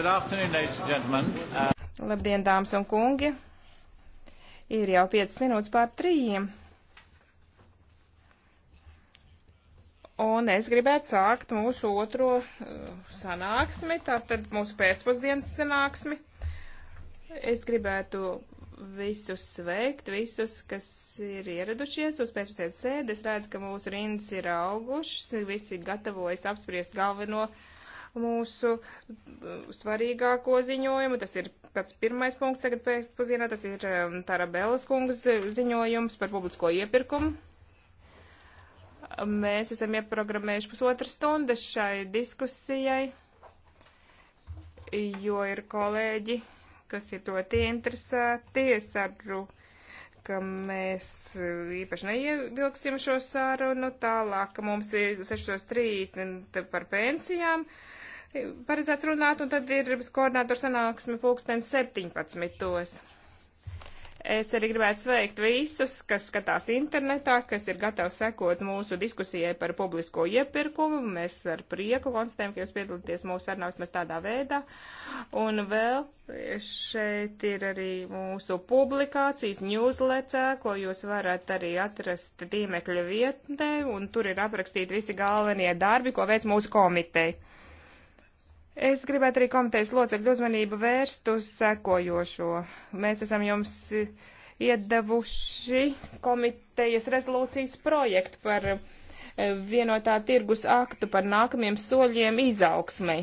Uh, uh, Labdien, dāmas un kungi! Ir jau 5 minūtes pār trījiem. Un es gribētu sākt mūsu otro uh, sanāksmi, tātad mūsu pēcpusdienas sanāksmi. Es gribētu visus sveikt, visus, kas ir ieradušies uz pēcpusdienas sēdi. Es redzu, ka mūsu rindas ir augušas, visi gatavojas apspriest galveno mūsu svarīgāko ziņojumu. Tas ir pats pirmais punkts tagad pēcpusdienā, tas ir um, Tāra Bēlas kungas ziņojums par publisko iepirkumu. Mēs esam ieprogrammējuši pusotras stundas šai diskusijai, jo ir kolēģi kas ir ļoti interesēti. Es ceru, ka mēs īpaši neievilksim šo sarunu tālāk, ka mums ir 6.30 par pensijām paredzēts runāt, un tad ir koordinātors sanāksme pulksten 17. Es arī gribētu sveikt visus, kas skatās internetā, kas ir gatavi sekot mūsu diskusijai par publisko iepirkumu. Mēs ar prieku konstatējam, ka jūs piedalāties mūsu sarunā vismaz tādā veidā. Un vēl šeit ir arī mūsu publikācijas newsletter, ko jūs varat arī atrast tīmekļa vietnē, un tur ir aprakstīti visi galvenie darbi, ko veic mūsu komiteja. Es gribētu arī komitejas locekļu uzmanību vērst uz sekojošo. Mēs esam jums iedevuši komitejas rezolūcijas projektu par eh, vienotā tirgus aktu par nākamiem soļiem izaugsmai.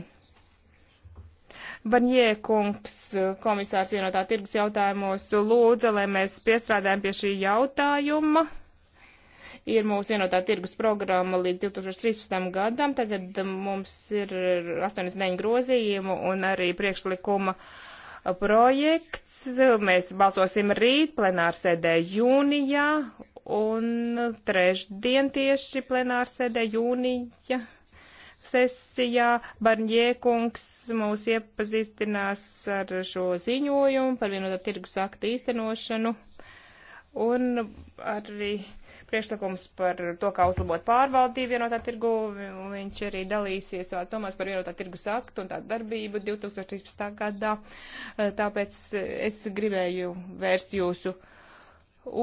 Barņē kungs, komisārs vienotā tirgus jautājumos, lūdza, lai mēs piestrādājam pie šī jautājuma ir mūsu vienotā tirgus programma līdz 2013. gadam. Tagad eh, mums ir 89 grozījumu un arī priekšlikuma eh, projekts. Mēs balsosim rīt plenārsēdē jūnijā un trešdien tieši plenārsēdē jūnija sesijā Barņiekungs mūs iepazīstinās ar šo ziņojumu par vienotā tirgus aktu īstenošanu. Un arī priekšlikums par to, kā uzlabot pārvaldību vienotā tirgu. Viņš arī dalīsies savās domās par vienotā tirgus aktu un tā darbību 2013. gadā. Eh, tāpēc eh, es gribēju vērst jūsu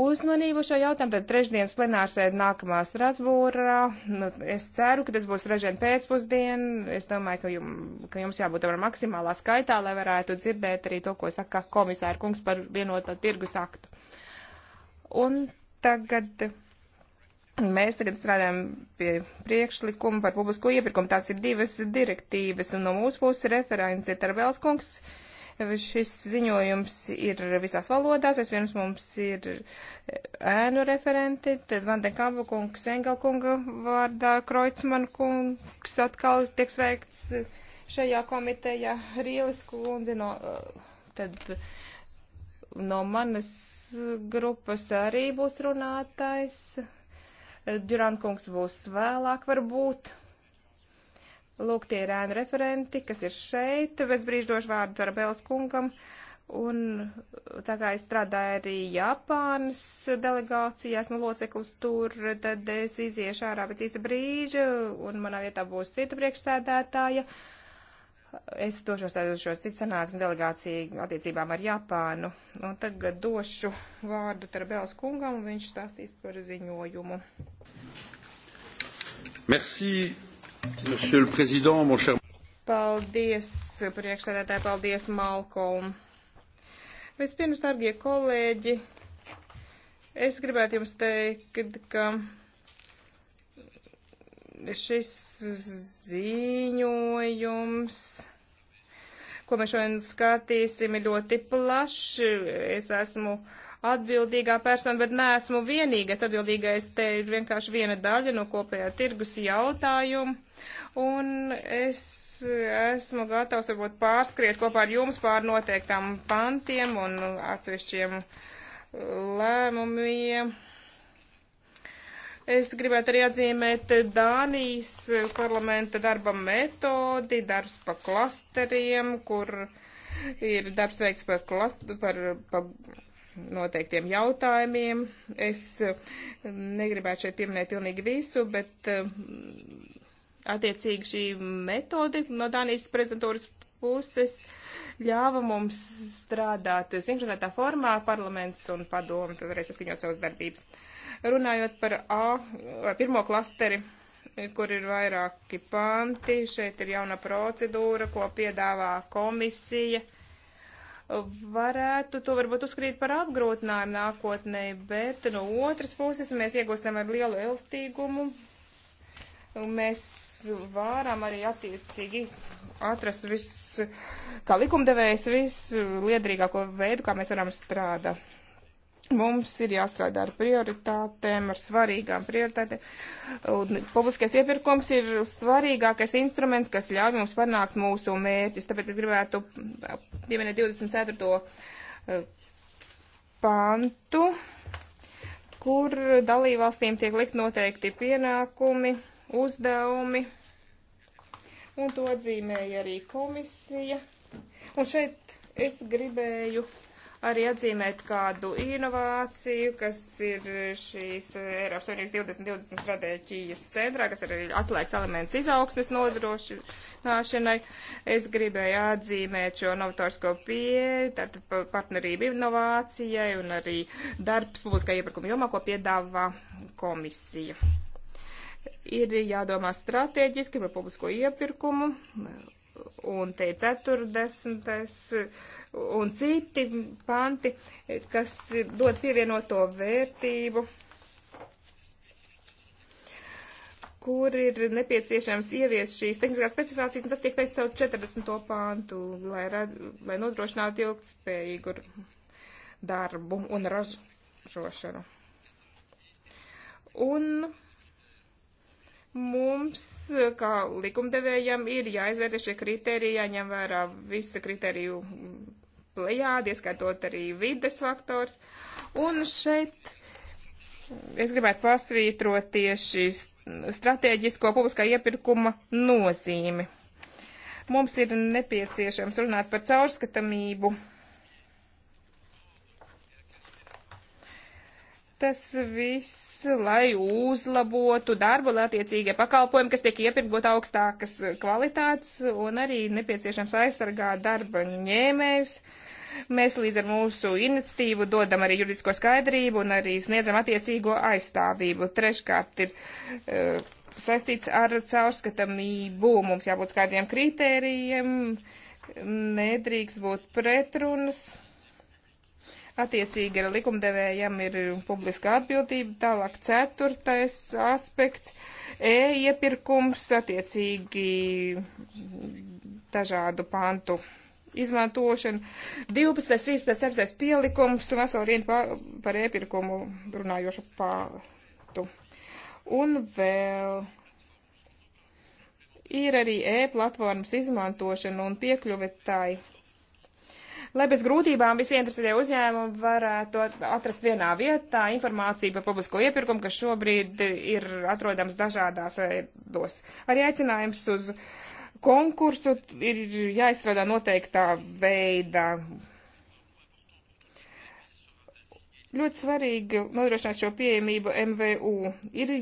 uzmanību šo jautājumu. Tad trešdienas plenārsēde nākamā Strasbūrā. Nu, es ceru, ka tas būs trešdien pēcpusdien. Es domāju, ka, jum, ka jums jābūt tomēr maksimālā skaitā, lai varētu dzirdēt arī to, ko saka komisāra kungs par vienotā tirgus aktu. Un Tagad mēs tagad strādājam pie priekšlikuma par publisko iepirkumu. Tās ir divas direktīvas, un no mūsu puses referents ir Tarbēls kungs. Šis ziņojums ir visās valodās. Vispirms mums ir ēnu referenti, tad Vandenkāba kungs, Engelkunga vārdā, Kreutzmann kungs atkal tiek sveikts šajā komitejā, Rielis kundze no, tad no manas grupas arī būs runātājs. Džurankungs būs vēlāk varbūt. Lūk, tie ir ēnu referenti, kas ir šeit. Es brīždošu vārdu Tarabēlas kungam. Un tā kā es strādāju arī Japānas delegācijā, esmu loceklis tur, tad es iziešu ārā pēc īsa brīža, un manā vietā būs cita priekšsēdētāja. Uh, Es došos uz šo citu sanāksmu delegāciju attiecībām ar Japānu. Un nu, tagad došu vārdu Tarabēlas kungam, un viņš stāstīs par ziņojumu. Merci, monsieur le président, mon cher. Paldies, priekšsēdētāji, paldies, Malcolm. Vispirms, darbie kolēģi, es gribētu jums teikt, ka šis ziņojums, ko mēs šodien skatīsim, ir ļoti plašs. Es esmu atbildīgā persona, bet neesmu vienīgais atbildīgais. Te ir vienkārši viena daļa no kopējā tirgus jautājuma. Un es esmu gatavs varbūt pārskriet kopā ar jums pār noteiktām pantiem un atsevišķiem lēmumiem. Es gribētu arī atzīmēt Dānijas parlamenta darba metodi, darbs pa klasteriem, kur ir darbs veikts par, klast, par, par noteiktiem jautājumiem. Es eh, negribētu šeit pieminēt pilnīgi visu, bet eh, attiecīgi šī metode no Dānijas prezidentūras puses ļāva mums strādāt sinhronizētā formā, parlaments un padomu, tad varēs saskaņot savas darbības. Uh, Runājot par A, pirmo klasteri, kur ir vairāki panti, šeit ir jauna procedūra, ko piedāvā komisija. Varētu to varbūt uzskrīt par apgrūtinājumu nākotnē, bet no otras puses mēs iegūstam ar lielu elastīgumu. Mēs varam arī attiecīgi atrast viss, kā likumdevējs, viss liedrīgāko veidu, kā mēs varam strādāt. Mums ir jāstrādā ar prioritātēm, ar svarīgām prioritātēm. Un publiskais iepirkums ir svarīgākais instruments, kas ļauj mums panākt mūsu mērķis. Tāpēc es gribētu pieminēt 24. Eh, pantu, kur dalībvalstīm tiek likt noteikti pienākumi, uzdevumi, un to atzīmēja arī komisija. Un šeit es gribēju arī atzīmēt kādu inovāciju, kas ir šīs eh, Eiropas Savienības 2020 stratēģijas centrā, kas ir arī atslēgas elements izaugsmes nodrošināšanai. Es gribēju atzīmēt šo novatorisko pieeju, tātad partnerību inovācijai un arī darbs publiskā iepirkuma jomā, ko piedāvā komisija ir jādomā strateģiski par publisko iepirkumu un te ir 40. un citi panti, kas dod pievienoto vērtību, kur ir nepieciešams ievies šīs tehniskās specifikācijas, un tas tiek veikts jau 40. pantu, lai, rad, lai nodrošinātu ilgspējīgu darbu un ražošanu. Un Mums, kā likumdevējam, ir jāizvērtē šie kriteriji, jāņem vērā visa kriteriju plējādi, ieskaitot arī vides faktors. Un šeit es gribētu pasvītrot tieši strateģisko publiskā iepirkuma nozīmi. Mums ir nepieciešams runāt par caurskatamību tas viss, lai uzlabotu darbu, lai attiecīgie pakalpojumi, kas tiek iepirkt, būtu augstākas kvalitātes un arī nepieciešams aizsargāt darba ņēmējus. Mēs līdz ar mūsu iniciatīvu dodam arī juridisko skaidrību un arī sniedzam attiecīgo aizstāvību. Treškārt ir uh, saistīts ar caurskatamību. Mums jābūt skaidriem kritērijiem, nedrīkst būt pretrunas Attiecīgi ar likumdevējiem ir publiska atbildība, tālāk ceturtais aspekts e - e-iepirkums, attiecīgi dažādu pantu izmantošana. 12. 13. 7. pielikums, vesela rinda par e-pirkumu runājošu pātu. Un vēl ir arī e-platformas izmantošana un piekļuve tai lai bez grūtībām visi interesētie uzņēmumi varētu atrast vienā vietā informāciju par publisko iepirkumu, kas šobrīd ir atrodams dažādās veidos. Arī aicinājums uz konkursu ir jāizstrādā noteiktā veidā. Ļoti svarīgi nodrošināt šo pieejamību MVU. Ir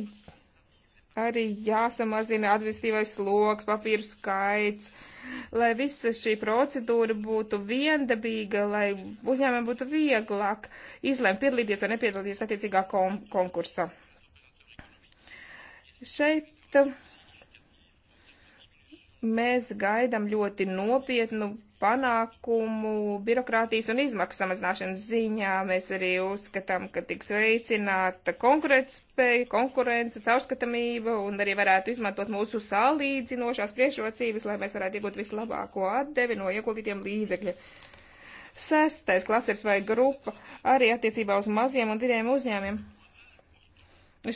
arī jāsamazina administratīvais sloks, papīru skaits, uh, lai visa šī procedūra būtu viendabīga, lai uzņēmumiem būtu vieglāk izlēmt piedalīties vai nepiedalīties attiecīgā kon konkursā. Šeit mēs gaidām ļoti nopietnu panākumu birokrātijas un izmaksu samazināšanas ziņā. Mēs arī uzskatām, ka tiks veicināta konkurētspēja, konkurence, caurskatamība un arī varētu izmantot mūsu salīdzinošās priekšrocības, lai mēs varētu iegūt vislabāko atdevi no ieguldītiem līdzekļiem. Sestais klasers vai grupa arī attiecībā uz maziem un vidējiem uzņēmiem.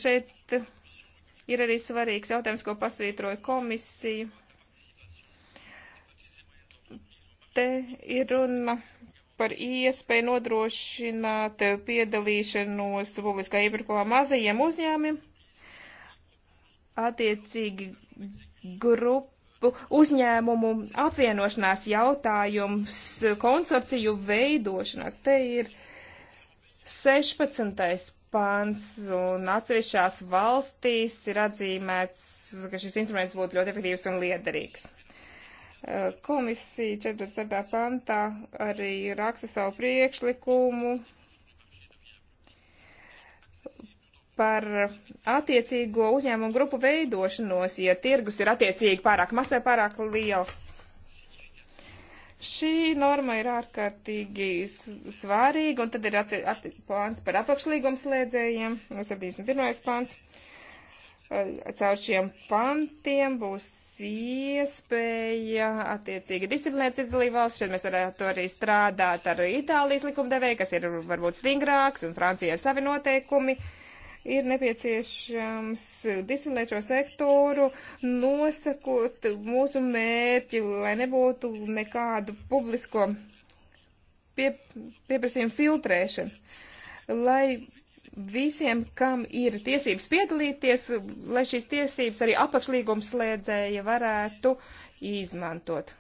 Šeit ir arī svarīgs jautājums, ko pasvītroja komisija Te ir runa par iespēju nodrošināt piedalīšanos publiskā iepirkumā mazajiem uzņēmumiem, attiecīgi grupu uzņēmumu apvienošanās jautājums, konsorciju veidošanās. Te ir 16. pants, un atsevišķās valstīs ir atzīmēts, ka šis instruments būtu ļoti efektīvs un liederīgs. Komisija 40. pantā arī raksta savu priekšlikumu par attiecīgo uzņēmumu grupu veidošanos, ja tirgus ir attiecīgi pārāk mazs vai pārāk liels. Šī norma ir ārkārtīgi svarīga, un tad ir pāns par apakšlīgums slēdzējiem, 71. pāns caur šiem pantiem būs iespēja attiecīgi disciplinēt citas dalībvalsts. Šeit mēs varētu arī strādāt ar Itālijas likumdevēju, kas ir varbūt stingrāks, un Francija ir savi noteikumi. Ir nepieciešams disciplinēt šo sektoru, nosakot mūsu mērķi, lai nebūtu nekādu publisko pie, pieprasījumu filtrēšanu, lai visiem, kam ir tiesības piedalīties, lai šīs tiesības arī apakšlīgumslēdzēja varētu izmantot.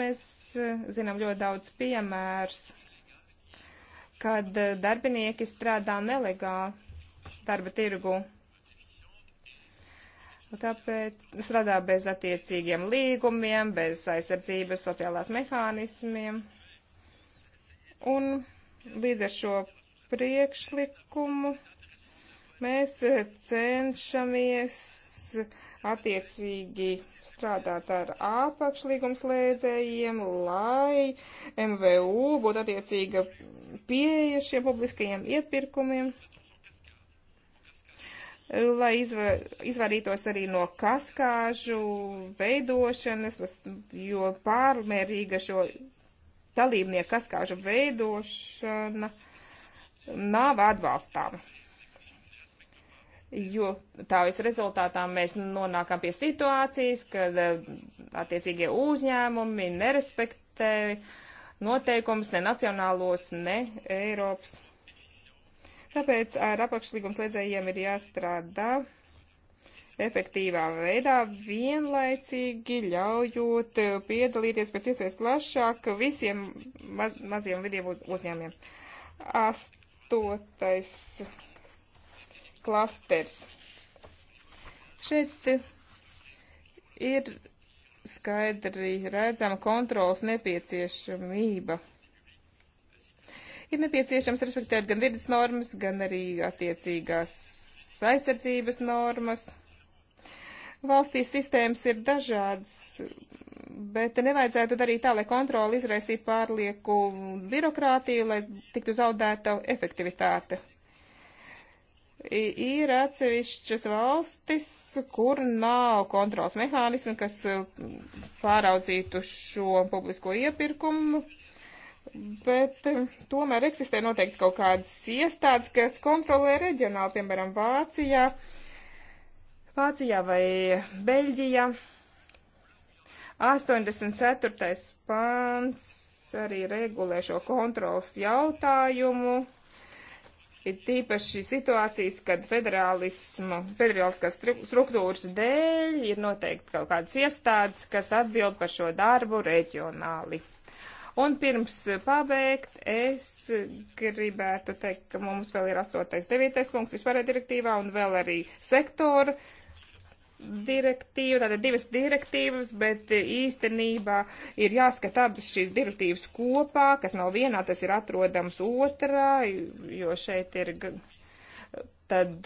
Mēs eh, zinām ļoti daudz piemērs, kad eh, darbinieki strādā nelegāli darba tirgu. Tāpēc strādā bez attiecīgiem līgumiem, bez aizsardzības sociālās mehānismiem. Un Līdz ar šo priekšlikumu mēs eh, cenšamies attiecīgi strādāt ar apakšlīgumslēdzējiem, lai MVU būtu attiecīga pieeja šiem publiskajiem iepirkumiem, lai izvar, izvarītos arī no kaskāžu veidošanas, jo pārmērīga šo dalībnieku kaskāžu veidošana nav atbalstāma. Jo tā visu rezultātā mēs nonākam pie situācijas, kad eh, attiecīgie uzņēmumi nerespektē noteikumus ne nacionālos, ne Eiropas. Tāpēc ar apakšlīgums liedzējiem ir jāstrādā efektīvā veidā, vienlaicīgi ļaujot eh, piedalīties pēc iespējas plašāk visiem maz, maziem vidiem uz, uzņēmiem. Astotais klasters. Šeit ir skaidri redzama kontrolas nepieciešamība. Ir nepieciešams respektēt gan vidas normas, gan arī attiecīgās aizsardzības normas. Valstīs sistēmas ir dažādas, bet nevajadzētu darīt tā, lai kontroli izraisītu pārlieku birokrātiju, lai tiktu zaudēta efektivitāte. Ir atsevišķas valstis, kur nav kontrols mehānismi, kas uh, pāraudzītu šo publisko iepirkumu, bet um, tomēr eksistē noteikti kaut kādas iestādes, kas kontrolē reģionāli, piemēram, Vācijā. Uh, Vācijā vai Beļģijā. 84. pants arī regulē šo kontrols jautājumu. Ir tīpaši situācijas, kad federālismu, federāliskās struktūras dēļ ir noteikti kaut kādas iestādes, kas atbild par šo darbu reģionāli. Un pirms pabeigt, es gribētu teikt, ka mums vēl ir 8. 9. punkts vispārējā direktīvā un vēl arī sektora direktīva, tātad divas direktīvas, bet īstenībā ir jāskata abas šīs direktīvas kopā, kas nav vienā, tas ir atrodams otrā, jo šeit ir tad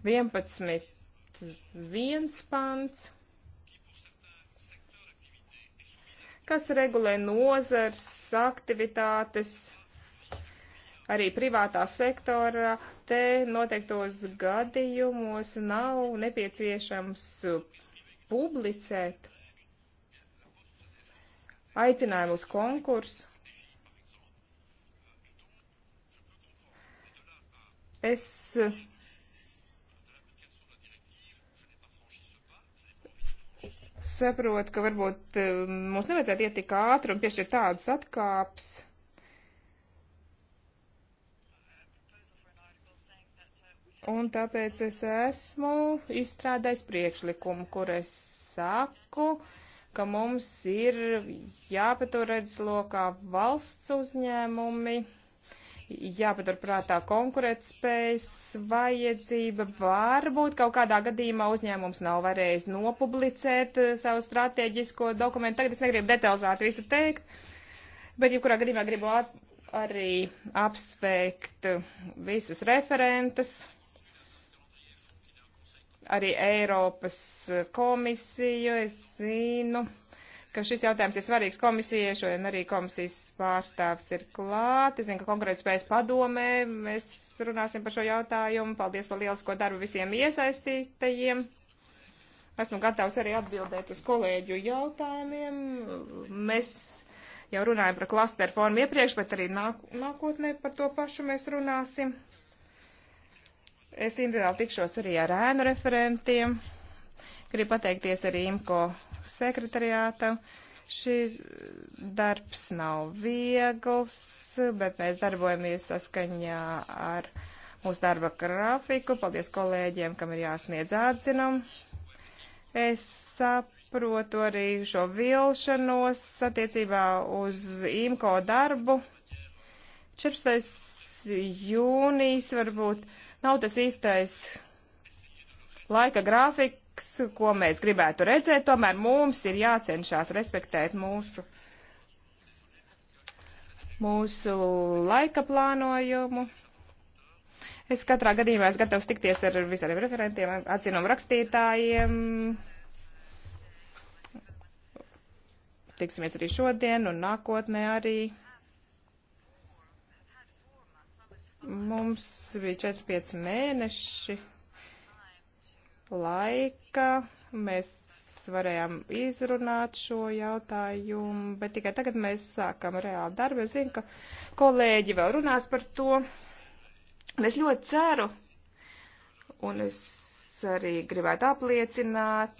11. Uh, viens pants kas regulē nozars, aktivitātes, arī privātā sektora. Te noteiktos gadījumos nav nepieciešams publicēt aicinājumu uz konkursu. Es saprotu, ka varbūt um, mums nevajadzētu iet tik ātri un piešķirt tādas atkāpes. Un tāpēc es esmu izstrādājis priekšlikumu, kur es saku, ka mums ir jāpatur redzeslokā valsts uzņēmumi jāpaturprātā konkurētspējas vajadzība. Varbūt kaut kādā gadījumā uzņēmums nav varējis nopublicēt eh, savu strateģisko dokumentu. Tagad es negribu detalizēt visu teikt, bet jebkurā gadījumā gribu arī apsveikt eh, visus referentus, arī Eiropas eh, komisiju, es zinu ka šis jautājums ir svarīgs komisijai. Šodien arī komisijas pārstāvs ir klāt. Es zinu, ka konkurētspējas padomē mēs runāsim par šo jautājumu. Paldies par lielisko darbu visiem iesaistītajiem. Esmu gatavs arī atbildēt uz kolēģu jautājumiem. Mēs jau runājam par klasteru formu iepriekš, bet arī nāk, nākotnē par to pašu mēs runāsim. Es individuāli tikšos arī ar ēnu referentiem. Gribu pateikties arī IMCO sekretariātam. Šis darbs nav viegls, bet mēs darbojamies saskaņā ar mūsu darba grafiku. Paldies kolēģiem, kam ir jāsniedz atzinumi. Es saprotu arī šo vilšanos attiecībā uz IMCO darbu. 14. jūnijas varbūt nav tas īstais laika grafika politikas, ko mēs gribētu redzēt, tomēr mums ir jācenšas respektēt mūsu, mūsu laika plānojumu. Es katrā gadījumā esmu gatavs tikties ar visiem referentiem, atzinumu rakstītājiem. Tiksimies arī šodien un nākotnē arī. Mums bija 4-5 mēneši laika. Mēs varējām izrunāt šo jautājumu, bet tikai tagad mēs sākam reāli darbu. Es zinu, ka kolēģi vēl runās par to. Es ļoti ceru, un es arī gribētu apliecināt,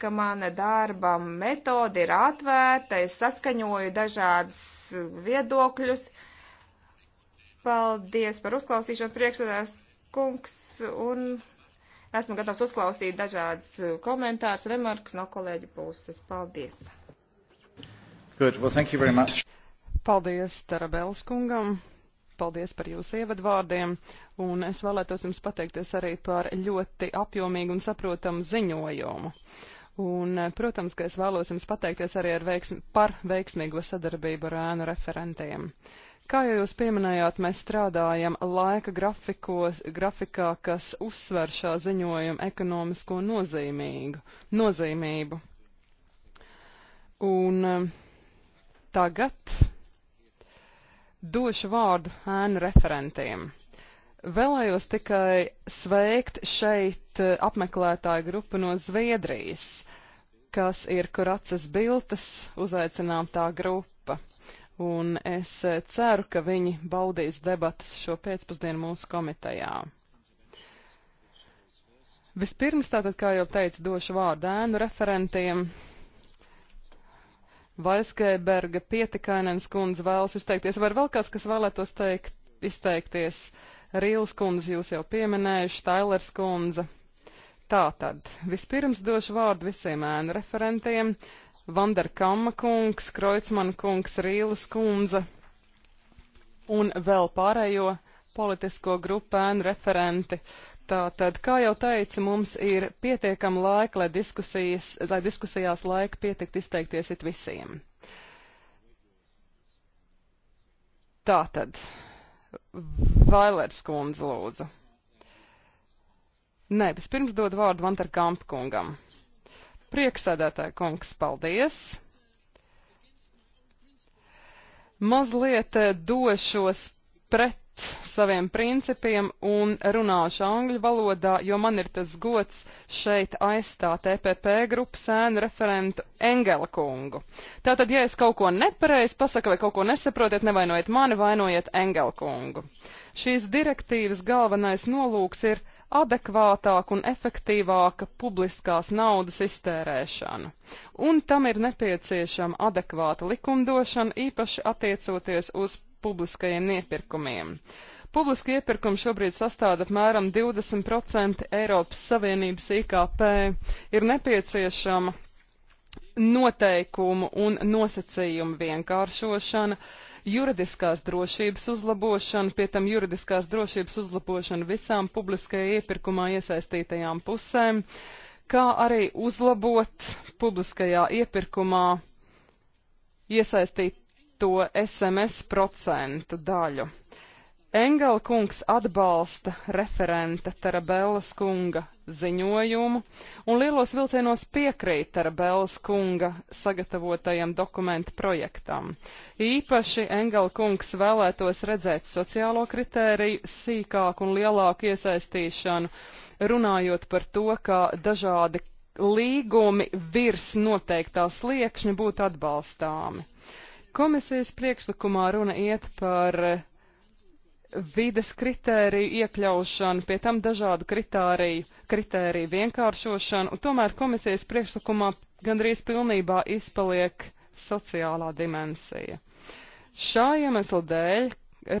ka mana darba metode ir atvērta, es saskaņoju dažādas viedokļus. Paldies par uzklausīšanu priekšsēdās kungs un Esmu gatavs uzklausīt dažādas uh, komentārus, remarkus no kolēģu puses. Paldies! Good. Well, thank you very much. Paldies Tarabels kungam! Paldies par jūsu ievadvārdiem, un es vēlētos jums pateikties arī par ļoti apjomīgu un saprotamu ziņojumu. Un, uh, protams, ka es vēlos jums pateikties arī ar veiksmi, par veiksmīgo sadarbību ar ēnu referentiem. Uh, Kā jau jūs pieminējāt, mēs strādājam laika grafikos, grafikā, kas uzsver šā ziņojuma ekonomisko nozīmīgu, nozīmību. Un um, tagad došu vārdu ēnu referentiem. Vēlējos tikai sveikt šeit uh, apmeklētāju grupu no Zviedrijas, kas ir Kuracas Biltas uzaicinātā grupa un es ceru, ka viņi baudīs debatas šo pēcpusdienu mūsu komitejā. Vispirms, tātad, kā jau teicu, došu vārdu ēnu referentiem. Vaiskēberga pietikainens kundze vēlas izteikties. Vai ir vēl kāds, kas vēlētos teikt, izteikties? Rīls kundze jūs jau pieminējuši, Tailers kundze. Tātad, vispirms došu vārdu visiem ēnu referentiem. Vanderkama kungs, Kreutzmana kungs, Rīles kundze un vēl pārējo politisko grupēnu referenti. Tātad, kā jau teicu, mums ir pietiekama laika, lai, diskusijas, lai diskusijās laika pietikt izteikties it visiem. Tātad, Vailers kundze lūdzu. Nē, vispirms dod vārdu Vantar Kampkungam. kungam. Prieksēdētāji kungs, paldies! Mazliet eh, došos pret saviem principiem un runāšu angļu valodā, jo man ir tas gods šeit aizstāt EPP grupas sēnu referentu Engela kungu. Tātad, ja es kaut ko nepareizi pasaku vai kaut ko nesaprotiet, nevainojiet mani, vainojiet Engela kungu. Šīs direktīvas galvenais nolūks ir adekvātāku un efektīvāku publiskās naudas iztērēšanu. Un tam ir nepieciešama adekvāta likumdošana, īpaši attiecoties uz publiskajiem iepirkumiem. Publiski iepirkumi šobrīd sastāv apmēram 20% Eiropas Savienības IKP. Ir nepieciešama noteikumu un nosacījumu vienkāršošana, uh, juridiskās drošības uzlabošana, pie tam juridiskās drošības uzlabošana visām publiskajā iepirkumā iesaistītajām pusēm, kā arī uzlabot publiskajā iepirkumā iesaistīto SMS procentu daļu. Engela kungs atbalsta referenta Tarabellas kunga ziņojumu un lielos vilcienos piekrīt Tarabellas kunga sagatavotajam dokumentu projektam. Īpaši Engela kungs vēlētos redzēt sociālo kritēriju sīkāku un lielāku iesaistīšanu, runājot par to, kā dažādi līgumi virs noteiktā sliekšņa būtu atbalstāmi. Komisijas priekšlikumā runa iet par vides kritēriju iekļaušanu, pie tam dažādu kritēriju, kritēriju vienkāršošanu, un tomēr komisijas priekšlikumā gandrīz pilnībā izpaliek sociālā dimensija. Šā iemesla dēļ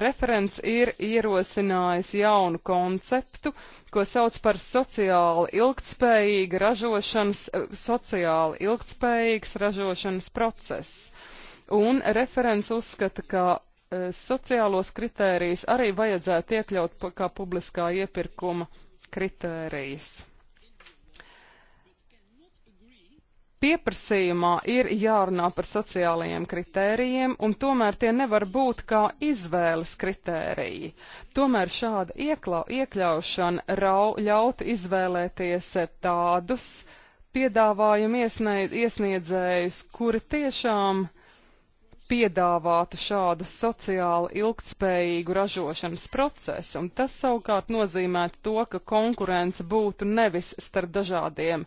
referents ir ierosinājis jaunu konceptu, ko sauc par sociāli ilgtspējīgu ražošanas, sociāli ilgtspējīgs ražošanas process. Un referents uzskata, ka Eh, sociālos kritērijus arī vajadzētu iekļaut kā publiskā iepirkuma kritērijas. Pieprasījumā ir jārunā par sociālajiem kritērijiem, un tomēr tie nevar būt kā izvēles kritēriji. Tomēr šāda ieklau, iekļaušana rau, ļautu izvēlēties tādus piedāvājumu iesniedzējus, kuri tiešām uh, piedāvātu šādu sociāli ilgtspējīgu ražošanas procesu, un tas savukārt nozīmētu to, ka konkurence būtu nevis starp dažādiem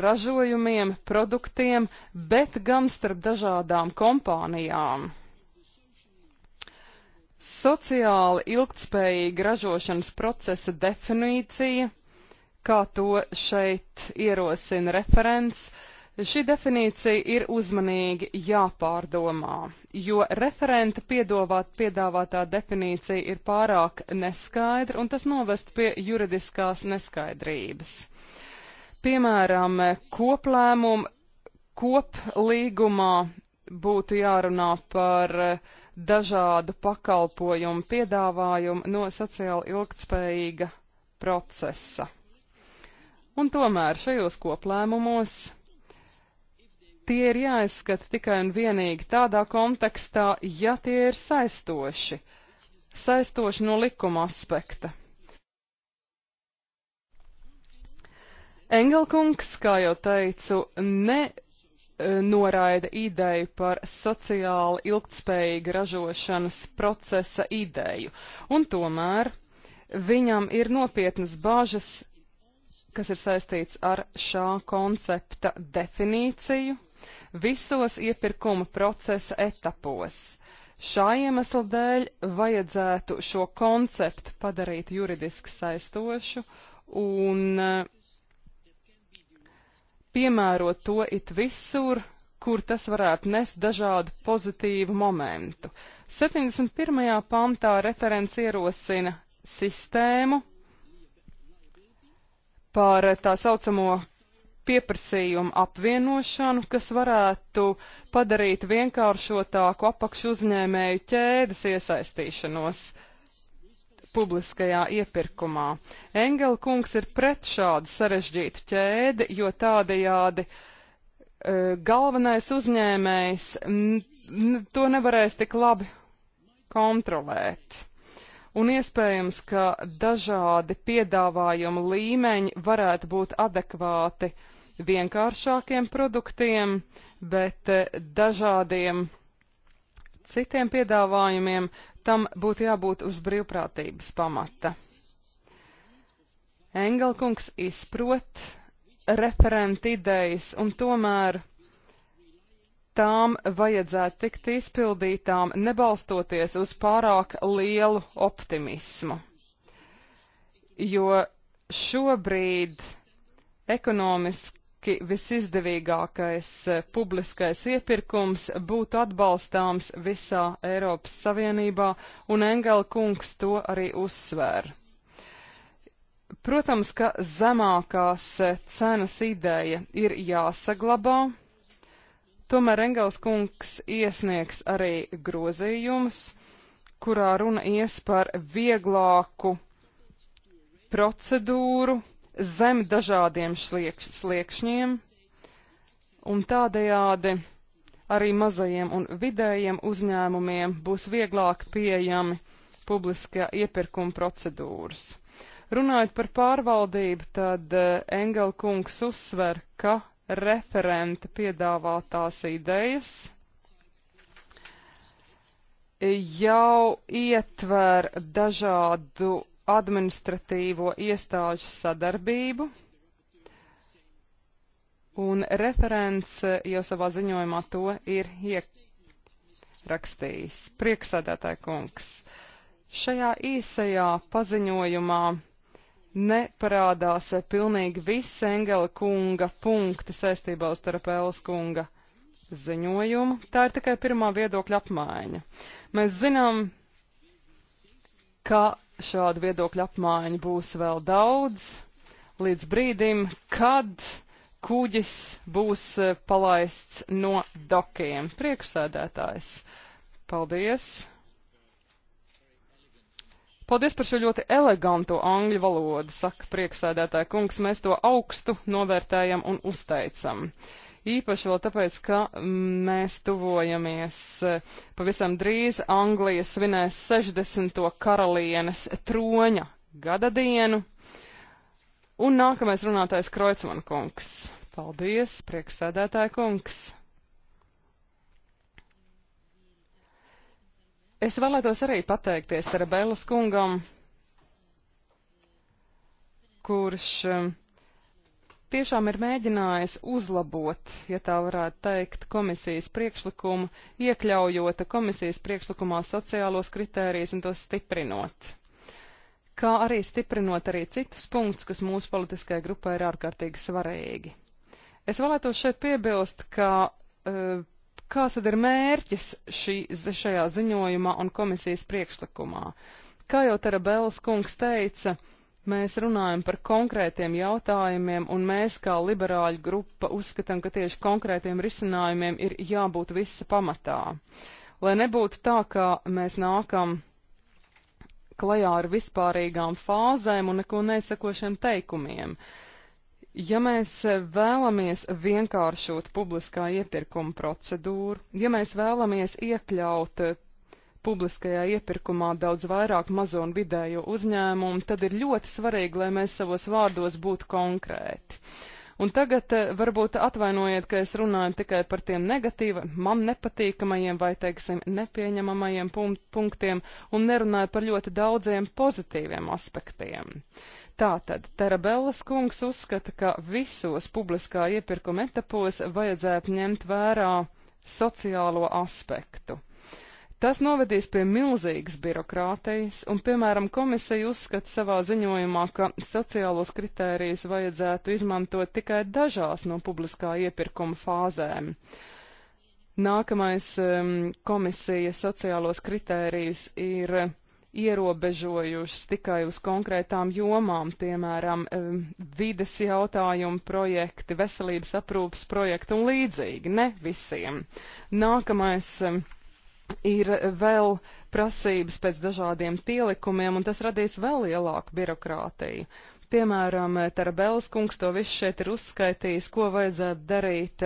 ražojumiem, produktiem, bet gan starp dažādām kompānijām. Sociāli ilgtspējīga ražošanas procesa definīcija, kā to šeit ierosina referents, uh, Šī definīcija ir uzmanīgi jāpārdomā, jo referenta piedāvāt, piedāvātā definīcija ir pārāk neskaidra un tas novest pie juridiskās neskaidrības. Piemēram, koplēmumu koplīgumā būtu jārunā par dažādu pakalpojumu piedāvājumu no sociāli ilgtspējīga procesa. Un tomēr šajos koplēmumos tie ir jāizskata tikai un vienīgi tādā kontekstā, ja tie ir saistoši, saistoši no likuma aspekta. Engelkungs, kā jau teicu, ne e, noraida ideju par sociāli ilgtspējīgu ražošanas procesa ideju, un tomēr viņam ir nopietnas bāžas, kas ir saistīts ar šā koncepta definīciju visos iepirkuma procesa etapos. Šā iemesla dēļ vajadzētu šo konceptu padarīt juridiski saistošu un eh, piemērot to it visur, kur tas varētu nest dažādu pozitīvu momentu. 71. pantā referents ierosina sistēmu par tā saucamo pieprasījumu apvienošanu, kas varētu padarīt vienkāršotāku apakšu uzņēmēju ķēdes iesaistīšanos publiskajā iepirkumā. Engela kungs ir pret šādu sarežģītu ķēdi, jo tādajādi e, galvenais uzņēmējs n, n, to nevarēs tik labi kontrolēt un iespējams, ka dažādi piedāvājuma līmeņi varētu būt adekvāti vienkāršākiem produktiem, bet eh, dažādiem citiem piedāvājumiem tam būtu jābūt uz brīvprātības pamata. Engelkungs izprot referenta idejas, un tomēr tām vajadzētu tikt izpildītām, nebalstoties uz pārāk lielu optimismu. Jo šobrīd ekonomisk, lieliski visizdevīgākais eh, publiskais iepirkums būtu atbalstāms visā Eiropas Savienībā, un Engela kungs to arī uzsvēra. Protams, ka zemākās eh, cenas ideja ir jāsaglabā, tomēr Engels kungs iesniegs arī grozījumus, kurā runa ies par vieglāku procedūru, zem dažādiem šliekš, sliekšņiem, un tādējādi arī mazajiem un vidējiem uzņēmumiem būs vieglāk pieejami publiskā iepirkuma procedūras. Runājot par pārvaldību, tad eh, Engela kungs uzsver, ka referenta piedāvātās idejas jau ietver dažādu administratīvo iestāžu sadarbību. Un referents eh, jau savā ziņojumā to ir ierakstījis. Priekšsēdētāji kungs, šajā īsajā paziņojumā neparādās pilnīgi visi Engela kunga punkti saistībā uz Tarapēlas kunga ziņojumu. Tā ir tikai pirmā viedokļa apmaiņa. Mēs zinām, ka šādu viedokļu apmaiņu būs vēl daudz, līdz brīdim, kad kuģis būs e, palaists no dokiem. Priekšsēdētājs, paldies! Paldies par šo ļoti eleganto angļu valodu, saka priekšsēdētāja kungs, mēs to augstu novērtējam un uzteicam. Īpaši vēl tāpēc, ka mēs tuvojamies eh, pavisam drīz Anglija svinēs 60. karalienes troņa gada dienu. Un nākamais runātājs Kreutzmann kungs. Paldies, prieksēdētāja kungs. Es vēlētos arī pateikties Terabēlas kungam, kurš uh, tiešām ir mēģinājis uzlabot, ja tā varētu teikt, komisijas priekšlikumu, iekļaujot komisijas priekšlikumā sociālos kritērijus un tos stiprinot. Kā arī stiprinot arī citus punktus, kas mūsu politiskajai grupai ir ārkārtīgi svarīgi. Es vēlētos šeit piebilst, ka e, kāds tad ir mērķis šī, šajā ziņojumā un komisijas priekšlikumā. Kā jau Terabēlas kungs teica, uh, Mēs runājam par konkrētiem jautājumiem, un mēs kā liberāļu grupa uzskatām, ka tieši konkrētiem risinājumiem ir jābūt visa pamatā. Lai nebūtu tā, ka mēs nākam klajā ar vispārīgām fāzēm un neko nesakošiem teikumiem. Ja mēs vēlamies vienkāršot publiskā iepirkuma procedūru, ja mēs vēlamies iekļaut publiskajā iepirkumā daudz vairāk mazo un vidējo uzņēmumu, tad ir ļoti svarīgi, lai mēs savos vārdos būtu konkrēti. Un tagad eh, varbūt atvainojiet, ka es runāju tikai par tiem negatīviem, man nepatīkamajiem vai, teiksim, nepieņemamajiem punktiem un nerunāju par ļoti daudziem pozitīviem aspektiem. Tātad Terabellas kungs uzskata, ka visos publiskā iepirkuma etapos vajadzētu ņemt vērā sociālo aspektu. Tas novedīs pie milzīgas birokrātijas, un, piemēram, komisija uzskata savā ziņojumā, ka sociālos kritērijus vajadzētu izmantot tikai dažās no publiskā iepirkuma fāzēm. Nākamais um, komisija sociālos kritērijus ir ierobežojušas tikai uz konkrētām jomām, piemēram, um, vides jautājumu projekti, veselības aprūpas projekti un līdzīgi, ne visiem. Nākamais um, ir vēl prasības pēc dažādiem pielikumiem, un tas radīs vēl lielāku birokrātiju. Piemēram, Tarabels kungs to visu šeit ir uzskaitījis, ko vajadzētu darīt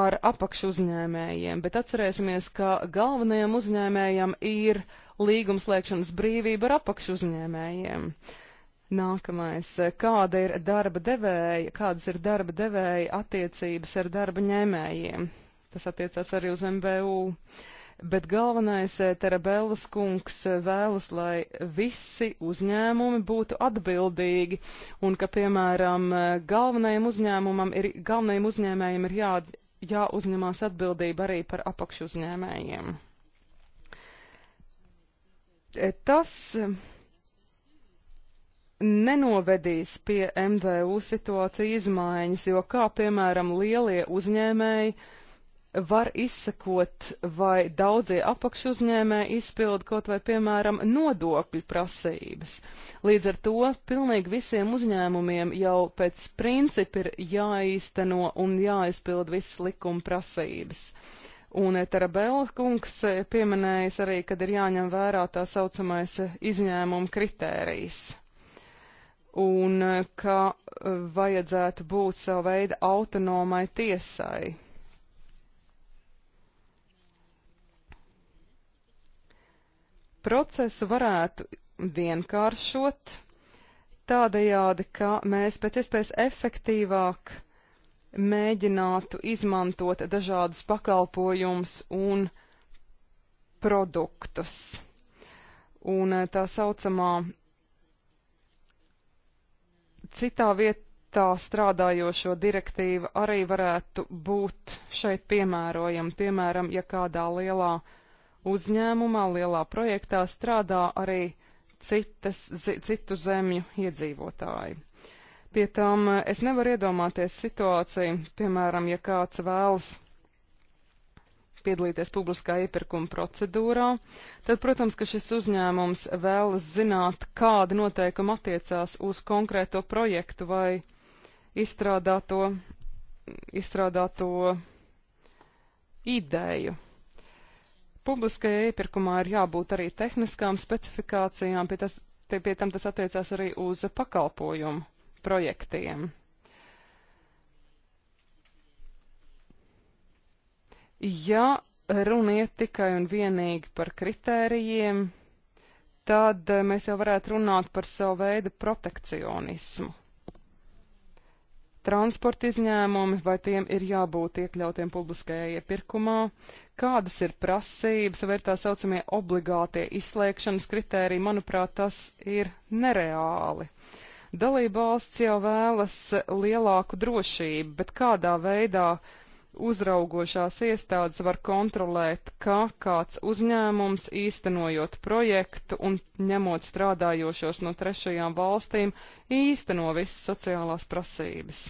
ar apakšu uzņēmējiem, bet atcerēsimies, ka galvenajam uzņēmējam ir līgumslēgšanas brīvība ar apakšu uzņēmējiem. Nākamais. Kāda ir darba devēja, kādas ir darba devēja attiecības ar darba ņēmējiem? Tas attiecās arī uz MVU. Bet galvenais eh, Terabēlas kungs eh, vēlas, lai visi uzņēmumi būtu atbildīgi un ka, piemēram, eh, galvenajam uzņēmumam ir, galvenajam uzņēmējiem ir jā, jāuzņemās atbildība arī par apakšu uzņēmējiem tas nenovedīs pie MVU situāciju izmaiņas, jo kā piemēram lielie uzņēmēji var izsekot, vai daudzie apakšuzņēmēji izpilda kaut vai, piemēram, nodokļu prasības. Līdz ar to pilnīgi visiem uzņēmumiem jau pēc principa ir jāīsteno un jāizpild visas likuma prasības. Un Terabēla kungs pieminējis arī, kad ir jāņem vērā tā saucamais izņēmuma kritērijs. Un ka vajadzētu būt savu veidu autonomai tiesai procesu varētu vienkāršot tādējādi, ka mēs pēc iespējas efektīvāk mēģinātu izmantot dažādus pakalpojumus un produktus. Un eh, tā saucamā citā vietā strādājošo direktīva arī varētu būt šeit piemērojama. Piemēram, ja kādā lielā uh, uzņēmumā, lielā projektā strādā arī citas, zi, citu zemju iedzīvotāji. Pie tam eh, es nevaru iedomāties situāciju, piemēram, ja kāds vēlas piedalīties publiskā iepirkuma procedūrā, tad, protams, ka šis uzņēmums vēlas zināt, kāda noteikuma attiecās uz konkrēto projektu vai izstrādāto, izstrādāto ideju. Publiskajā iepirkumā ir jābūt arī tehniskām specifikācijām, pie, tas, te, pie tam tas attiecās arī uz pakalpojumu projektiem. Ja runa iet tikai un vienīgi par kritērijiem, tad mēs jau varētu runāt par savu veidu protekcionismu transporta izņēmumi, vai tiem ir jābūt iekļautiem publiskajā iepirkumā, kādas ir prasības, vai ir tā saucamie obligātie izslēgšanas kritēriji, manuprāt, tas ir nereāli. Dalībvalsts jau vēlas lielāku drošību, bet kādā veidā uzraugošās iestādes var kontrolēt, kā kāds uzņēmums īstenojot projektu un ņemot strādājošos no trešajām valstīm īsteno visas sociālās prasības.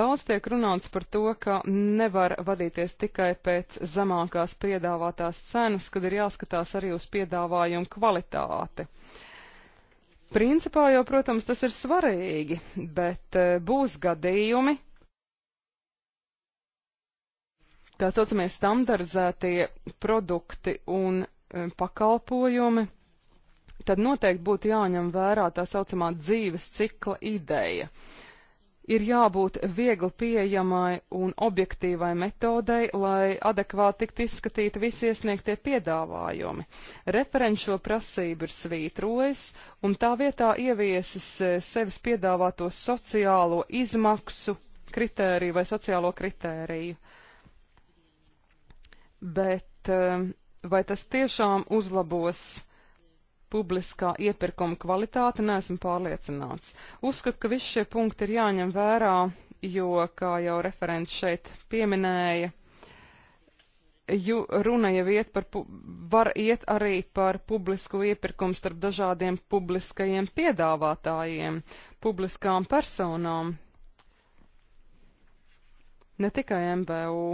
Daudz tiek runāts par to, ka nevar vadīties tikai pēc zemākās piedāvātās cenas, kad ir jāskatās arī uz piedāvājumu kvalitāti. Uh, Principā jau, protams, tas ir svarīgi, bet e, būs gadījumi, tā saucamie standarizētie produkti un e, pakalpojumi, tad noteikti būtu jāņem vērā tā saucamā dzīves cikla ideja. Uh, ir jābūt viegli pieejamai un objektīvai metodei, lai adekvāti tiktu izskatīti visi iesniegtie piedāvājumi. Referents šo prasību ir svītrojis un tā vietā ieviesis e, sevis piedāvāto sociālo izmaksu kritēriju vai sociālo kritēriju. Bet e, vai tas tiešām uzlabos publiskā iepirkuma kvalitāte, neesmu pārliecināts. Uzskatu, ka visi šie punkti ir jāņem vērā, jo, kā jau referents šeit pieminēja, ju, runa jau iet par, var iet arī par publisko iepirkumu starp dažādiem publiskajiem piedāvātājiem, publiskām personām, ne tikai MBU.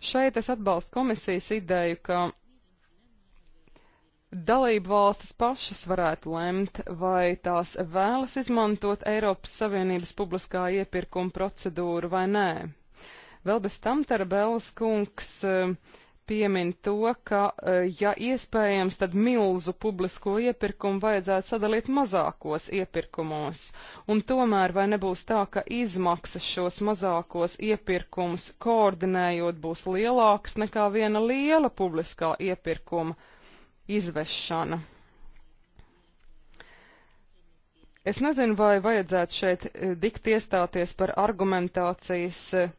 Šeit es atbalstu komisijas ideju, ka dalību valstis pašas varētu lemt, vai tās vēlas izmantot Eiropas Savienības publiskā iepirkuma procedūru vai nē. Vēl bez tam Tarabēlas kungs uh, piemin to, ka, eh, ja iespējams, tad milzu publisko iepirkumu vajadzētu sadalīt mazākos iepirkumos. Un tomēr vai nebūs tā, ka izmaksas šos mazākos iepirkumus koordinējot būs lielākas nekā viena liela publiskā iepirkuma izvešana? Es nezinu, vai vajadzētu šeit eh, dikt iestāties par argumentācijas eh,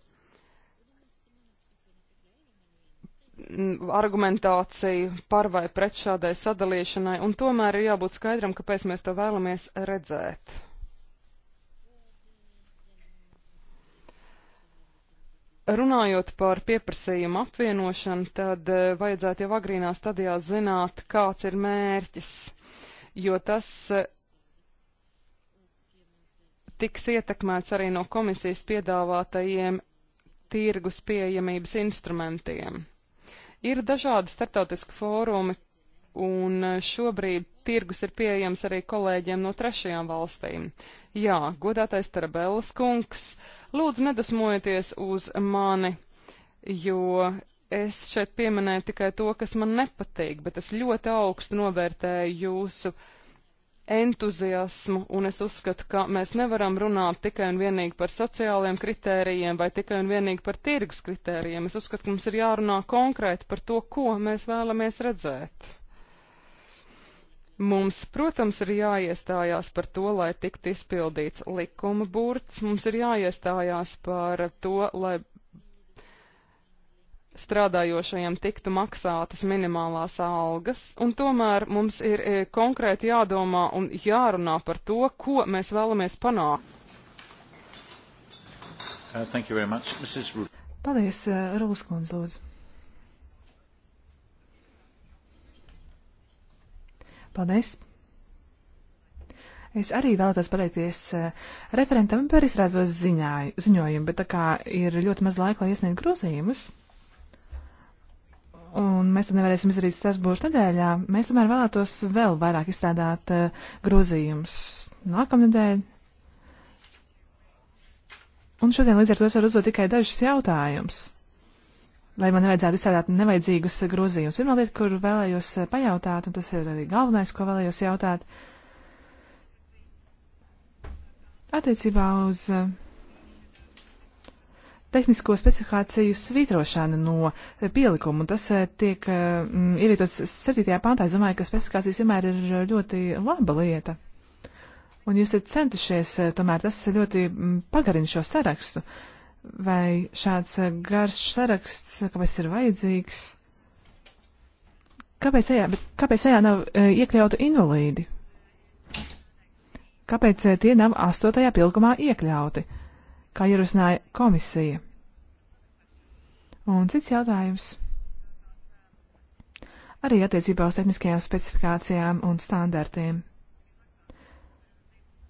Mm, argumentāciju par vai pret šādai sadalīšanai, un tomēr ir jābūt skaidram, kāpēc mēs to vēlamies redzēt. Runājot par pieprasījumu apvienošanu, tad eh, vajadzētu jau agrīnā stadijā zināt, kāds ir mērķis, jo tas eh, tiks ietekmēts arī no komisijas piedāvātajiem tirgus pieejamības instrumentiem. Ir dažādi starptautiski fórumi, un eh, šobrīd tirgus ir pieejams arī kolēģiem no trešajām valstīm. Jā, godātais Tarabellas kungs, lūdzu nedusmojieties uz mani, jo es šeit pieminēju tikai to, kas man nepatīk, bet es ļoti augstu novērtēju jūsu uh, entuziasmu, un es uzskatu, ka mēs nevaram runāt tikai un vienīgi par sociālajiem kritērijiem vai tikai un vienīgi par tirgus kritērijiem. Es uzskatu, ka mums ir jārunā konkrēti par to, ko mēs vēlamies redzēt. Mums, protams, ir jāiestājās par to, lai tiktu izpildīts likuma burts, mums ir jāiestājās par to, lai strādājošajiem tiktu maksātas minimālās algas, un tomēr mums ir e, konkrēti jādomā un jārunā par to, ko mēs vēlamies panākt. Uh, thank you very much. Mrs. Rūd. Paldies, uh, Rūlas kundze, lūdzu. Paldies. Es arī vēlētos pateikties uh, referentam par izrādos ziņāju, ziņojumu, bet tā kā ir ļoti maz laika, lai iesniegtu grozījumus, un mēs to nevarēsim izdarīt Strasbūras nedēļā, mēs tomēr vēlētos vēl vairāk izstrādāt uh, grozījumus nākamnedēļ. Un šodien līdz ar to es varu uzdot tikai dažus jautājumus, lai man nevajadzētu izstrādāt nevajadzīgus grozījumus. Pirmā lieta, kur vēlējos eh, pajautāt, un tas ir arī galvenais, ko vēlējos jautāt, attiecībā uz uh, tehnisko specifikāciju svītrošana no eh, pielikuma, un tas eh, tiek mm, ievietots 7. pāntā. Es domāju, ka specifikācijas vienmēr ir ļoti laba lieta. Un jūs esat centušies, tomēr tas ļoti pagarina šo sarakstu. Vai šāds garš saraksts, kāpēc ir vajadzīgs? Kāpēc tajā, kāpēc tajā nav iekļauta invalīdi? Kāpēc tie nav astotajā pilkumā iekļauti? kā ierosināja komisija. Un cits jautājums. Arī attiecībā uz tehniskajām specifikācijām un standartiem.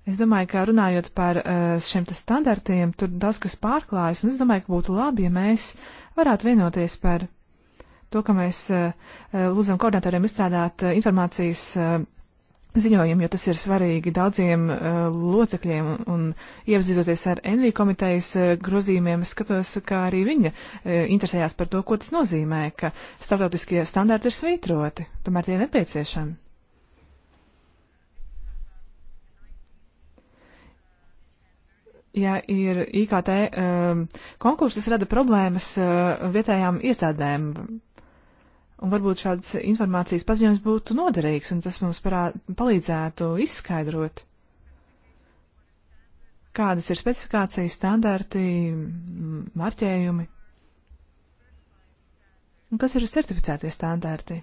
Es domāju, ka runājot par eh, šiem standartiem, tur daudz kas pārklājas, un es domāju, ka būtu labi, ja mēs varētu vienoties par to, ka mēs eh, eh, lūdzam koordinatoriem izstrādāt informācijas ziņojumu, jo tas ir svarīgi daudziem uh, locekļiem, un, un iepazīstoties ar NV komitejas uh, grozījumiem, es skatos, kā arī viņa uh, interesējās par to, ko tas nozīmē, ka starptautiskie standarti ir svītroti, tomēr tie nepieciešami. Ja ir IKT um, konkurss, tas rada problēmas uh, vietējām iestādēm, Un varbūt šāds informācijas paziņojums būtu noderīgs, un tas mums parā, palīdzētu izskaidrot, kādas ir specifikācijas, standarti, marķējumi, un kas ir certificētie standarti.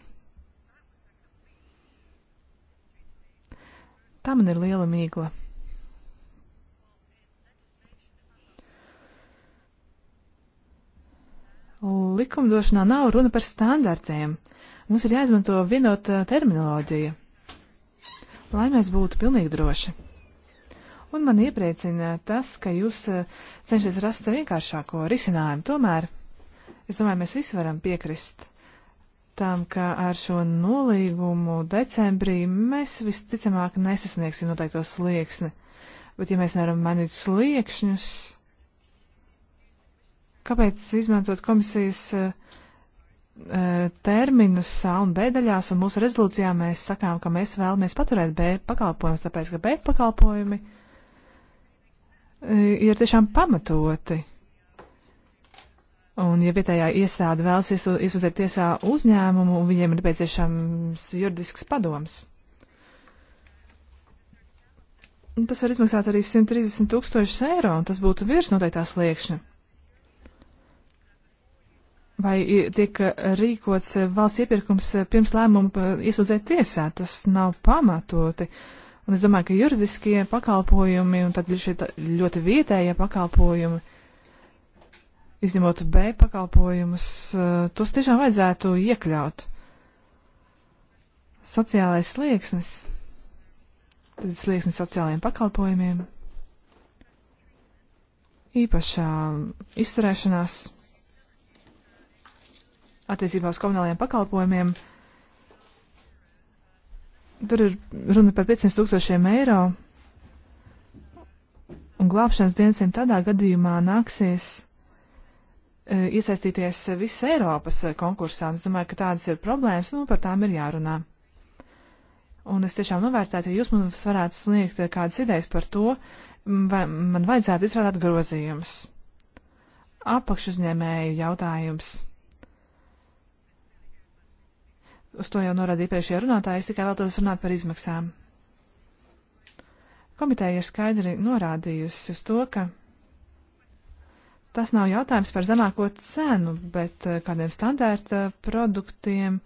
Tā man ir liela mīkla. likumdošanā nav runa par standartiem. Mums ir jāizmanto vienota eh, terminoloģija, lai mēs būtu pilnīgi droši. Un man iepriecina tas, ka jūs eh, cenšaties rast vienkāršāko risinājumu. Tomēr es domāju, mēs visi varam piekrist tam, ka ar šo nolīgumu decembrī mēs visticamāk nesasniegsim noteikto slieksni. Bet ja mēs nevaram manīt sliekšņus, kāpēc izmantot komisijas eh, eh, terminus A un B daļās, un mūsu rezolūcijā mēs sakām, ka mēs vēlamies paturēt B pakalpojumus, tāpēc, ka B pakalpojumi eh, ir tiešām pamatoti. Un, ja vietējā iestāde vēlas izsūtīt tiesā uzņēmumu, viņiem ir nepieciešams juridisks padoms. Tas var izmaksāt arī 130 tūkstošus eiro, un tas būtu virs noteiktā sliekšņa vai tiek rīkots valsts iepirkums pirms lēmuma iesūdzēt tiesā. Tas nav pamatoti. Un es domāju, ka juridiskie pakalpojumi un tad šie ļoti vietējie pakalpojumi, izņemot B pakalpojumus, eh, tos tiešām vajadzētu iekļaut. Sociālais slieksnis, tad slieksnis sociālajiem pakalpojumiem, īpašā izturēšanās attiecībā uz komunālajiem pakalpojumiem. Tur ir runa par 500 tūkstošiem eiro, un glābšanas dienestiem tādā gadījumā nāksies e, iesaistīties visas Eiropas konkursā. Es domāju, ka tādas ir problēmas, un nu, par tām ir jārunā. Un es tiešām novērtētu, ja jūs mums varētu sniegt kādas idejas par to, vai man vajadzētu izrādāt grozījumus. Apakšuzņēmēju jautājums. uz to jau norādīja priekšējā runātāja, es tikai vēlos runāt par izmaksām. Komiteja ir skaidri norādījusi uz to, ka tas nav jautājums par zemāko cenu, bet eh, kādiem standārta produktiem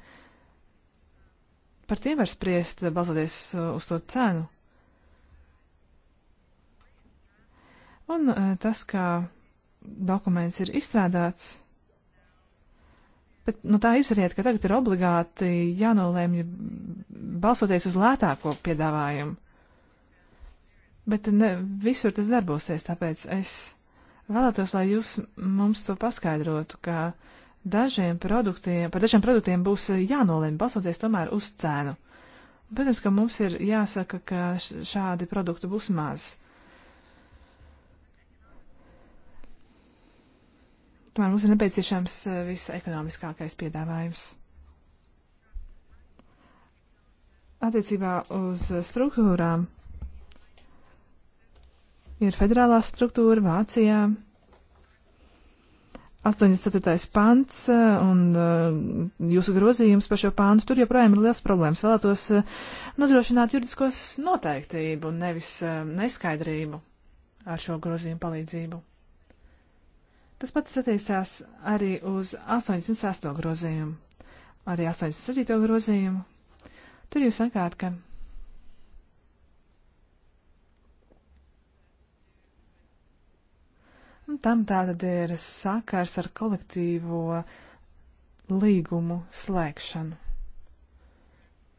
par tiem var spriest, eh, balzoties eh, uz to cenu. Un tas, kā dokuments ir izstrādāts, Bet nu, tā izriet, ka tagad ir obligāti jānolēmj balsoties uz lētāko piedāvājumu. Bet ne visur tas darbosies, tāpēc es vēlētos, lai jūs mums to paskaidrotu, ka dažiem produktiem, par dažiem produktiem būs jānolēmj balsoties tomēr uz cēnu. Protams, ka mums ir jāsaka, ka šādi produkti būs maz. Tomēr mums ir nepieciešams eh, visekonomiskākais piedāvājums. Attiecībā uz struktūrām ir federālā struktūra Vācijā, 84. pants eh, un eh, jūsu grozījums par šo pāntu, tur joprojām ir liels problēmas. Vēlētos nodrošināt juridiskos noteiktību, nevis neskaidrību ar šo grozījumu palīdzību. Tas pats attiecās arī uz 86. grozījumu, arī 87. grozījumu. Tur jūs sakāt, ka Un nu, tam tātad ir sakars ar kolektīvo līgumu slēgšanu.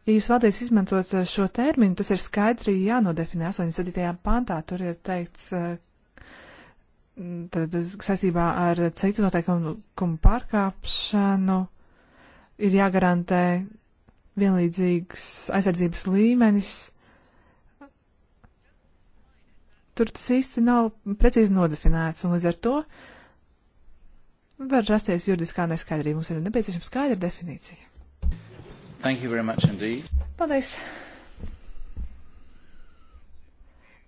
Ja jūs vēlaties izmantot šo terminu, tas ir skaidri jānodefinē 87. pantā. Tur ir teikts, tad saistībā ar citu noteikumu pārkāpšanu ir jāgarantē vienlīdzīgs aizsardzības līmenis. Tur tas īsti nav precīzi nodefinēts, un līdz ar to var rasties juridiskā neskaidrība. Mums ir nepieciešama skaidra definīcija. Thank you very much indeed. Paldies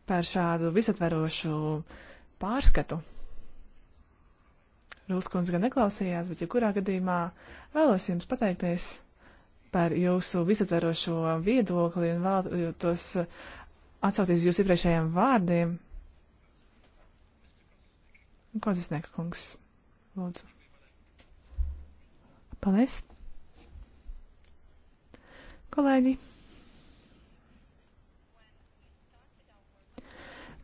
par šādu visatverošu uh, pārskatu. Rūskundze gan neklausījās, bet jebkurā ja gadījumā vēlos jums pateikties par jūsu visatverošo viedokli un vēlētos atsauties jūsu iepriekšējiem vārdiem. Kozisnieka kungs, lūdzu. Paldies. Kolēģi.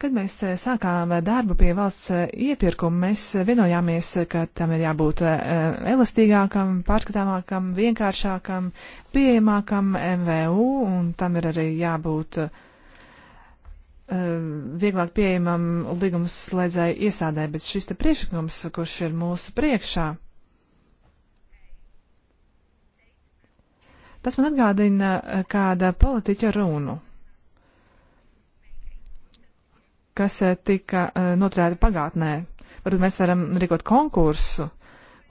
Kad mēs eh, sākām eh, darbu pie valsts eh, iepirkuma, mēs vienojāmies, ka tam ir jābūt elastīgākam, pārskatāmākam, vienkāršākam, pieejamākam MVU, un tam ir arī jābūt vieglāk pieejamam līgumslēdzēju iestādē, bet šis te priekšlikums, kurš ir mūsu priekšā, tas man atgādina kāda politiķa runu kas eh, tika eh, noturēti pagātnē. Varbūt mēs varam rīkot konkursu,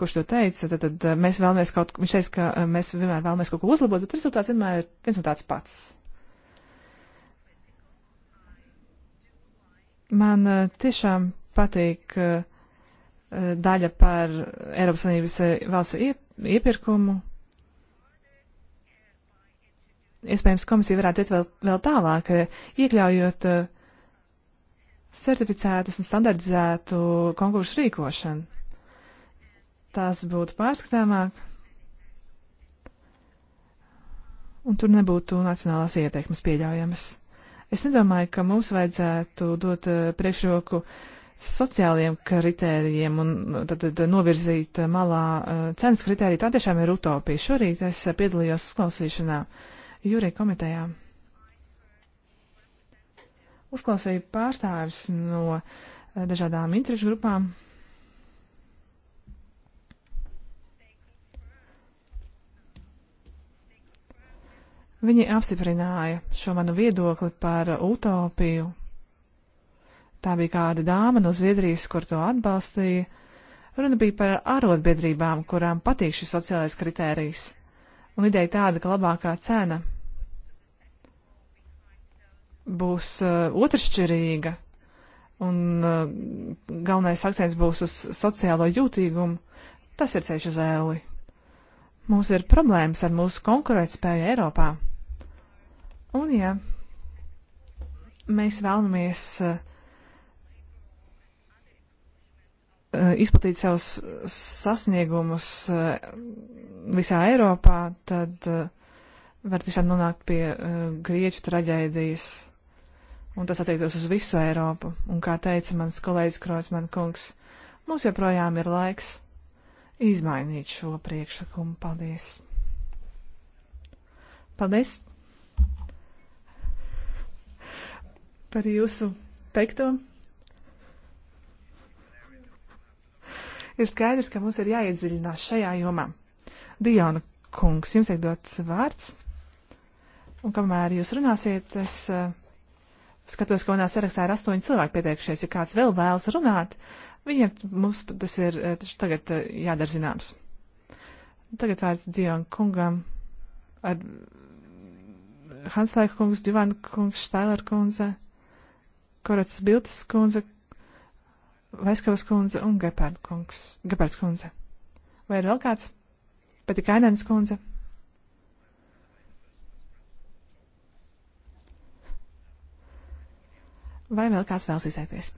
kurš to teica, tad, tad eh, mēs vēlamies kaut ko, viņš teica, ka mēs vienmēr vēlamies kaut ko uzlabot, bet rezultāts vienmēr ir viens un tāds pats. Man tiešām patīk daļa par Eiropas Savienības valsts iepirkumu. Iespējams, komisija varētu iet vēl, vēl tālāk, iekļaujot uh, certificētas un standardizētu konkursu rīkošanu. Tas būtu pārskatāmāk, un tur nebūtu nacionālās ieteikmes pieļaujamas. Es nedomāju, ka mums vajadzētu dot eh, priekšroku sociāliem kritērijiem un nu, tad, tad novirzīt malā eh, cenas kritēriju. Tā tiešām ir utopija. Šorīt es eh, piedalījos uzklausīšanā jūrija komitejām. Uzklausīju pārstāvis no eh, dažādām interešu grupām. Viņi apstiprināja šo manu viedokli par utopiju. Tā bija kāda dāma no Zviedrijas, kur to atbalstīja. Runa bija par arotbiedrībām, kurām patīk šis sociālais kritērijs. Un ideja tāda, ka labākā cena būs uh, otršķirīga un uh, galvenais akcents būs uz sociālo jūtīgumu, tas ir ceļš uz ēli. Mums ir problēmas ar mūsu konkurētspēju Eiropā. Un ja mēs vēlamies uh, izplatīt savus sasniegumus visā Eiropā, tad var tiešām nonākt pie grieķu traģēdijas un tas attiektos uz visu Eiropu. Un kā teica mans kolēģis Kroisman kungs, mums joprojām ir laiks izmainīt šo priekšlikumu. Paldies! Paldies par jūsu teikto! Ir skaidrs, ka mums ir jāiedziļinās šajā jomā. Diana kungs, jums tiek dots vārds, un kamēr jūs runāsiet, es uh, Skatos, ka manā sarakstā ir astoņi cilvēki pieteikušies. Ja kāds vēl vēlas runāt, viņiem mums tas ir eh, tas tagad eh, jādara zināms. Tagad vārds Dion kungam ar Hanslaika kungs, Divan kungs, Štailer kundze, Korats Biltas kundze, Vaiskavas kundze un Gepard kungs, Gepards kundze. Vai ir vēl kāds? Patikainēns kundze. Vai vēl kāds vēlas izteikties?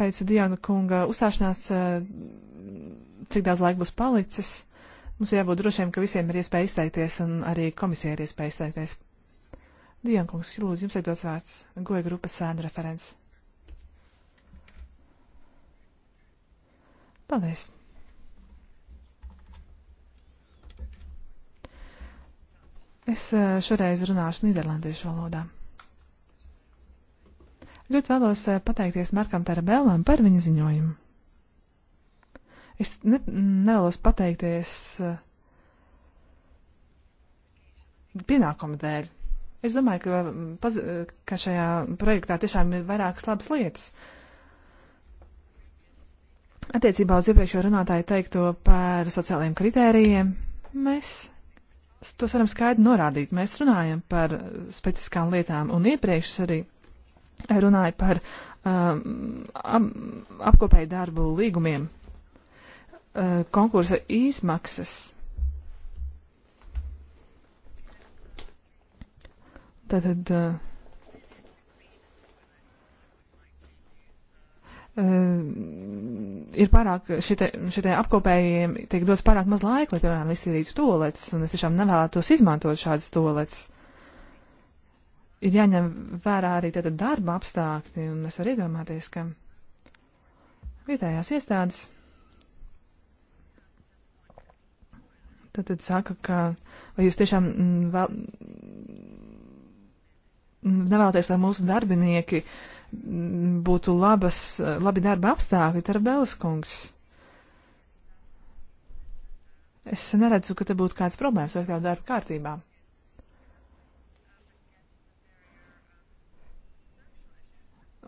Pēc Diana kunga uzstāšanās, eh, cik daudz laika būs palicis, mums jābūt drošiem, ka visiem ir iespēja izteikties un arī komisija ir iespēja izteikties. Diana kungs, lūdzu, jums ir dots vārds. Goja grupas sēna referents. Paldies! Es eh, šoreiz runāšu Nīderlandiešu valodā. Ļoti vēlos eh, pateikties Markam Tarabellam par viņa ziņojumu. Es ne, nevēlos pateikties eh, pienākuma dēļ. Es domāju, ka, paz, ka šajā projektā tiešām ir vairākas labas lietas. Attiecībā uz iepriekšējo runātāju teikto par sociālajiem kritērijiem, mēs tos varam skaidri norādīt. Mēs runājam par specifiskām lietām, un iepriekš arī runāju par um, ap, apkopēju darbu līgumiem, uh, konkursa izmaksas. Tātad. Uh, Eh, ir pārāk, šitai, šitai apkopējiem tiek dots pārāk maz laika, lai, piemēram, izsīrītu toaletes, un es tiešām nevēlētos izmantot šādas toaletes. Ir jāņem vērā arī tātad darba apstākļi, un es varu iedomāties, ka vietējās iestādes tātad saka, ka vai jūs tiešām vēl nevēlaties, lai mūsu darbinieki uh, būtu labas, labi darba apstākļi, Tarabēlas kungs. Es neredzu, ka te būtu kāds problēmas ar kādu darbu kārtībā.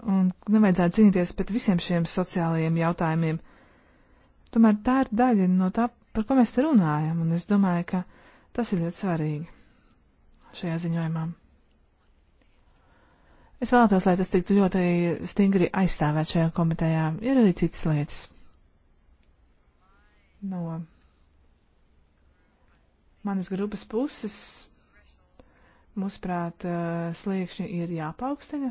Un nevajadzētu cīnīties pret visiem šiem sociālajiem jautājumiem. Tomēr tā ir daļa no tā, par ko mēs te runājam, un es domāju, ka tas ir ļoti svarīgi šajā ziņojumā. Es vēlētos, lai tas tiktu ļoti stingri aizstāvēt šajā komitejā. Ir arī citas lietas. No manas grupas puses, mūsuprāt, eh, sliekšņi ir jāpaukstina.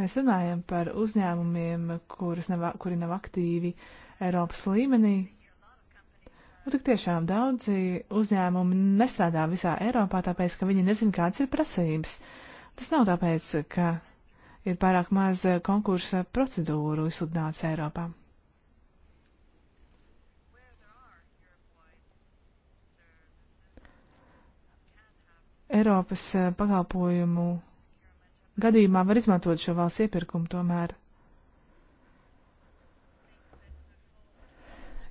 Mēs runājam par uzņēmumiem, nav, kuri nav aktīvi Eiropas līmenī. Un nu, tik tiešām daudzi uzņēmumi nestrādā visā Eiropā, tāpēc, ka viņi nezin, kāds ir prasības. Uh, Tas nav tāpēc, ka ir pārāk maz eh, konkursa procedūru izsludināts Eiropā. Eiropas eh, pakalpojumu gadījumā var izmantot šo valsts iepirkumu tomēr.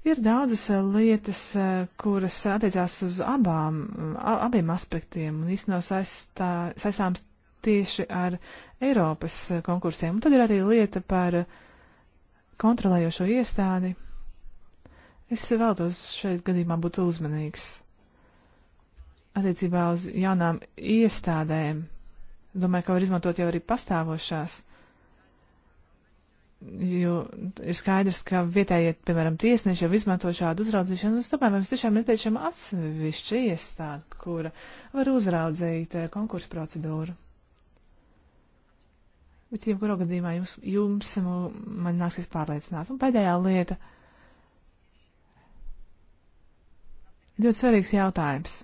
Ir daudzas eh, lietas, kuras attiecās uz abām, abiem aspektiem un īstenībā saistāms tieši ar Eiropas konkursiem. Un tad ir arī lieta par kontrolējošo iestādi. Es vēlos šeit gadījumā būt uzmanīgs attiecībā uz jaunām iestādēm. Domāju, ka var izmantot jau arī pastāvošās. Jo ir skaidrs, ka vietējie, piemēram, tiesneši jau izmanto šādu uzraudzīšanu, un es domāju, mums tiešām nepieciešama atsevišķa iestāde, kura var uzraudzīt eh, konkursu procedūru. Bet, ja kurā gadījumā jums, jums nu, man nāksies pārliecināt. Un pēdējā lieta. Ļoti svarīgs jautājums.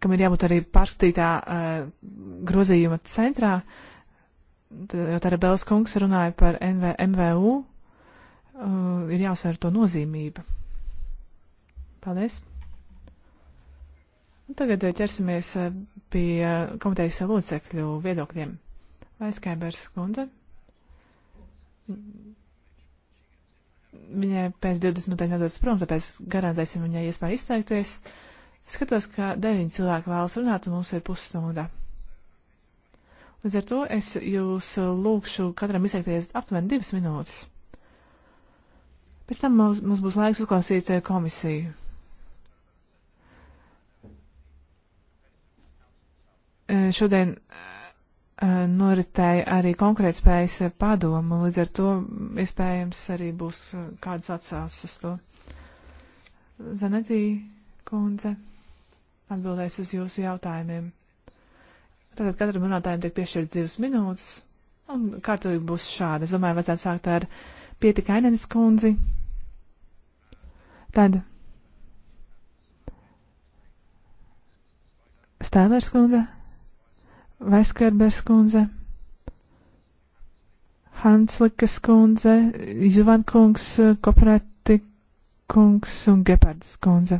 Kam ir jābūt arī pārskatītā uh, grozījuma centrā, jo tāda Bels kungs runāja par NV, MVU, uh, eh, ir jāsver to nozīmība. Paldies! Tagad eh, ķersimies eh, pie eh, komitejas locekļu viedokļiem. Vai Skaibers kundze? Viņai pēc 20 minūtēm jādodas prom, tāpēc garantēsim viņai iespēju izteikties. Skatos, ka 9 cilvēki vēlas runāt, un mums ir pusstunda. Līdz ar to es jūs lūkšu katram izteikties aptuveni 2 minūtes. Pēc tam mums, mums būs laiks uzklausīt komisiju. E, šodien e, noritēja arī konkrētspējas padomu, līdz ar to iespējams arī būs e, kādas atsauces uz to. Zanetī kundze atbildēs uz jūsu jautājumiem. Tātad katram runātājam tiek piešķirts divas minūtes, un kārtīgi būs šāda. Es domāju, vajadzētu sākt ar pietikainenes kundzi. Tad Stēlers kundze. Vaiskarbers kundze, Hanslikas kundze, Juvankungs, Koprēti kungs un Gepardas kundze.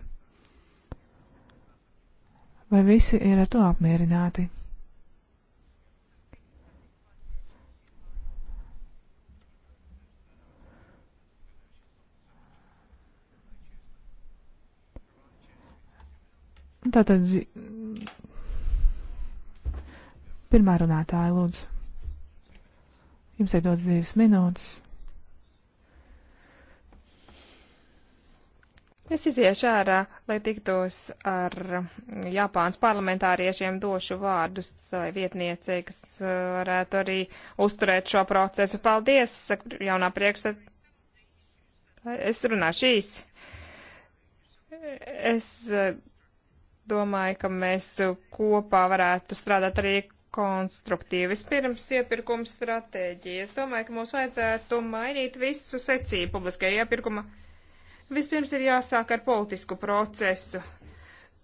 Vai visi ir ar to apmierināti? Tātad Pirmā runātāja, lūdzu. Jums ir dots divas minūtes. Es iziešu ārā, lai tiktos ar Japānas parlamentāriešiem, došu vārdus savai vietniecei, kas uh, varētu arī uzturēt šo procesu. Paldies, saka jaunā priekšsēd. Es runāšu īsi. Es uh, domāju, ka mēs uh, kopā varētu strādāt arī konstruktīvi. Vispirms iepirkuma stratēģija. Es domāju, ka mums vajadzētu mainīt visu secību publiskajā iepirkuma. Vispirms ir jāsāk ar politisku procesu.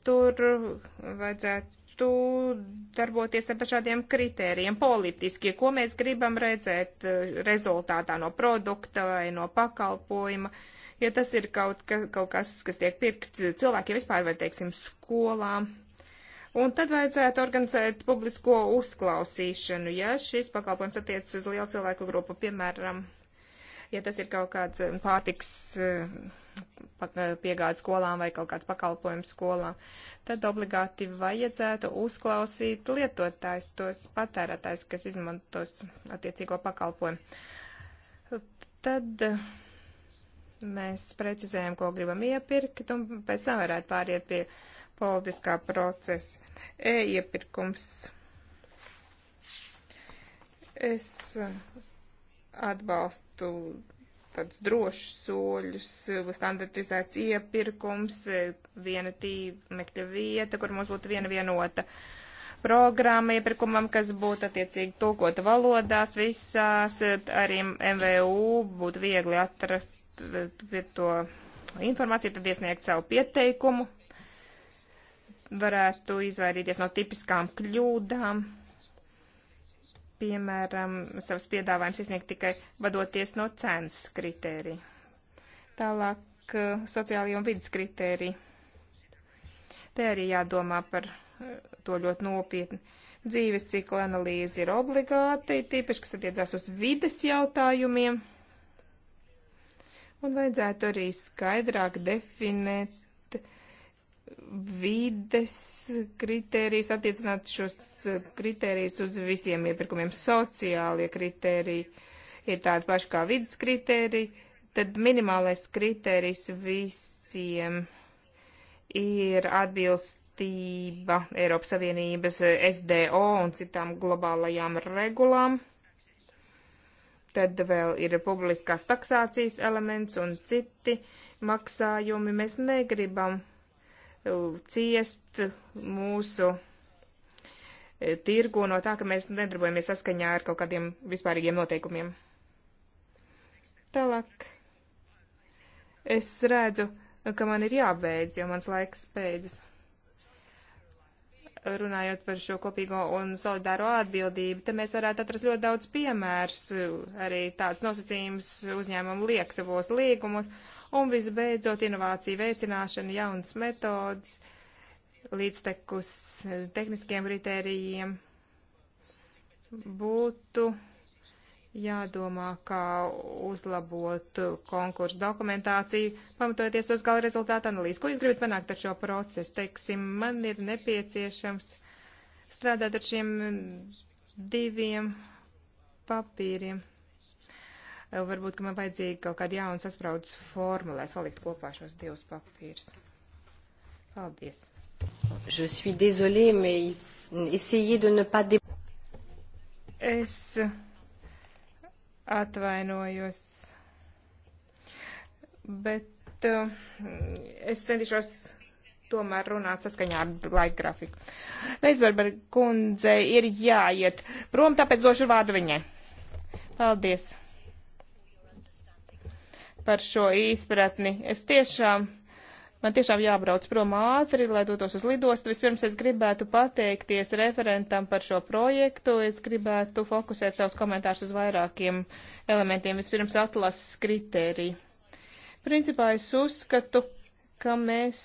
Tur vajadzētu darboties ar dažādiem kritērijiem politiski, ko mēs gribam redzēt eh, rezultātā no produkta vai no pakalpojuma. Ja tas ir kaut, ka, kaut kas, kas tiek pirkts cilvēkiem vispār vai, teiksim, skolām Un tad vajadzētu organizēt publisko uzklausīšanu, ja šis pakalpojums attiecas uz lielu cilvēku grupu, piemēram, ja tas ir kaut kāds eh, pārtiks eh, eh, piegādes skolām vai kaut kāds pakalpojums skolām, tad obligāti vajadzētu uzklausīt lietotājs, tos patērētājs, kas izmantos attiecīgo pakalpojumu. Tad mēs precizējam, ko gribam iepirkt, un pēc tam varētu pāriet pie uh, politiskā procesa. E-iepirkums. Es uh, atbalstu tādus drošus soļus, standartizēts iepirkums, e, viena tīmekļa vieta, kur mums būtu viena vienota programma iepirkumam, kas būtu attiecīgi tulkota valodās visās, e, arī MVU būtu viegli atrast pie to informāciju, tad iesniegt savu pieteikumu varētu izvairīties no tipiskām kļūdām. Piemēram, savus piedāvājumus izniegt tikai vadoties no cenas kritērija. Tālāk eh, sociālajie un vidas kritēriji. Te arī jādomā par eh, to ļoti nopietni. Dzīves cikla analīze ir obligāti, tīpaši, kas attiecās uz vides jautājumiem. Un vajadzētu arī skaidrāk definēt vides kritērijus, attiecināt šos eh, kritērijus uz visiem iepirkumiem. Sociālie kritēriji ir tādi paši kā vidas kritēriji, tad minimālais kritērijs visiem ir atbilstība Eiropas Savienības eh, SDO un citām globālajām regulām. Tad vēl ir publiskās taksācijas elements un citi maksājumi. Mēs negribam ciest mūsu e, tirgu no tā, ka mēs nedarbojamies saskaņā ar kaut kādiem vispārīgiem noteikumiem. Tālāk. Es redzu, ka man ir jābeidz, jo mans laiks beidzas. Runājot par šo kopīgo un solidāro atbildību, te mēs varētu atrast ļoti daudz piemērus, e, arī tāds nosacījums uzņēmumu liek savos līgumus Un visbeidzot, inovāciju veicināšana, jaunas metodas, līdztekus eh, tehniskiem kritērijiem būtu jādomā, kā uzlabot konkursu dokumentāciju, pamatojoties uz gala rezultātu analīzi. Ko jūs gribat panākt ar šo procesu? Teiksim, man ir nepieciešams strādāt ar šiem diviem papīriem. Eh, varbūt, ka man vajadzīga kaut kāda jauna saspraudas forma, lai salikt kopā šos divus papīrus. Paldies. Je suis désolée, mais essayez de ne pas dé... Es atvainojos, bet uh, es centīšos tomēr runāt saskaņā ar laika grafiku. Veisberberga kundze ir jāiet prom, tāpēc došu vārdu viņai. Paldies! par šo izpratni. Es tiešām, man tiešām jābrauc prom ātri, lai dotos uz lidostu. Vispirms es gribētu pateikties referentam par šo projektu. Es gribētu fokusēt savus komentārus uz vairākiem elementiem. Vispirms atlases kritēriju. Principā es uzskatu, ka mēs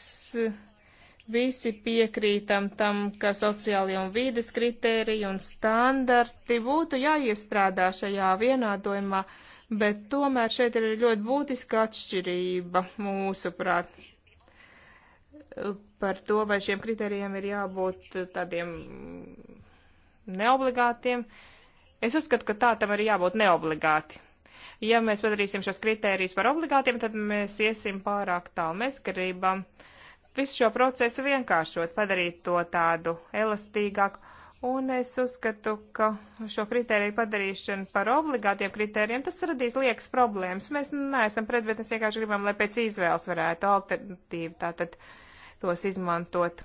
visi piekrītam tam, ka sociālie un vīdes kritēriji un standarti būtu jāiestrādā šajā vienādojumā. Uh, bet tomēr šeit ir ļoti būtiska atšķirība mūsuprāt par to, vai šiem kritērijiem ir jābūt tādiem neobligātiem. Es uzskatu, ka tā tam arī jābūt neobligāti. Ja mēs padarīsim šos kritērijus par obligātiem, tad mēs iesim pārāk tālu. Mēs gribam visu šo procesu vienkāršot, padarīt to tādu elastīgāku Un es uzskatu, ka šo kritēriju padarīšanu par obligātiem kritērijiem, tas radīs liekas problēmas. Mēs neesam pret, bet mēs vienkārši gribam, lai pēc izvēles varētu alternatīvi tātad tos izmantot.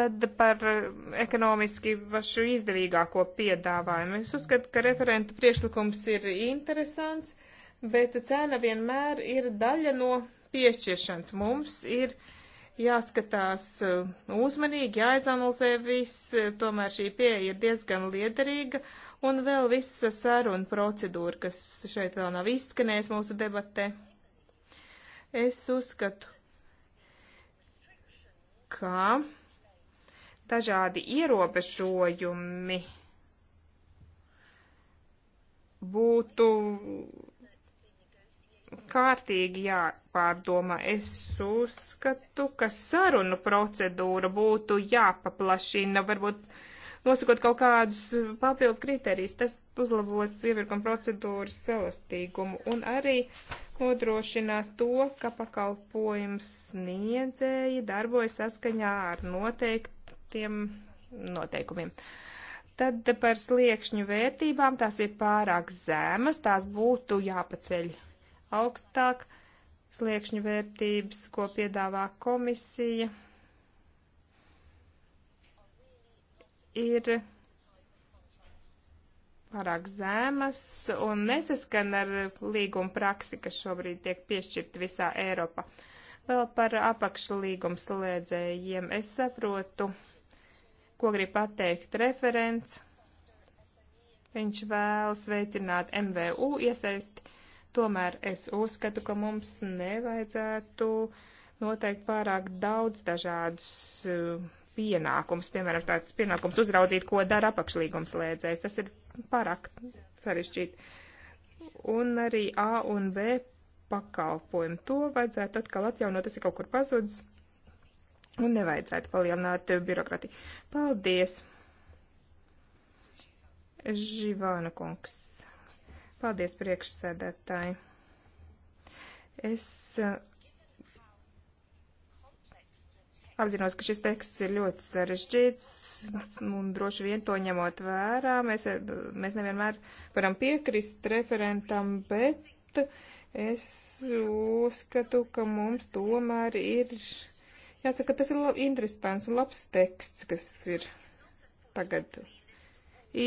Tad par ekonomiski pašu izdevīgāko piedāvājumu. Es uzskatu, ka referenta priekšlikums ir interesants, bet cena vienmēr ir daļa no piešķiršanas. Mums ir. Uh, jāskatās uh, uzmanīgi, jāizanalizē viss, uh, tomēr šī pieeja ir diezgan liederīga, un vēl visa saruna procedūra, kas šeit vēl nav izskanējis mūsu debatē. Es uzskatu, ka dažādi ierobežojumi būtu kārtīgi jāpārdomā. Es uzskatu, ka sarunu procedūra būtu jāpaplašina, varbūt nosakot kaut kādus papildu kriterijus. Tas uzlabos iepirkuma procedūras elastīgumu un arī nodrošinās to, ka pakalpojums sniedzēji darbojas saskaņā ar noteiktiem noteikumiem. Tad par sliekšņu vērtībām tās ir pārāk zemas, tās būtu jāpaceļ augstāk sliekšņu vērtības, ko piedāvā komisija, ir pārāk zemas un nesaskan ar līguma praksi, kas šobrīd tiek piešķirta visā Eiropā. Vēl par apakšlīguma slēdzējiem es saprotu, ko grib pateikt referents. Viņš vēlas veicināt MVU iesaisti Tomēr es uzskatu, ka mums nevajadzētu noteikt pārāk daudz dažādus uh, pienākums, piemēram, tāds pienākums uzraudzīt, ko dara apakšlīgums lēdzējs. Tas ir pārāk sarežģīti. Un arī A un B pakalpojumu. To vajadzētu atkal atjaunot, tas ir kaut kur pazudis. Un nevajadzētu palielināt uh, birokrati. Paldies! Živāna kungs. Paldies, priekšsēdētāji. Es eh, apzinos, ka šis teksts ir ļoti sarežģīts, un droši vien to ņemot vērā, mēs, eh, mēs nevienmēr varam piekrist referentam, bet es uzskatu, ka mums tomēr ir, jāsaka, tas ir lab, interesants un labs teksts, kas ir tagad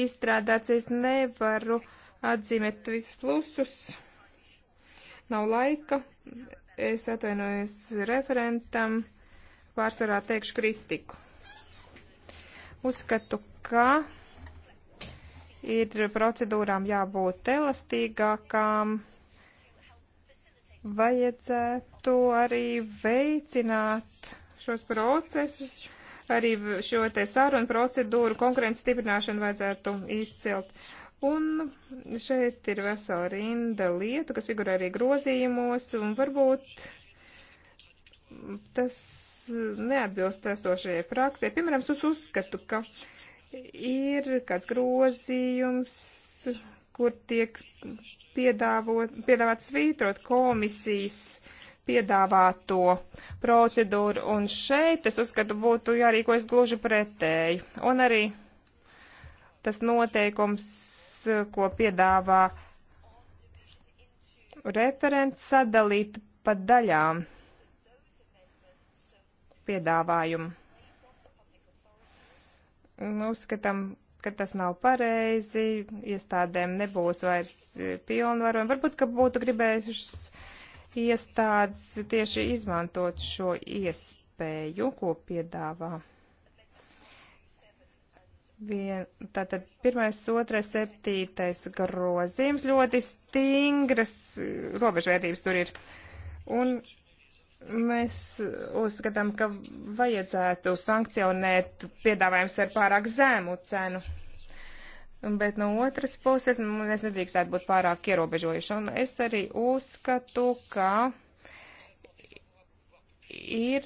izstrādāts. Es nevaru. Uh, atzīmēt visus plusus. Nav laika. Es atvainojos referentam. Pārsvarā teikšu kritiku. Uzskatu, ka ir procedūrām jābūt elastīgākām. Vajadzētu arī veicināt šos procesus, arī šo te sarunu procedūru konkurences stiprināšanu vajadzētu izcelt. Uh, Un šeit ir vesela rinda lietu, kas figurē arī grozījumos, un varbūt tas neatbilst esošajai praksē. Piemēram, es uzskatu, ka ir kāds grozījums, kur tiek piedāvot, piedāvāt svītrot komisijas piedāvāto procedūru, un šeit, es uzskatu, būtu jārīkojas gluži pretēji. Un arī tas noteikums ko piedāvā referents sadalīt pa daļām piedāvājumu. Nu, uzskatām, ka tas nav pareizi, iestādēm nebūs vairs pilnvaru, un varbūt, ka būtu gribējušas iestādes tieši izmantot šo iespēju, ko piedāvā Vien, tātad pirmais, otrais, septītais grozījums ļoti stingras robežvērtības tur ir. Un mēs uzskatām, ka vajadzētu sankcionēt piedāvājums ar pārāk zēmu cenu. Bet no otras puses mēs nedrīkstētu būt pārāk ierobežojuši. Un es arī uzskatu, ka ir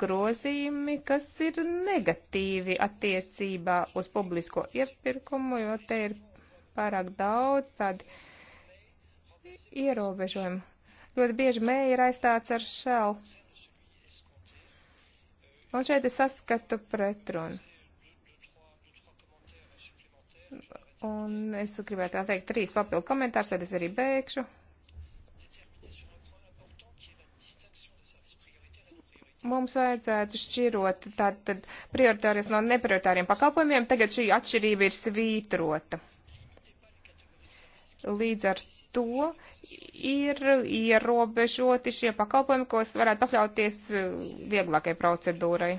grozījumi, kas ir negatīvi attiecībā uz publisko iepirkumu, jo te ir pārāk daudz tādu ierobežojumu. Ļoti bieži mē ir aizstāts ar šau. Un šeit es saskatu pretrunu. Un es gribētu atteikt trīs papildu komentārus, tad es arī beigšu. mums vajadzētu šķirot tātad prioritārijas no neprioritāriem pakalpojumiem. Tagad šī atšķirība ir svītrota. Līdz ar to ir ierobežoti šie pakalpojumi, ko varētu pakļauties uh, vieglākai procedūrai.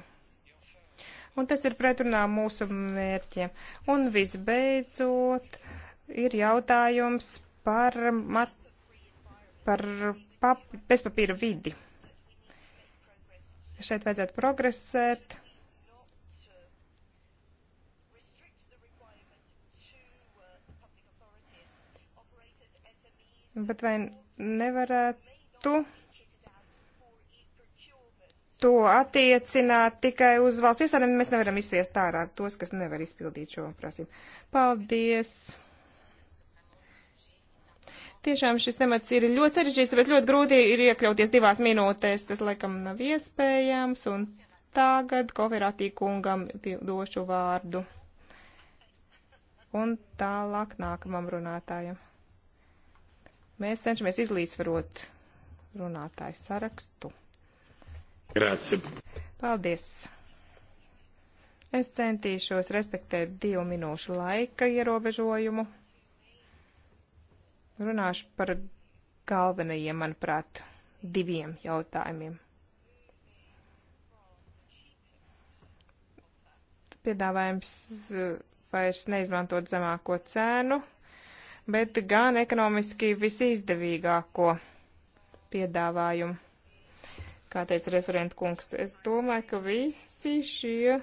Un tas ir pretrunā mūsu mērķiem. Un visbeidzot, ir jautājums par, mat, par pap, bezpapīra vidi. Šeit vajadzētu progresēt. Bet vai nevarētu to attiecināt tikai uz valsts iestādēm? Mēs nevaram izsviest ārā tos, kas nevar izpildīt šo prasību. Paldies! Tiešām šis temats ir ļoti sarežģīts, bet ļoti grūti ir iekļauties divās minūtēs. Tas laikam nav iespējams. Un tagad Koferātī kungam došu vārdu. Un tālāk nākamam runātājam. Mēs cenšamies izlīdzvarot runātāju sarakstu. Grāci. Paldies. Es centīšos respektēt divu minūšu laika ierobežojumu. Runāšu par galvenajiem, manuprāt, diviem jautājumiem. Piedāvājums eh, vairs neizmantot zemāko cēnu, bet gan ekonomiski visizdevīgāko piedāvājumu. Kā teica referentkungs, es domāju, ka visi šie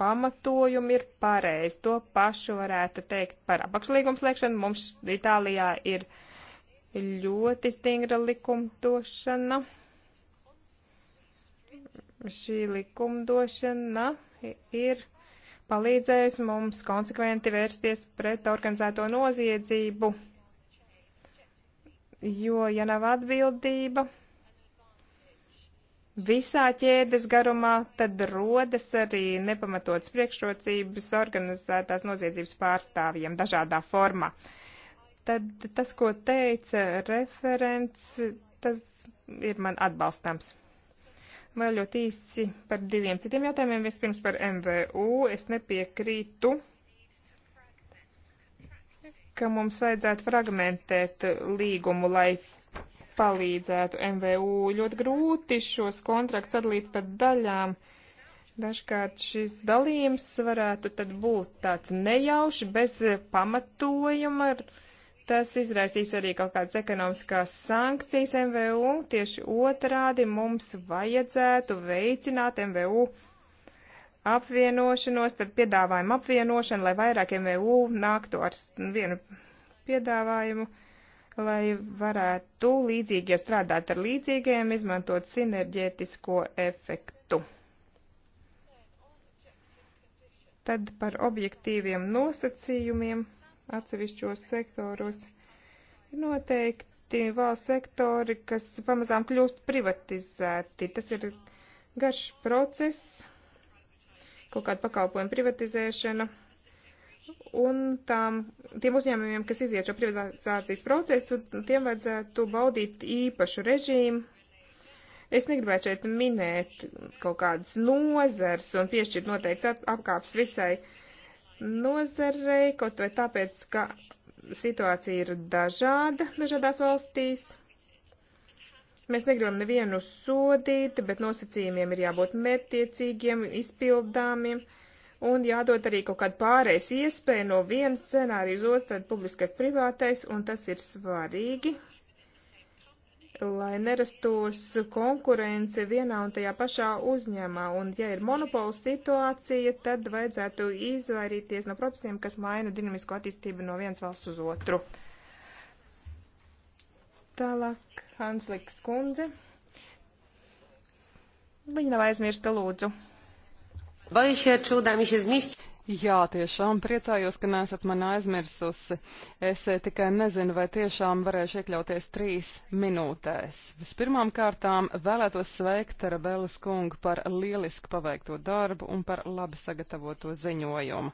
pamatojumi ir pareizi. To pašu varētu teikt par apakšlīgumu slēgšanu. Mums Itālijā ir ļoti stingra likumdošana. Šī likumdošana ir palīdzējusi mums konsekventi vērsties pret organizēto noziedzību, jo, ja nav atbildība, visā ķēdes garumā, tad rodas arī nepamatotas priekšrocības organizētās noziedzības pārstāvjiem dažādā formā. Tad tas, ko teica referents, tas ir man atbalstams. Vēl ļoti īsi par diviem citiem jautājumiem. Vispirms par MVU. Es nepiekrītu, ka mums vajadzētu fragmentēt līgumu, lai palīdzētu MVU. Ļoti grūti šos kontraktus atdalīt pa daļām. Dažkārt šis dalījums varētu tad būt tāds nejauši, bez pamatojuma. Tas izraisīs arī kaut kādas ekonomiskās sankcijas MVU. Tieši otrādi mums vajadzētu veicināt MVU apvienošanos, tad piedāvājumu apvienošanu, lai vairāk MVU nāktu ar vienu piedāvājumu. Uh, lai varētu līdzīgie strādāt ar līdzīgiem, izmantot sinerģētisko efektu. Tad par objektīviem nosacījumiem atsevišķos sektoros ir noteikti valsts sektori, kas pamazām kļūst privatizēti. Tas ir garš process, kaut kāda pakalpojuma privatizēšana un tām, tiem uzņēmumiem, kas iziet šo privatizācijas procesu, tiem vajadzētu baudīt īpašu režīmu. Es negribētu šeit minēt kaut kādas nozars un piešķirt noteikts apkāps visai nozarei, kaut vai tāpēc, ka situācija ir dažāda dažādās valstīs. Mēs negribam nevienu sodīt, bet nosacījumiem ir jābūt mērtiecīgiem, izpildāmiem. Ja un jādod arī kaut kāda pārējais iespēja no viena scenārija uz otru, tad publiskais privātais, un tas ir svarīgi, lai nerastos konkurence vienā un tajā pašā uzņēmā. Un ja ir monopola situācija, tad vajadzētu izvairīties no procesiem, kas maina dinamisko attīstību no vienas valsts uz otru. Tālāk Hansliks kundze. Viņa nav aizmirsta lūdzu. Boję się, czy uda mi się zmieścić. Jā, tiešām priecājos, ka neesat man aizmirsusi. Es eh, tikai nezinu, vai tiešām varēšu iekļauties trīs minūtēs. Vispirmām kārtām vēlētos sveikt Rabelas kungu par lielisku paveikto darbu un par labi sagatavoto ziņojumu.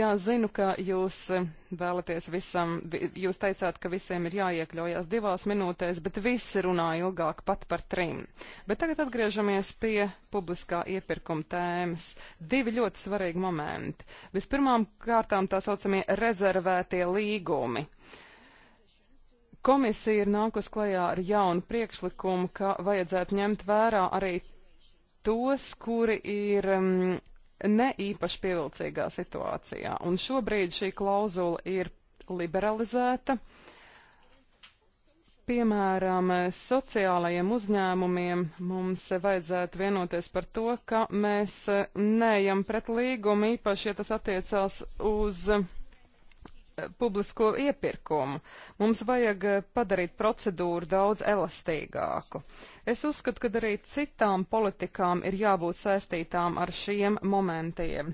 Jā, zinu, ka jūs eh, vēlaties visam, jūs teicāt, ka visiem ir jāiekļaujas divās minūtēs, bet visi runā ilgāk pat par trim. Bet tagad atgriežamies pie publiskā iepirkuma tēmas. Divi ļoti svarīgi momenti. Vispirmām kārtām tā saucamie rezervētie līgumi. Komisija ir nākus klajā ar jaunu priekšlikumu, ka vajadzētu ņemt vērā arī tos, kuri ir um, ne īpaši pievilcīgā situācijā. Un šobrīd šī klauzula ir liberalizēta. Piemēram, sociālajiem uzņēmumiem mums vajadzētu vienoties par to, ka mēs neejam pret līgumu īpaši, ja tas attiecās uz uh, publisko iepirkumu. Mums vajag eh, padarīt procedūru daudz elastīgāku. Es uzskatu, ka arī citām politikām ir jābūt saistītām ar šiem momentiem.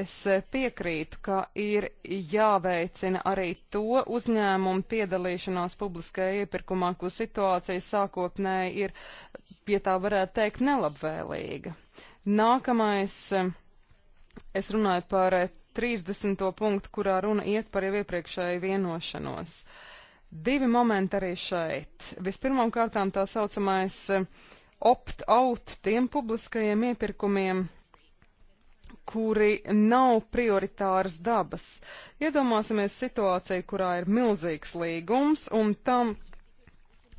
Es eh, piekrītu, ka ir jāveicina arī to uzņēmumu piedalīšanās publiskajā iepirkumā, kur situācija sākotnēji ir, pie tā varētu teikt, nelabvēlīga. Nākamais. Eh, es runāju par 30. punktu, kurā runa iet par jau iepriekšēju vienošanos. Divi momenti arī šeit. Vispirmām kārtām tā saucamais eh, opt-out tiem publiskajiem iepirkumiem, kuri nav prioritāras dabas. Iedomāsimies situāciju, kurā ir milzīgs līgums, un tam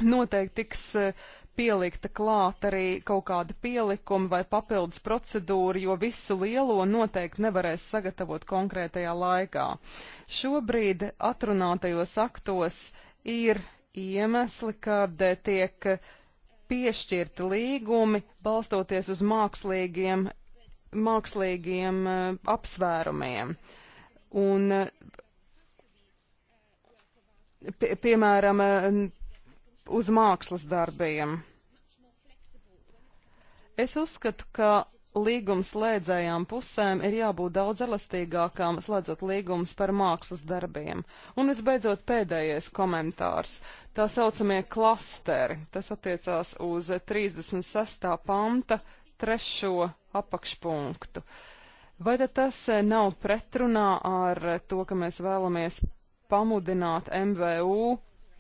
noteikti tiks eh, pielikta klāt arī kaut kāda pielikuma vai papildus procedūra, jo visu lielo noteikti nevarēs sagatavot konkrētajā laikā. Šobrīd atrunātajos aktos ir iemesli, kad tiek piešķirti līgumi balstoties uz mākslīgiem, mākslīgiem uh, apsvērumiem. Un, e, pie, piemēram, uh, uz mākslas darbiem. Es uzskatu, ka līgums slēdzējām pusēm ir jābūt daudz elastīgākām, slēdzot līgumus par mākslas darbiem. Un visbeidzot pēdējais komentārs. Tā saucamie klasteri, tas attiecās uz 36. panta trešo apakšpunktu. Vai tad tas nav pretrunā ar to, ka mēs vēlamies pamudināt MVU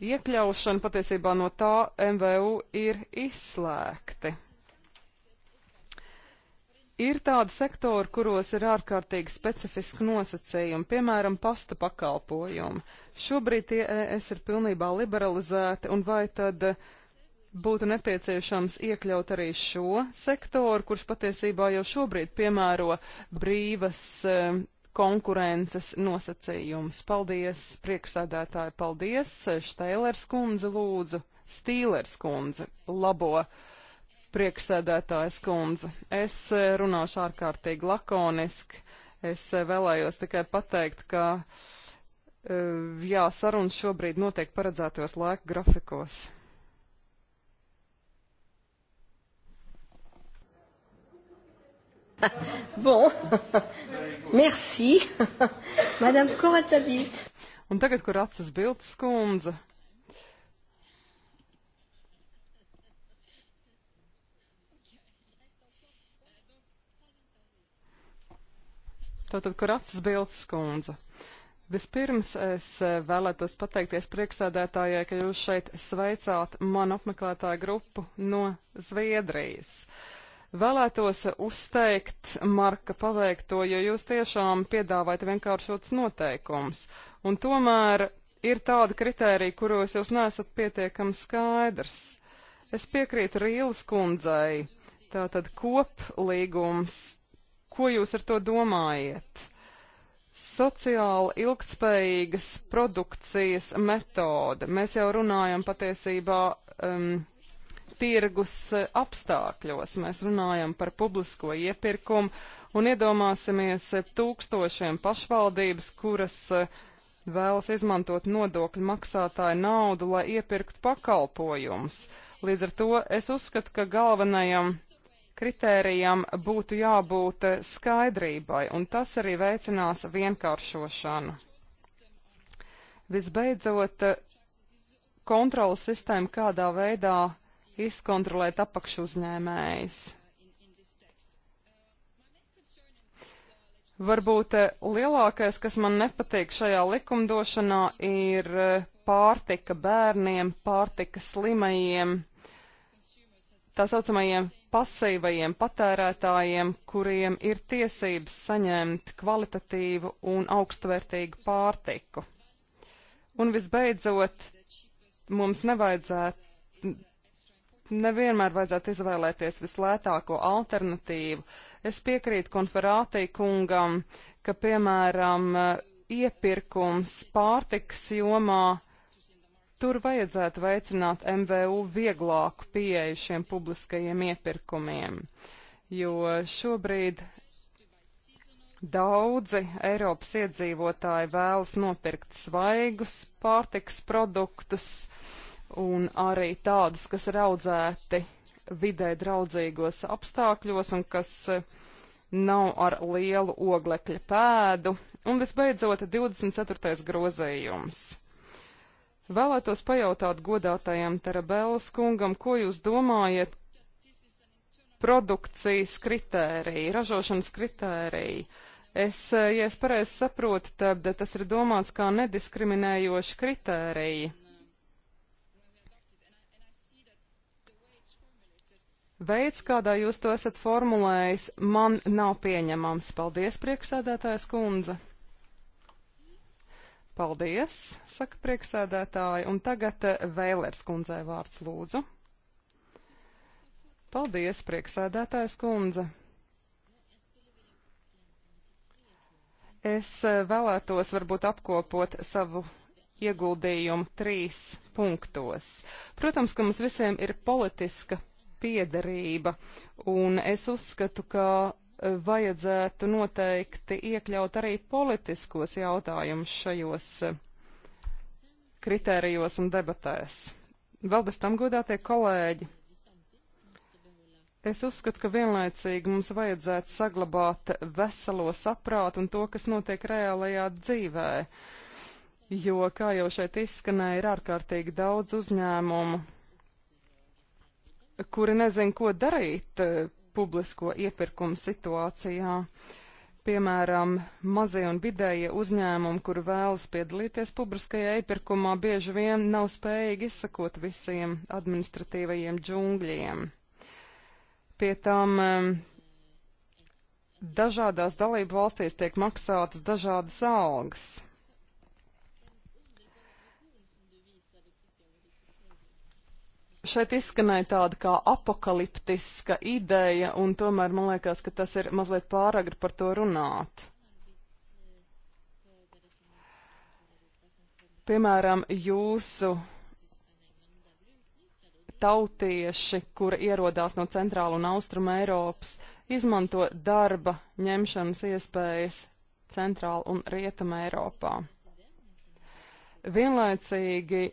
iekļaušana patiesībā no tā MVU ir izslēgti. Ir tādi sektori, kuros ir ārkārtīgi specifiski nosacījumi, piemēram, pasta pakalpojumi. Šobrīd tie es ir pilnībā liberalizēti, un vai tad būtu nepieciešams iekļaut arī šo sektoru, kurš patiesībā jau šobrīd piemēro brīvas eh, konkurences nosacījumus. Paldies, priekšsēdētāji, paldies. Šteilers kundze lūdzu, Stīlers kundze labo priekšsēdētājas kundze. Es eh, runāšu ārkārtīgi lakoniski. Es eh, vēlējos tikai pateikt, ka eh, jā, sarunas šobrīd notiek paredzētajos laika grafikos. Bon. Merci. Madame Koratsa Bild. Un tagad, kur atsas Bildes kundze. Tātad, kur atsas Bildes kundze. Vispirms es eh, vēlētos pateikties priekšsēdētājai, ka jūs šeit sveicāt manu apmeklētāju grupu no Zviedrijas. Uh, Vēlētos uzteikt Marka paveikto, jo jūs tiešām piedāvājat vienkāršots noteikums. Un tomēr ir tāda kritērija, kuros jūs nesat pietiekami skaidrs. Es piekrītu Rīles kundzei. Tātad koplīgums, ko jūs ar to domājat? Sociāli ilgtspējīgas produkcijas metode. Mēs jau runājam patiesībā um, tirgus eh, apstākļos. Mēs runājam par publisko iepirkumu un iedomāsimies eh, tūkstošiem pašvaldības, kuras eh, vēlas izmantot nodokļu maksātāju naudu, lai iepirktu pakalpojumus. Līdz ar to es uzskatu, ka galvenajam kritērijam būtu jābūt skaidrībai, un tas arī veicinās vienkāršošanu. Visbeidzot, kontrolas sistēma kādā veidā izkontrolēt apakšu uzņēmējs. Varbūt eh, lielākais, kas man nepatīk šajā likumdošanā, ir eh, pārtika bērniem, pārtika slimajiem, tā saucamajiem pasīvajiem patērētājiem, kuriem ir tiesības saņemt kvalitatīvu un augstvērtīgu pārtiku. Un visbeidzot, mums nevajadzētu nevienmēr vajadzētu izvēlēties vislētāko alternatīvu. Es piekrītu konferātī kungam, ka, piemēram, iepirkums pārtiks jomā tur vajadzētu veicināt MVU vieglāku pieeju šiem publiskajiem iepirkumiem, jo šobrīd daudzi Eiropas iedzīvotāji vēlas nopirkt svaigus pārtiks produktus, uh, un arī tādus, kas ir audzēti vidē draudzīgos apstākļos un kas eh, nav ar lielu oglekļa pēdu. Un visbeidzot, 24. grozījums. Vēlētos pajautāt godātajam Terabēlas kungam, ko jūs domājat produkcijas kritērija, ražošanas kritērija. Es, eh, ja es pareizi saprotu, tad tas ir domāts kā nediskriminējoši kritērija. Veids, kādā jūs to esat formulējis, man nav pieņemams. Paldies, priekšsēdētājs kundze. Paldies, saka priekšsēdētāji, un tagad eh, Vēlers kundzei vārds lūdzu. Paldies, priekšsēdētājs kundze. Es eh, vēlētos varbūt apkopot savu ieguldījumu trīs punktos. Protams, ka mums visiem ir politiska piederība, un es uzskatu, ka e, vajadzētu noteikti iekļaut arī politiskos jautājumus šajos e, kritērijos un debatēs. Vēl bez tam godātie kolēģi. Es uzskatu, ka vienlaicīgi mums vajadzētu saglabāt veselo saprātu un to, kas notiek reālajā dzīvē, jo, kā jau šeit izskanēja, ir ārkārtīgi daudz uzņēmumu, kuri nezin, ko darīt eh, publisko iepirkumu situācijā. Piemēram, mazie un vidējie uzņēmumi, kuri vēlas piedalīties publiskajā iepirkumā, bieži vien nav spējīgi izsakot visiem administratīvajiem džungļiem. Pie tam dažādās dalību valstīs tiek maksātas dažādas algas. šeit izskanēja tāda kā apakaliptiska ideja, un tomēr man liekas, ka tas ir mazliet pāragri par to runāt. Piemēram, jūsu tautieši, kuri ierodās no centrāla un austruma Eiropas, izmanto darba ņemšanas iespējas centrāla un rietuma Eiropā. Vienlaicīgi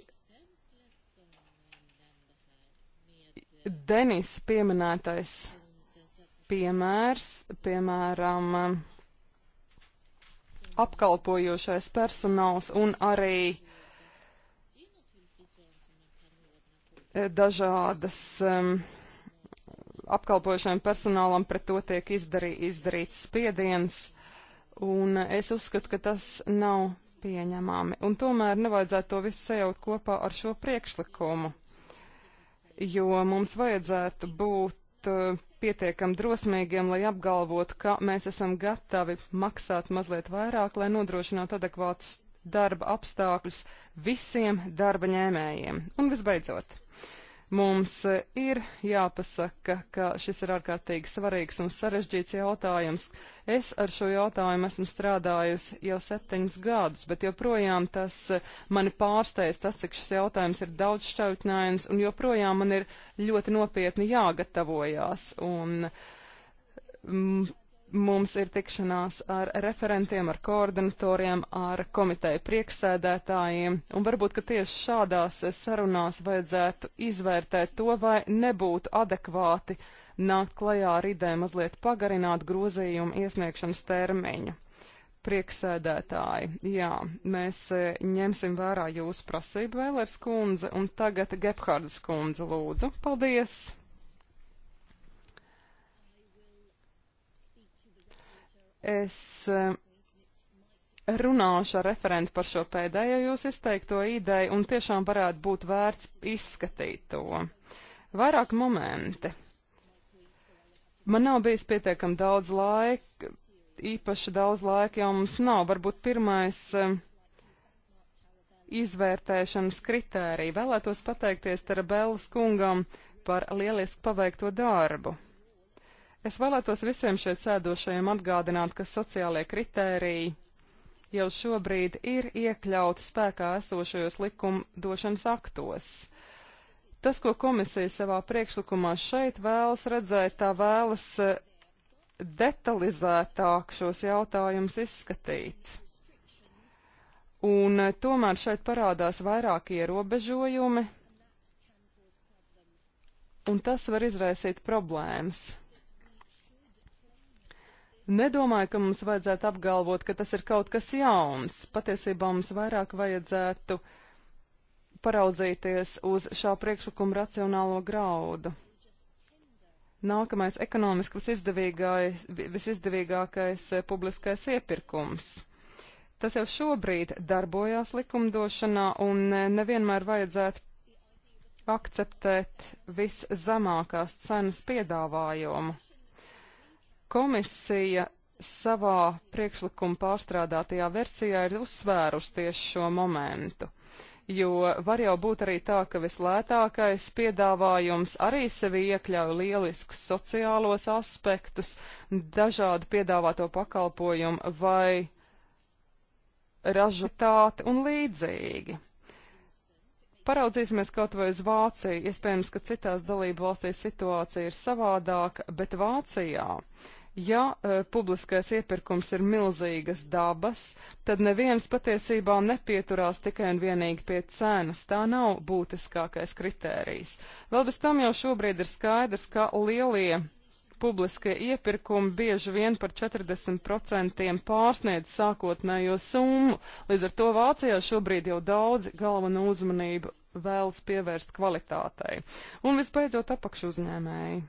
Denis pieminētais piemērs, piemēram, apkalpojošais personāls un arī eh, dažādas um, apkalpojošajam personālam pret to tiek izdarī, izdarīts spiediens, un es uzskatu, ka tas nav pieņemami. Un tomēr nevajadzētu to visu sajaut kopā ar šo priekšlikumu jo mums vajadzētu būt uh, pietiekam drosmīgiem, lai apgalvotu, ka mēs esam gatavi maksāt mazliet vairāk, lai nodrošinātu adekvātus darba apstākļus visiem darba ņēmējiem. Un visbeidzot, Mums e, ir jāpasaka, ka šis ir ārkārtīgi svarīgs un sarežģīts jautājums. Es ar šo jautājumu esmu strādājusi jau septiņus gadus, bet joprojām tas e, mani pārsteidz, tas, cik šis jautājums ir daudz šķautņains, un joprojām man ir ļoti nopietni jāgatavojās. Un, mm, mums ir tikšanās ar referentiem, ar koordinatoriem, ar komiteju prieksēdētājiem, un varbūt, ka tieši šādās sarunās vajadzētu izvērtēt to, vai nebūtu adekvāti nākt klajā ar ideju mazliet pagarināt grozījumu iesniegšanas termiņu. Prieksēdētāji, jā, mēs e, ņemsim vērā jūsu prasību, Vēlers kundze, un tagad Gebhardas kundze lūdzu. Paldies! Es eh, runāšu ar referentu par šo pēdējo jūs izteikto ideju un tiešām varētu būt vērts izskatīt to. Vairāk momenti. Man nav bijis pietiekami daudz laika, īpaši daudz laika jau mums nav. Varbūt pirmais eh, izvērtēšanas kritērija. Vēlētos pateikties Terabēlas kungam par lieliski paveikto darbu. Es vēlētos visiem šeit sēdošajiem atgādināt, ka sociālie kritēriji jau šobrīd ir iekļauti spēkā esošajos likumdošanas aktos. Tas, ko komisija savā priekšlikumā šeit vēlas redzēt, tā vēlas eh, detalizētāk šos jautājumus izskatīt. Un eh, tomēr šeit parādās vairāk ierobežojumi, un tas var izraisīt problēmas. Nedomāju, ka mums vajadzētu apgalvot, ka tas ir kaut kas jauns. Patiesībā mums vairāk vajadzētu paraudzīties uz šā priekšlikuma racionālo graudu. Nākamais ekonomiski visizdevīgākais, visizdevīgākais eh, publiskais iepirkums. Tas jau šobrīd darbojās likumdošanā un eh, nevienmēr vajadzētu akceptēt viszemākās cenas piedāvājumu. Komisija savā priekšlikuma pārstrādātajā versijā ir uzsvērusi tieši šo momentu. Jo var jau būt arī tā, ka vislētākais piedāvājums arī sevi iekļauj lieliskus sociālos aspektus, dažādu piedāvāto pakalpojumu vai ražotāti un līdzīgi. Paraudzīsimies kaut vai uz Vāciju. Iespējams, ka citās dalību valstīs situācija ir savādāka, bet Vācijā uh, Ja e, publiskais iepirkums ir milzīgas dabas, tad neviens patiesībā nepieturās tikai un vienīgi pie cenas. Tā nav būtiskākais kritērijs. Vēl bez tam jau šobrīd ir skaidrs, ka lielie publiskie iepirkumi bieži vien par 40% pārsniedz sākotnējo summu. Līdz ar to Vācijā šobrīd jau daudzi galveno uzmanību vēlas pievērst kvalitātei. Un visbeidzot apakšu uzņēmēji.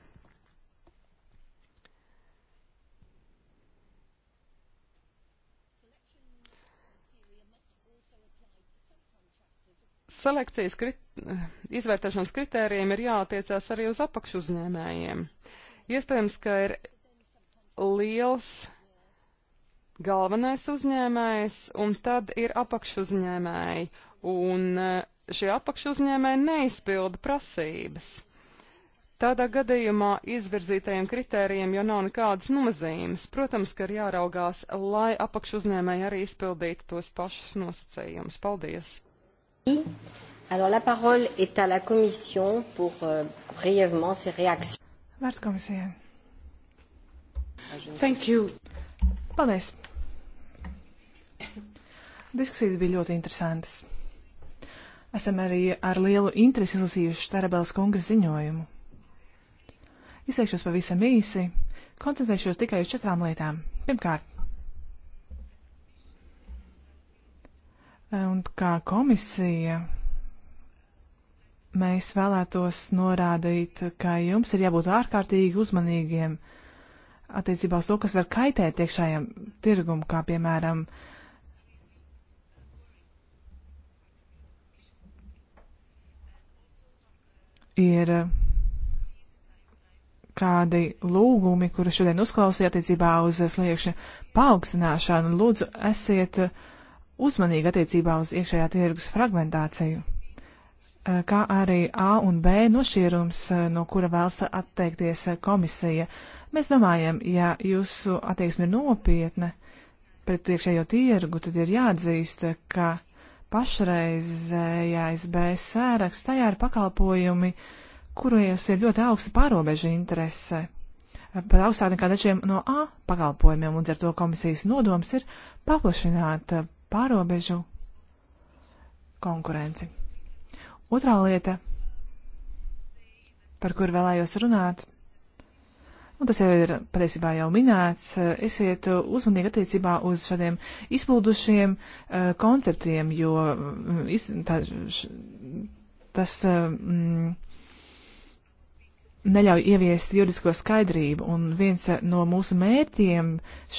selekcijas krit... Eh, izvērtēšanas kritērijiem ir jātiecās arī uz apakšuzņēmējiem. Iespējams, ka ir liels galvenais uzņēmējs un tad ir apakšuzņēmēji, un eh, šie apakšuzņēmēji neizpilda prasības. Tādā gadījumā izvirzītajiem kritērijiem jau nav nekādas nozīmes. Protams, ka ir jāraugās, lai apakšuzņēmēji arī izpildītu tos pašus nosacījumus. Paldies! Alors la parole est à la Commission pour euh, brièvement ses réactions. Vārds komisijai. Ah, Thank you. Paldies. Diskusijas bija ļoti interesantas. Esam arī ar lielu interesi izlasījuši Starabels kungas ziņojumu. Izteikšos pavisam īsi, koncentrēšos tikai uz četrām lietām. Pirmkārt, Un kā komisija mēs vēlētos norādīt, ka jums ir jābūt ārkārtīgi uzmanīgiem attiecībā uz to, kas var kaitēt iekšējiem tirgum, kā piemēram ir kādi lūgumi, kurus šodien uzklausīja attiecībā uz sliekšņa paaugstināšanu. Lūdzu, esiet uh, uzmanīgi attiecībā uz iekšējā tirgus fragmentāciju, eh, kā arī A un B nošķīrums, eh, no kura vēlas atteikties eh, komisija. Mēs domājam, ja jūsu attieksme ir nopietna pret iekšējo tirgu, tad ir jāatzīst, ka pašreizējais B sēraks tajā ir pakalpojumi, kuros ir ļoti augsta pārobeža interese pat augstāk nekā dažiem no A pakalpojumiem, un ar to komisijas nodoms ir paplašināt pārobežu konkurenci. Otrā lieta, par kuru vēlējos runāt, un tas jau ir patiesībā jau minēts, eh, esiet uzmanīgi attiecībā uz šādiem izplūdušiem uh, konceptiem, jo mm, iz, tā, š, tas. Eh, mm, neļauj ieviest juridisko skaidrību, un viens no mūsu mērķiem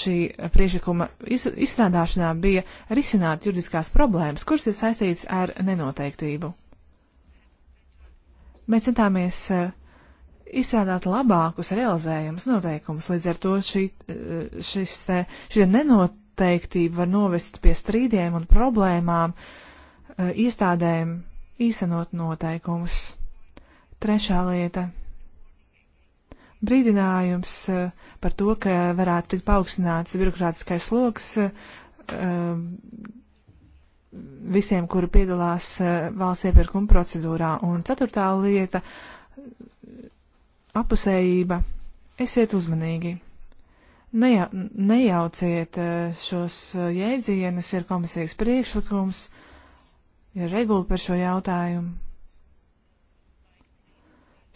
šī priekšlikuma iz, izstrādāšanā bija risināt juridiskās problēmas, kuras ir saistītas ar nenoteiktību. Mēs centāmies eh, izstrādāt labākus realizējumus noteikumus, līdz ar to šī, eh, šis, eh, šī nenoteiktība var novest pie strīdiem un problēmām iestādēm īstenot noteikumus. Trešā lieta brīdinājums eh, par to, ka varētu tikt paaugstināts birokrātiskais sloks eh, visiem, kuri piedalās eh, valsts iepirkuma procedūrā. Un ceturtā lieta - apusējība. Esiet uzmanīgi. Neja, nejauciet šos jēdzienus, ir komisijas priekšlikums, ir regula par šo jautājumu.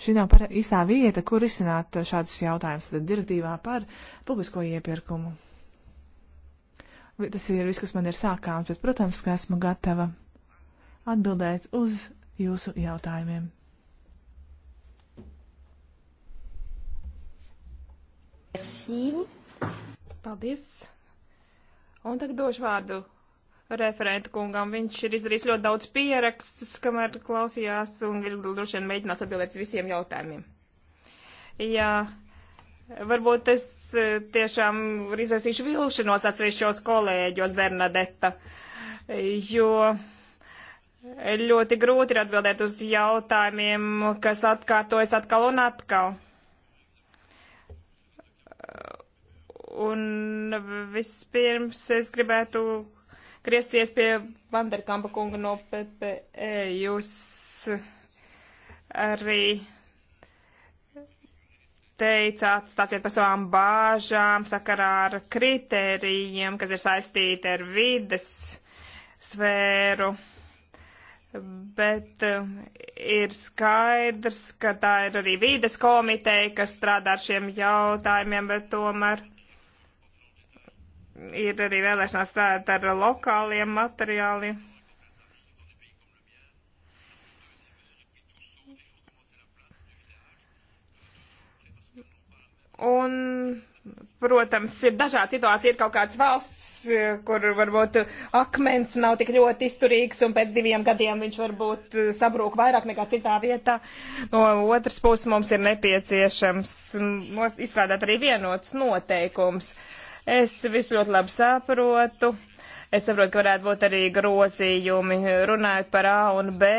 Šī nav par īstā vieta, kur izsināt šādus jautājumus, tad direktīvā par publisko iepirkumu. Tas ir viss, kas man ir sākāms, bet, protams, ka esmu gatava atbildēt uz jūsu jautājumiem. Merci. Paldies. Un tagad došu vārdu referenta kungam. Viņš ir izdarījis ļoti daudz pierakstus, kamēr klausījās, un droši vien mēģinās atbildēt uz visiem jautājumiem. Jā, varbūt es e, tiešām izraisīšu vilšanos atsevišķos kolēģos Bernadeta, jo ļoti grūti ir atbildēt uz jautājumiem, kas atkārtojas atkal un atkal. Un vispirms es gribētu griezties pie Vanderkampa kunga no PPE. Jūs arī teicāt, stāciet par savām bāžām sakarā ar kritērijiem, kas ir saistīti ar vides sfēru. Bet um, ir skaidrs, ka tā ir arī vīdes komiteja, kas strādā ar šiem jautājumiem, bet tomēr ir arī vēlēšanās strādāt ar lokāliem materiāliem. Un, protams, ir dažāda situācija. Ir kaut kāds valsts, kur varbūt akmens nav tik ļoti izturīgs, un pēc diviem gadiem viņš varbūt sabrūk vairāk nekā citā vietā. No otras puses mums ir nepieciešams izstrādāt arī vienots noteikums. Uh, Es visu ļoti labi saprotu. Es saprotu, ka varētu būt arī grozījumi runājot par A un B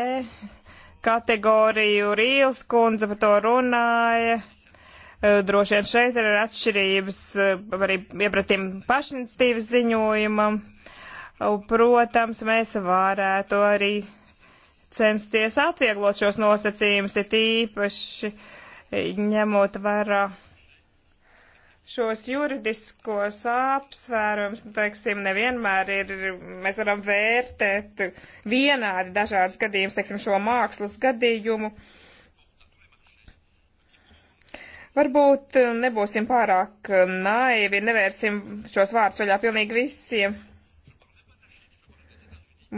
kategoriju. Rīls kundze par to runāja. E, droši vien šeit ir atšķirības e, arī iepratīm pašinstīvas ziņojumam. Protams, mēs varētu arī censties atvieglot šos nosacījumus, ir tīpaši e, ņemot vērā. Uh, šos juridiskos apsvērums, nu, teiksim, nevienmēr ir, mēs varam vērtēt vienādi dažādas gadījumus, teiksim, šo mākslas gadījumu. Varbūt eh, nebūsim pārāk eh, naivi, nevērsim šos vārdus vaļā pilnīgi visiem.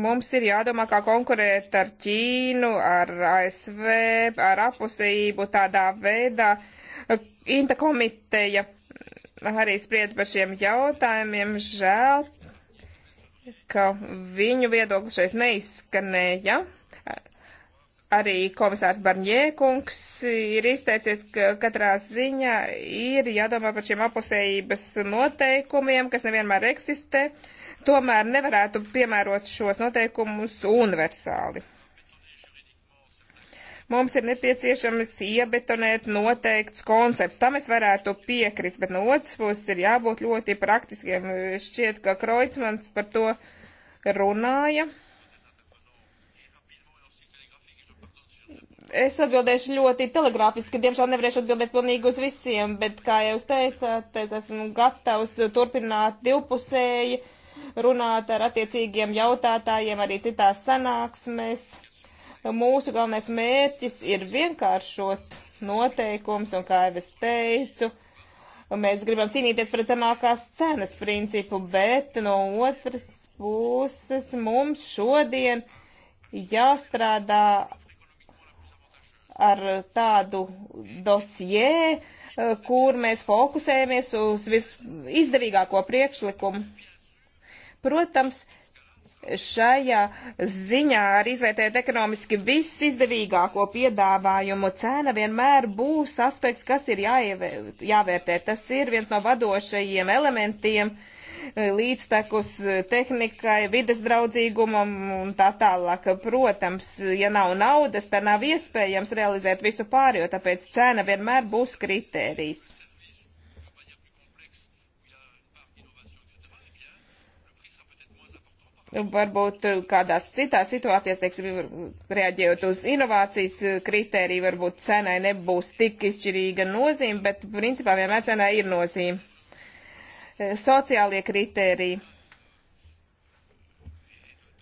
Mums ir jādomā, kā konkurēt ar Ķīnu, ar ASV, ar apusību tādā veidā. Eh, Inta komiteja arī spried par šiem jautājumiem. Žēl, ka viņu viedoklis šeit neizskanēja. Arī komisārs Barņēkungs ir izteicies, ka katrā ziņā ir jādomā par šiem apusējības noteikumiem, kas nevienmēr eksistē. Tomēr nevarētu piemērot šos noteikumus universāli. Mums ir nepieciešams iebetonēt noteikts koncepts. Tam es varētu piekrist, bet no otras puses ir jābūt ļoti praktiskiem. Šķiet, ka Kreutzmans par to runāja. Es atbildēšu ļoti telegrāfiski, diemžēl nevarēšu atbildēt pilnīgi uz visiem, bet, kā jūs teicāt, es esmu gatavs turpināt divpusēji runāt ar attiecīgiem jautātājiem arī citās sanāksmēs. Mūsu galvenais mērķis ir vienkāršot noteikums, un kā jau es teicu, mēs gribam cīnīties pret zemākās cenas principu, bet no otras puses mums šodien jāstrādā ar tādu dosjē, kur mēs fokusējamies uz visizdevīgāko priekšlikumu. Protams, uh, šajā ziņā arī izvērtēt ekonomiski visizdevīgāko piedāvājumu cena vienmēr būs aspekts, kas ir jāvērtē. Tas ir viens no vadošajiem elementiem e, līdztekus e, tehnikai, vides draudzīgumam un tā tālāk. Protams, ja nav naudas, tad nav iespējams realizēt visu pārējo, tāpēc cena vienmēr būs kritērijs. varbūt eh, kādās citās situācijās, teiksim, reaģējot uz inovācijas eh, kritēriju, varbūt cenai nebūs tik izšķirīga nozīme, bet principā vienmēr cenai ir nozīme. Eh, sociālie kritēriji.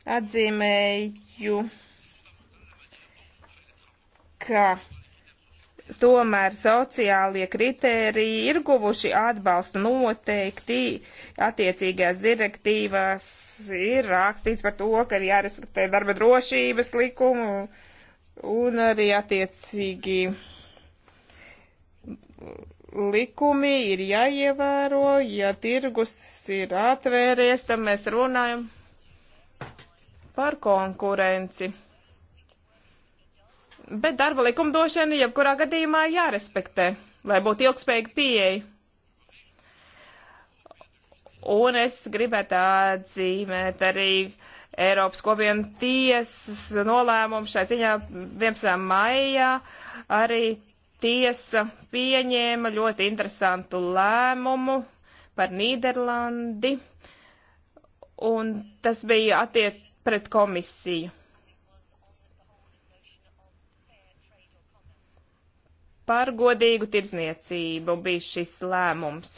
Atzīmēju, ka Tomēr sociālie kritēriji ir guvuši atbalstu noteikti attiecīgās direktīvās. Ir rakstīts par to, ka ir jārespektē darba drošības likumu un arī attiecīgi likumi ir jāievēro, ja tirgus ir atvēries, tad mēs runājam par konkurenci Bet darba likumdošana jebkurā gadījumā jārespektē, lai būtu ilgspējīga pieeja. Un es gribētu atzīmēt arī Eiropas kopienu tiesas nolēmumu šai ziņā 11. maijā. Arī tiesa pieņēma ļoti interesantu lēmumu par Nīderlandi, un tas bija attiec pret komisiju. Par godīgu tirzniecību bija šis lēmums.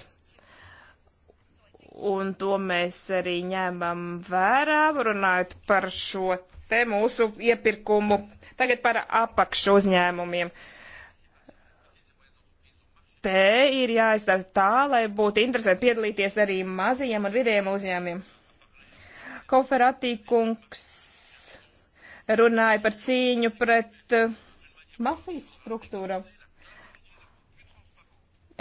Un to mēs arī ņemam vērā, runājot par šo te mūsu iepirkumu. Tagad par apakšu uzņēmumiem. Te ir jāizdara tā, lai būtu interesanti piedalīties arī mazajiem un vidējiem uzņēmumiem. Koferatī kungs runāja par cīņu pret eh, mafijas struktūram.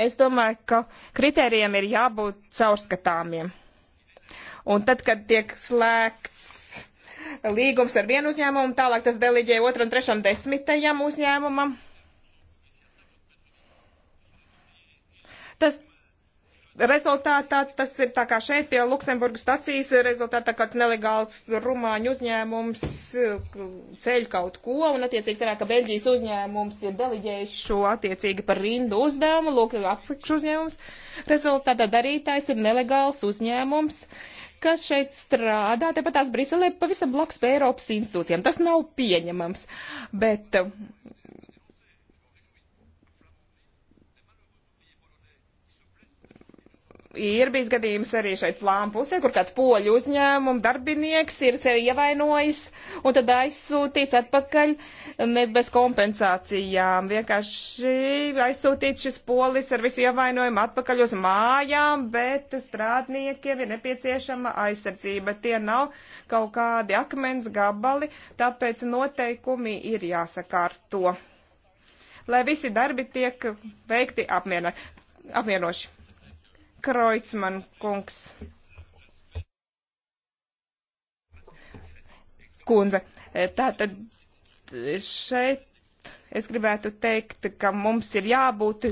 Es domāju, ka kritērijiem ir jābūt caurskatāmiem. Un tad, kad tiek slēgts līgums ar vienu uzņēmumu, tālāk tas deliģē otru un trešam desmitajam uzņēmumam. Tas rezultātā tas ir tā kā šeit pie Luksemburgas stacijas rezultātā kāds nelegāls rumāņu uzņēmums uh, ceļ kaut ko, un attiecīgi sanāk, ka Beļģijas uzņēmums ir deliģējis šo attiecīgi par rindu uzdevumu, lūk, apakš uzņēmums. Rezultātā darītājs ir nelegāls uzņēmums, kas šeit strādā, tepat tās Briselē, pavisam blakus Eiropas institūcijām. Tas nav pieņemams, bet uh, ir bijis gadījums arī šeit flām pusē, kur kāds poļu uzņēmumu darbinieks ir sevi ievainojis un tad aizsūtīts atpakaļ um, ne bez kompensācijām. Vienkārši aizsūtīts šis polis ar visu ievainojumu atpakaļ uz mājām, bet strādniekiem ir nepieciešama aizsardzība. Tie nav kaut kādi akmens gabali, tāpēc noteikumi ir jāsakārto. Lai visi darbi tiek veikti apmierinoši Kreutzmann kungs. Kundze, e, tātad e, šeit es gribētu teikt, ka mums ir jābūt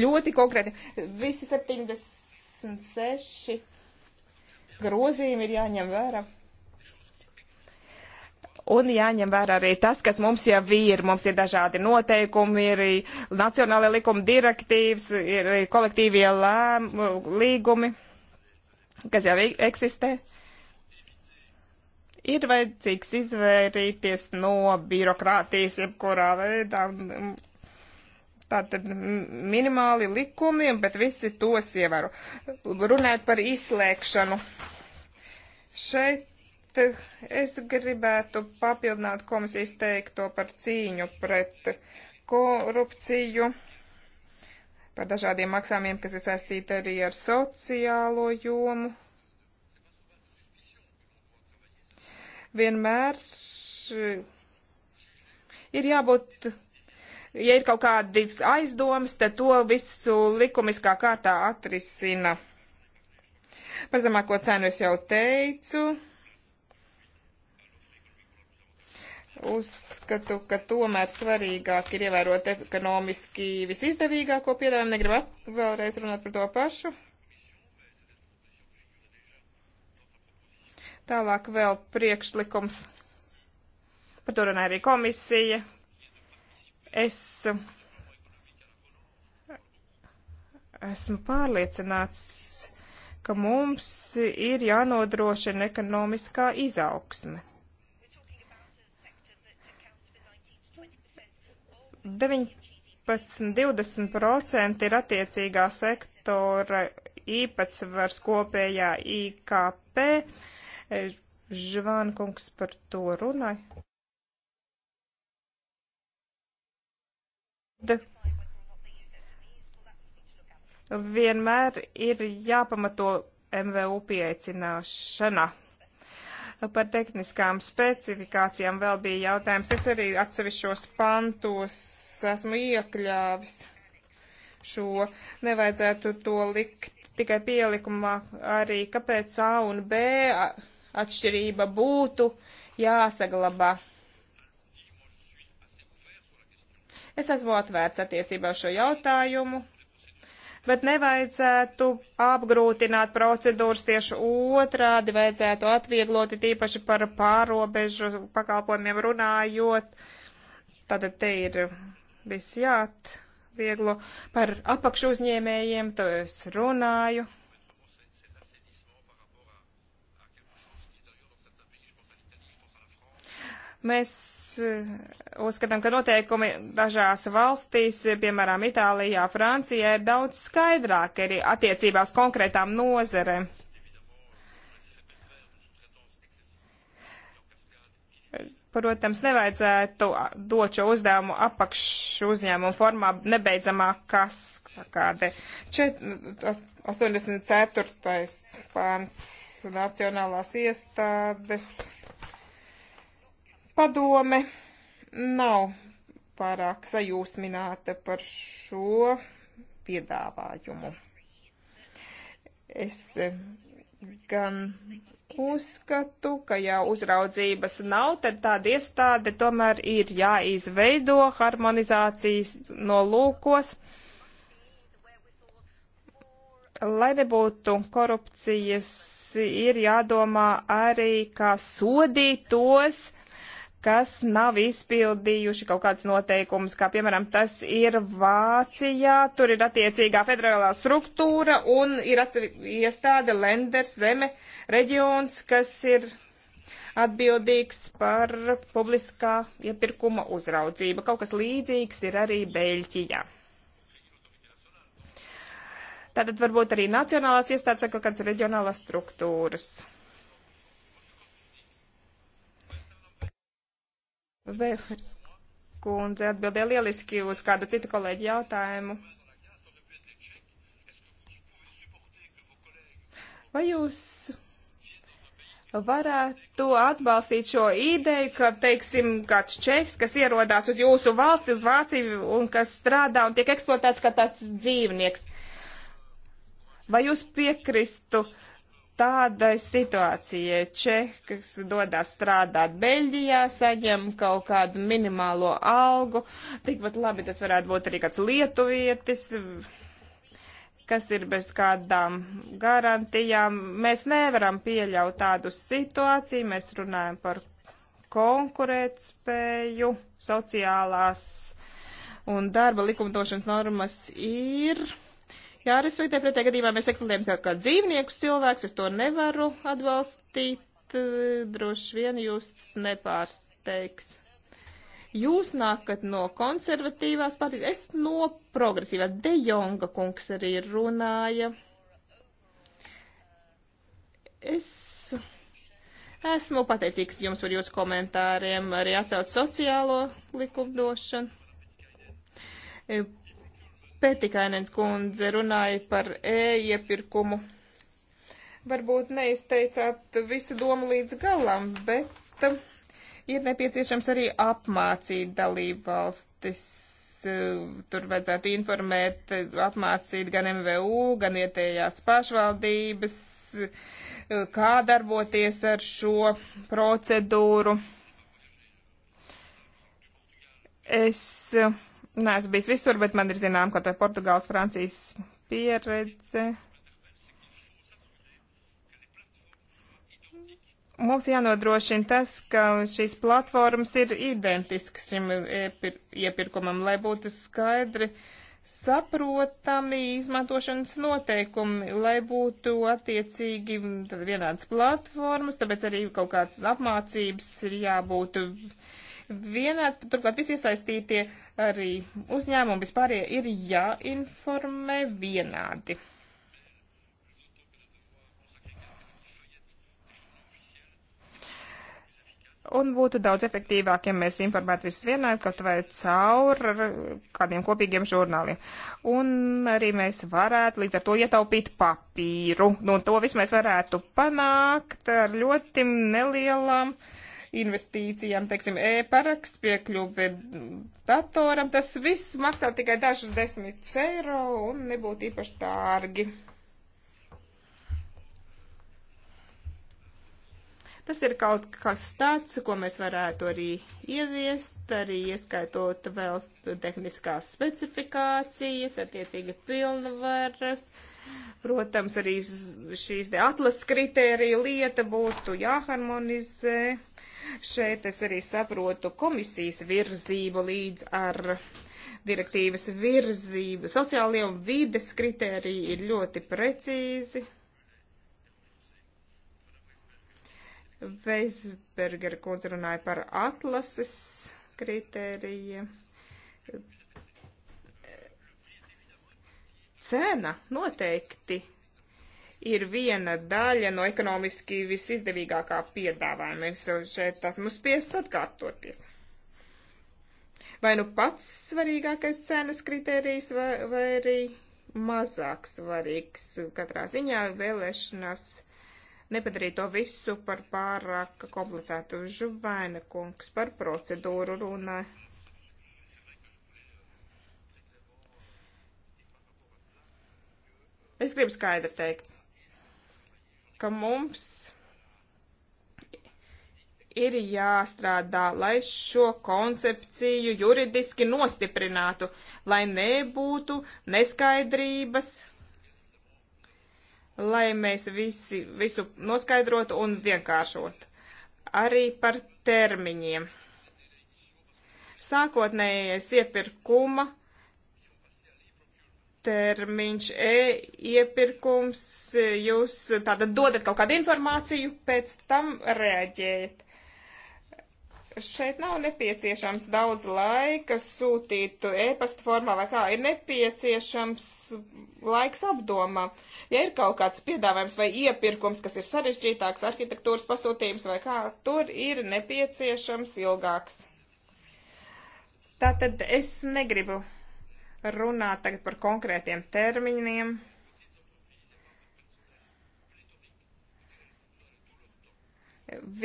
ļoti konkrēti. Visi 76 grozījumi ir jāņem vērā. Un jāņem vērā arī tas, kas mums jau ir. Mums ir dažādi noteikumi, ir nacionālai likuma direktīvas, ir kolektīvie lēm, līgumi, kas jau eksistē. Ir vajadzīgs izvairīties no birokrātijas jebkurā veidā. Tātad minimāli likumi, bet visi tos ievēro. Runājot par izslēgšanu. Šeit Bet es gribētu papildināt komisijas teikto par cīņu pret korupciju, par dažādiem maksājumiem, kas ir saistīti arī ar sociālo jomu. Vienmēr eh, ir jābūt ja ir kaut kādas aizdomas, tad to visu likumiskā kārtā atrisina. Par zemāko cenu es jau teicu, Uzskatu, ka tomēr svarīgāk ir ievērot ekonomiski visizdevīgāko piedāvājumu. Negribu vēlreiz runāt par to pašu. Tālāk vēl priekšlikums. Par to runāja arī komisija. Es esmu pārliecināts, ka mums ir jānodrošina ekonomiskā izaugsme. 19-20% ir attiecīgā sektora īpatsvars kopējā IKP. E, Žvānkungs par to runāja. Vienmēr ir jāpamato MVU pieaicināšana. Par tehniskām specifikācijām vēl bija jautājums. Es arī atsevišķos pantos esmu iekļāvis šo. Nevajadzētu to likt tikai pielikumā arī, kāpēc A un B atšķirība būtu jāsaglabā. Es esmu atvērts attiecībā uz šo jautājumu bet nevajadzētu apgrūtināt procedūras tieši otrādi, vajadzētu atvieglot tīpaši par pārobežu pakalpojumiem runājot. Tātad te ir viss jāatvieglo par apakšu uzņēmējiem, to es runāju. Mēs eh, uzskatām, ka noteikumi dažās valstīs, eh, piemēram, Itālijā, Francijā, ir daudz skaidrāki arī attiecībās konkrētām nozerēm. Protams, nevajadzētu dot šo uzdevumu apakš uzņēmumu formā nebeidzamā kas, kāda 84. pants nacionālās iestādes Padome nav pārāk sajūsmināta par šo piedāvājumu. Es eh, gan uzskatu, ka ja uzraudzības nav, tad tāda iestāde tomēr ir jāizveido harmonizācijas nolūkos, lai nebūtu korupcijas, ir jādomā arī, kā sodīt tos, kas nav izpildījuši kaut kādas noteikumus, kā piemēram tas ir Vācijā, tur ir attiecīgā federālā struktūra un ir iestāde Lenders zeme reģions, kas ir atbildīgs par publiskā iepirkuma uzraudzību. Kaut kas līdzīgs ir arī Beļķijā. Tātad varbūt arī nacionālās iestādes vai kaut kādas reģionālās struktūras. Vēfers kundze atbildēja lieliski uz kādu citu kolēģi jautājumu. Vai jūs varētu atbalstīt šo ideju, ka, teiksim, kāds čeks, kas ierodās uz jūsu valsti, uz Vāciju un kas strādā un tiek eksploatēts kā tāds dzīvnieks? Vai jūs piekristu uh, tādai situācijai. Čehs dodas strādāt Beļģijā, saņem kaut kādu minimālo algu, tikpat labi tas varētu būt arī kāds lietuvietis kas ir bez kādām garantijām. Mēs nevaram pieļaut tādu situāciju, mēs runājam par konkurētspēju, sociālās un darba likumdošanas normas ir jārespektē. Pretējā gadījumā mēs eksploatējam kā, kā dzīvniekus cilvēks, es to nevaru atbalstīt. Eh, droši vien jūs nepārsteigs. Jūs nākat no konservatīvās partijas, es no progresīvā. De Jonga kungs arī runāja. Es esmu pateicīgs jums par jūsu komentāriem, arī atcelt sociālo likumdošanu. Pētikainens kundze runāja par e-iepirkumu. Varbūt neizteicāt visu domu līdz galam, bet ir nepieciešams arī apmācīt dalībvalstis. Tur vajadzētu informēt, apmācīt gan MVU, gan vietējās pašvaldības, kā darboties ar šo procedūru. Es Neesmu bijis visur, bet man ir zinām, ka tā Portugāles, Francijas pieredze. Mums jānodrošina tas, ka šīs platformas ir identiskas šim iepir iepirkumam, lai būtu skaidri saprotami izmantošanas noteikumi, lai būtu attiecīgi vienādas platformas, tāpēc arī kaut kādas apmācības ir jābūt. Uh, vienāds, turklāt visi iesaistītie arī uzņēmumi vispārie ir jāinformē vienādi. Un būtu daudz efektīvāk, ja mēs informētu visus vienādi, kaut vai caur kādiem kopīgiem žurnāliem. Un arī mēs varētu līdz ar to ietaupīt papīru. Un nu, to visu mēs varētu panākt ar ļoti nelielām uh, investīcijām, teiksim, e-paraksts, piekļuve datoram, tas viss maksā tikai dažus desmit eiro un nebūtu īpaši tārgi. Tas ir kaut kas tāds, ko mēs varētu arī ieviest, arī ieskaitot vēl tehniskās specifikācijas, attiecīgi pilnvaras. Protams, arī šīs atlases kritērija lieta būtu jāharmonizē. Šeit es arī saprotu komisijas virzību līdz ar direktīvas virzību. Sociālie un vides kritēriji ir ļoti precīzi. Veisbergera kundze runāja par atlases kritērijiem. Cena noteikti ir viena daļa no ekonomiski visizdevīgākā piedāvājuma. Es jau šeit esmu spiests atkārtoties. Vai nu pats svarīgākais cenas kritērijs, vai, vai arī mazāk svarīgs. Katrā ziņā vēlēšanās nepadarīt to visu par pārāk komplicētu. Žuvaina kungs par procedūru runā. Es gribu skaidri teikt, ka mums ir jāstrādā, lai šo koncepciju juridiski nostiprinātu, lai nebūtu neskaidrības, lai mēs visi, visu noskaidrotu un vienkāršotu. Arī par termiņiem. Sākotnējais iepirkuma termiņš e iepirkums, e, jūs tātad dodat kaut kādu informāciju, pēc tam reaģējat. Šeit nav nepieciešams daudz laika sūtīt e-pasta formā vai kā, ir nepieciešams laiks apdomā. Ja ir kaut kāds piedāvājums vai iepirkums, kas ir sarežģītāks, arhitektūras pasūtījums vai kā, tur ir nepieciešams ilgāks. Tātad es negribu runāt tagad par konkrētiem termiņiem.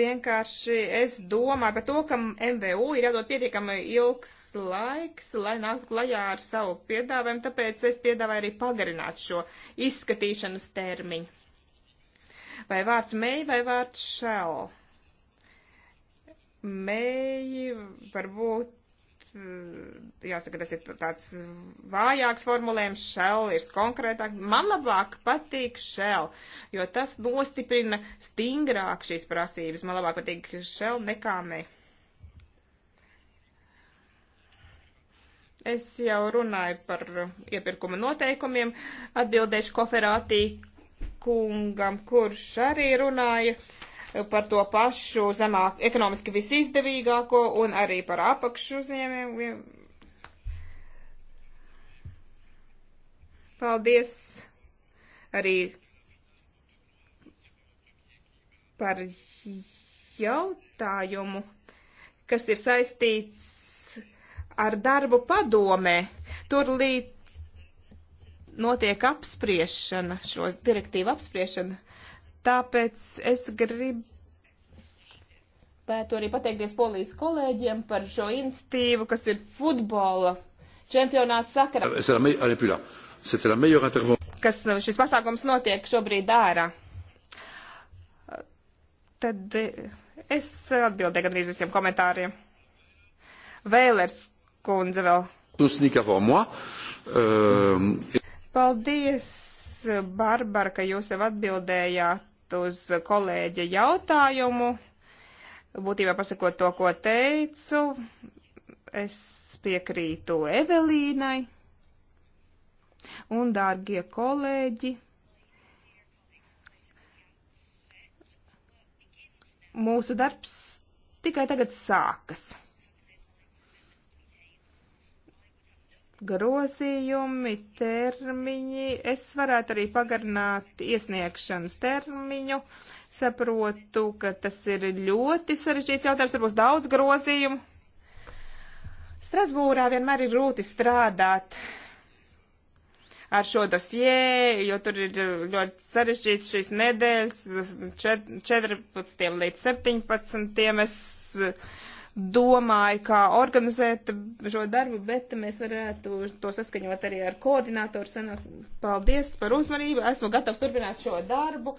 Vienkārši es domāju par to, ka MVU ir jādod pietiekami ilgs laiks, lai nāktu klajā ar savu piedāvājumu, tāpēc es piedāvāju arī pagarināt šo izskatīšanas termiņu. Vai vārds mei vai vārds šel? Mei varbūt jāsaka, tas ir tāds vājāks formulējums, shell ir konkrētāk. Man labāk patīk shell, jo tas nostiprina stingrāk šīs prasības. Man labāk patīk shell nekā me. Es jau runāju par iepirkuma noteikumiem, atbildēšu koferātī kungam, kurš arī runāja. Uh, par to pašu zemāk, ekonomiski visizdevīgāko un arī par apakšu uzņēmumiem. Paldies arī par jautājumu, kas ir saistīts ar darbu padomē. Tur līdz notiek apspriešana, šo direktīvu apspriešana. Tāpēc es gribu. Pētu arī pateikties polijas kolēģiem par šo institīvu, kas ir futbola čempionāts sakarā. Kas nu, šis pasākums notiek šobrīd ārā. Tad eh, es atbildēju gandrīz visiem komentāriem. Vēlers kundze vēl. Euh, Paldies, Barbara, ka jūs jau atbildējāt uz kolēģa jautājumu. Būtībā pasakot to, ko teicu, es piekrītu Evelīnai un dārgie kolēģi. Mūsu darbs tikai tagad sākas. grozījumi, termiņi. Es varētu arī pagarināt iesniegšanas termiņu. Saprotu, ka tas ir ļoti sarežģīts jautājums, tur būs daudz grozījumu. Strasbūrā vienmēr ir grūti strādāt ar šo dosjē, jo tur ir ļoti sarežģīts šīs nedēļas, 14. līdz 17. es domāju, kā organizēt šo darbu, bet mēs varētu to saskaņot arī ar koordinātoru sanāksmi. Paldies par uzmanību, esmu gatavs turpināt šo darbu,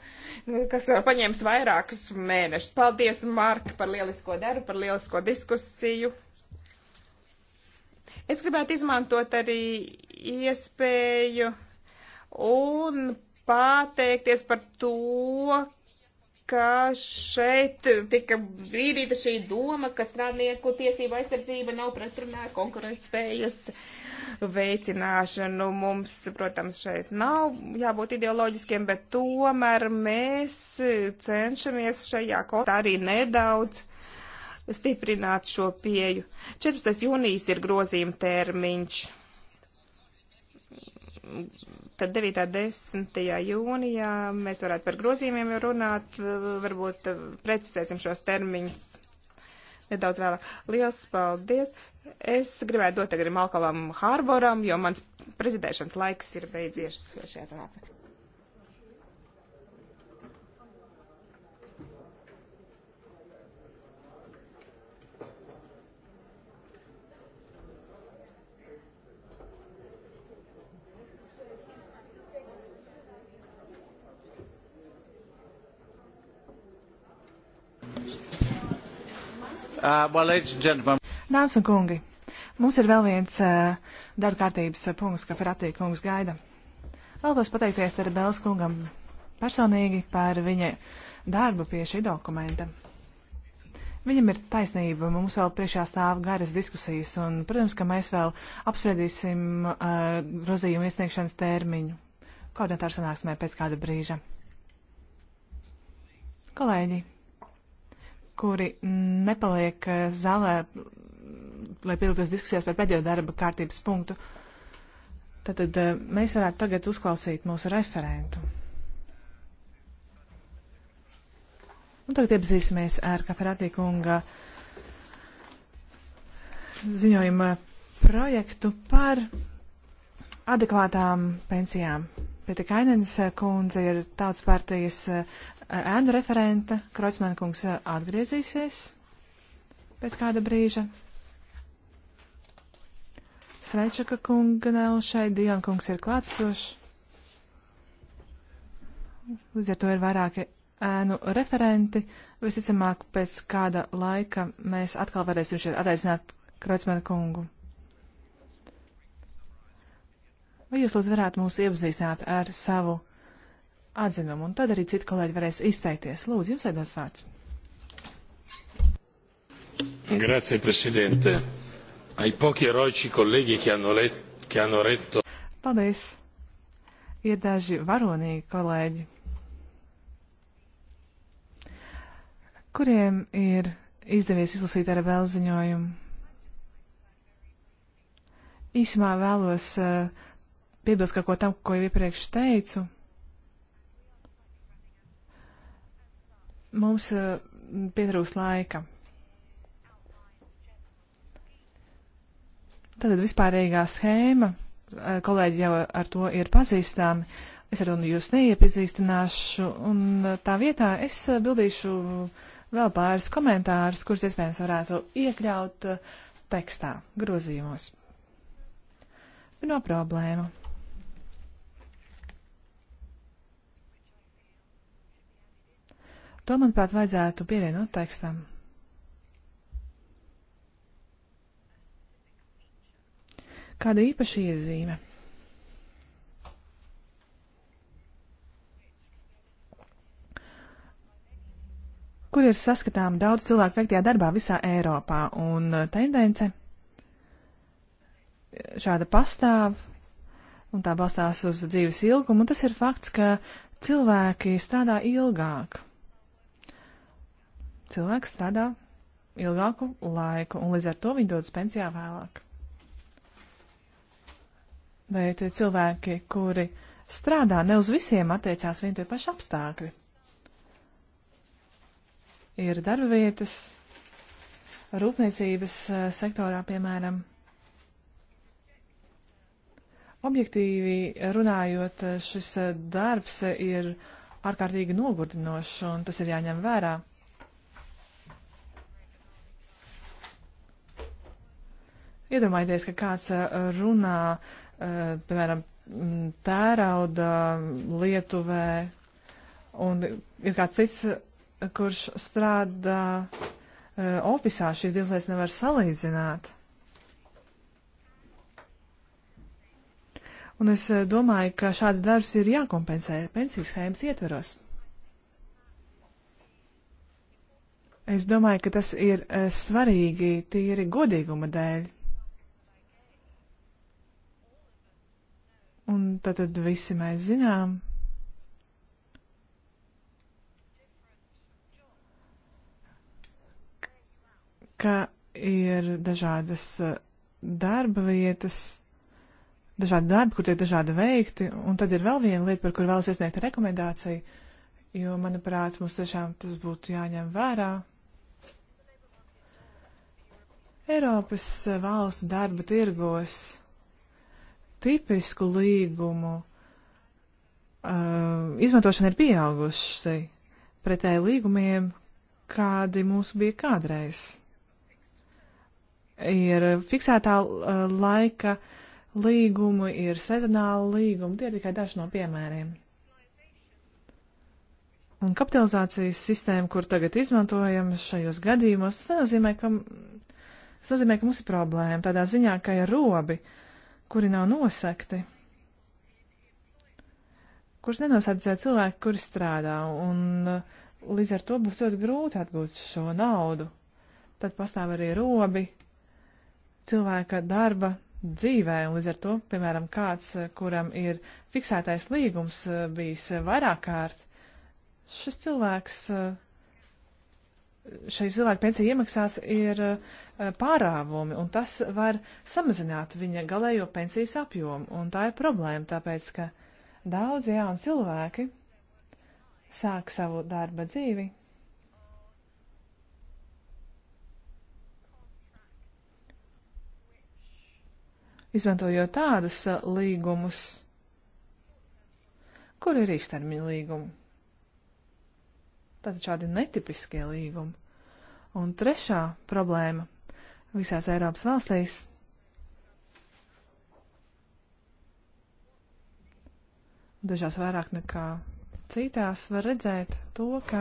kas vēl paņēmis vairākus mēnešus. Paldies, Marka, par lielisko darbu, par lielisko diskusiju. Es gribētu izmantot arī iespēju un pateikties par to, ka šeit tika brīdīta šī doma, ka strādnieku tiesība aizsardzība nav pretrunā ar konkurētspējas veicināšanu. Mums, protams, šeit nav jābūt ideoloģiskiem, bet tomēr mēs cenšamies šajā kontā arī nedaudz stiprināt šo pieju. 14. jūnijas ir grozījuma termiņš tad 9. 10. jūnijā mēs varētu par grozījumiem runāt, varbūt precizēsim šos termiņus nedaudz vēlāk. Liels paldies! Es gribētu dot tagad Malkalam Hārboram, jo mans prezidēšanas laiks ir beidzies šajā sanāksmē. Uh, well, Dāmas un kungi, mums ir vēl viens uh, darba kārtības uh, punkts, ka Ferratī kungs gaida. Vēlos pateikties Terebēlas kungam personīgi par viņa darbu pie šī dokumenta. Viņam ir taisnība, mums vēl priekšā stāv garas diskusijas, un, protams, ka mēs vēl apspriedīsim uh, grozījumu iesniegšanas termiņu koordinatāra sanāksmē pēc kāda brīža. Kolēģi! kuri nepaliek eh, zālē, lai piedalītos diskusijās par pēdējo darba kārtības punktu. Tātad eh, mēs varētu tagad uzklausīt mūsu referentu. Un tagad iepazīsimies ar Kaferātī kunga ziņojuma projektu par adekvātām pensijām. Pēta Kainens eh, kundze ir tautas partijas ēnu referenta Kreutzmann kungs atgriezīsies pēc kāda brīža. Srečaka kunga nav šeit, Dion kungs ir klātsošs. Līdz ar to ir vairāki ēnu referenti. Visticamāk, pēc kāda laika mēs atkal varēsim šeit ataicināt Kreutzmanu kungu. Vai jūs lūdzu varētu mūs iepazīstināt ar savu atzinumu, un tad arī citi kolēģi varēs izteikties. Lūdzu, jums ir dos vārds. Grazie, Presidente. Ai pochi eroici colleghi che hanno, let, che hanno retto. Paldies. Ir daži varonīgi kolēģi, kuriem ir izdevies izlasīt ar vēl ziņojumu. Īsumā vēlos uh, piebilst kaut ko tam, ko jau iepriekš teicu. Mums eh, pietrūks laika. Tātad vispārīgā schēma, eh, kolēģi jau ar to ir pazīstami, es ar to jūs neiepazīstināšu, un eh, tā vietā es bildīšu vēl pāris komentārus, kurus iespējams varētu iekļaut tekstā, grozījumos. Pirmā no problēma To, manuprāt, vajadzētu pievienot tekstam. Kāda īpaša iezīme? kur ir saskatām daudz cilvēku veiktajā darbā visā Eiropā, un uh, tendence šāda pastāv, un tā balstās uz dzīves ilgumu, un tas ir fakts, ka cilvēki strādā ilgāk cilvēki strādā ilgāku laiku, un līdz ar to viņi dodas pensijā vēlāk. Bet cilvēki, kuri strādā, ne uz visiem attiecās vien tie paši apstākļi. Ir darba vietas, rūpniecības eh, sektorā, piemēram. Objektīvi runājot, eh, šis eh, darbs ir ārkārtīgi nogurdinošs, un tas ir jāņem vērā. Iedomājieties, ka kāds eh, runā, eh, piemēram, tērauda Lietuvē, un ir kāds cits, eh, kurš strādā ofisā, šīs divas lietas nevar salīdzināt. Un es domāju, ka šāds darbs ir jākompensē pensijas schēmas ietveros. Es domāju, ka tas ir svarīgi tīri godīguma dēļ. Un tātad visi mēs zinām, ka ir dažādas uh, darba vietas, dažādi darbi, kur tiek dažādi veikti, un tad ir vēl viena lieta, par kuru vēlos iesniegt rekomendāciju, jo, manuprāt, mums tiešām tas būtu jāņem vērā. Eiropas uh, valstu darba tirgos tipisku līgumu uh, izmantošana ir pieaugusi pretēji līgumiem, kādi mūs bija kādreiz. Ir fiksētā uh, laika līgumi, ir sezonāla līguma, tie ir tikai daži no piemēriem. Un kapitalizācijas sistēma, kur tagad izmantojam šajos gadījumos, tas nenozīmē, ka, tas nozīmē, ka mums ir problēma tādā ziņā, ka ir robi. Uh, kuri nav nosekti, kurus nenosadzē cilvēki, kuri strādā, un uh, līdz ar to būs ļoti grūti atgūt šo naudu. Tad pastāv arī robi cilvēka darba dzīvē, un līdz ar to, piemēram, kāds, uh, kuram ir fiksētais līgums uh, bijis vairāk kārt, šis cilvēks uh, šai cilvēku pensiju iemaksās ir eh, pārāvumi, un tas var samazināt viņa galējo pensijas apjomu, un tā ir problēma, tāpēc, ka daudz jauni cilvēki sāk savu darba dzīvi izmantojot tādus eh, līgumus, kur ir īstermiņa līgumi. Tātad šādi netipiskie līgumi. Un trešā problēma visās Eiropas valstīs. Dažās vairāk nekā citās var redzēt to, ka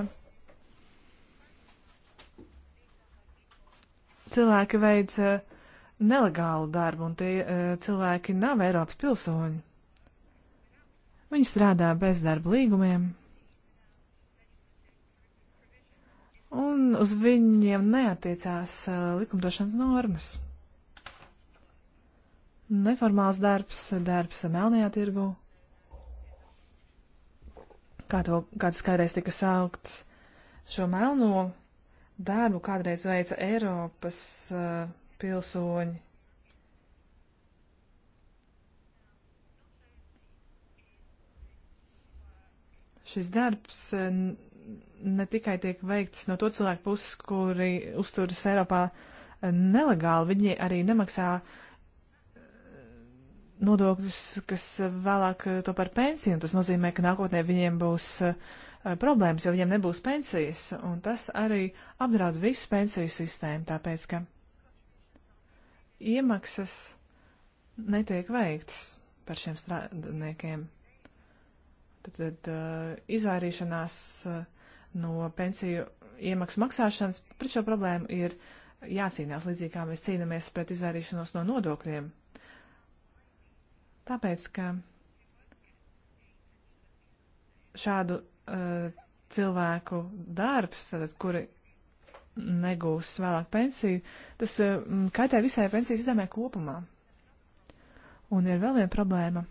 cilvēki veic eh, nelegālu darbu, un tie eh, cilvēki nav Eiropas pilsoņi. Viņi strādā bez darba līgumiem, un uz viņiem neatiecās uh, likumdošanas normas. Neformāls darbs, darbs melnajā tirgu, kā to kāds kādreiz tika saukts, šo melno darbu kādreiz veica Eiropas uh, pilsoņi. Šis darbs uh, ne tikai tiek veikts no to cilvēku puses, kuri uzturas Eiropā eh, nelegāli, viņi arī nemaksā eh, nodokļus, kas vēlāk eh, to par pensiju, un tas nozīmē, ka nākotnē viņiem būs problēmas, jo viņiem nebūs pensijas, un tas arī apdraud visu pensiju sistēmu, tāpēc, ka iemaksas netiek veiktas par šiem strādniekiem. Tad, tad izvairīšanās uh, no pensiju iemaksu maksāšanas, pret šo problēmu ir jācīnās līdzīgi, kā mēs cīnāmies pret izvairīšanos no nodokļiem. Tāpēc, ka šādu uh, cilvēku darbs, tātad, kuri negūs vēlāk pensiju, tas uh, kaitē visai pensijas izdevumai kopumā. Un ir vēl viena problēma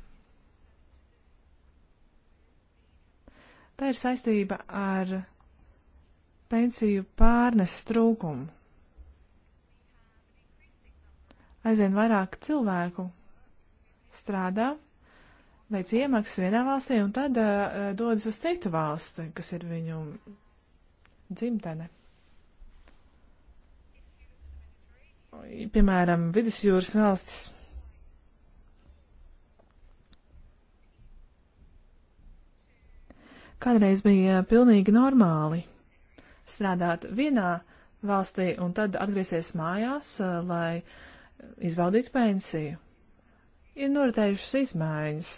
ir saistība ar pensiju pārnes trūkumu. Aizvien vairāk cilvēku strādā veic iemaksas vienā valstī un tad uh, uh, dodas uz citu valsti, kas ir viņu dzimtene. Piemēram, vidusjūras valstis. kādreiz bija pilnīgi normāli strādāt vienā valstī un tad atgriezties mājās, eh, lai izbaudītu pensiju. Ir noritējušas izmaiņas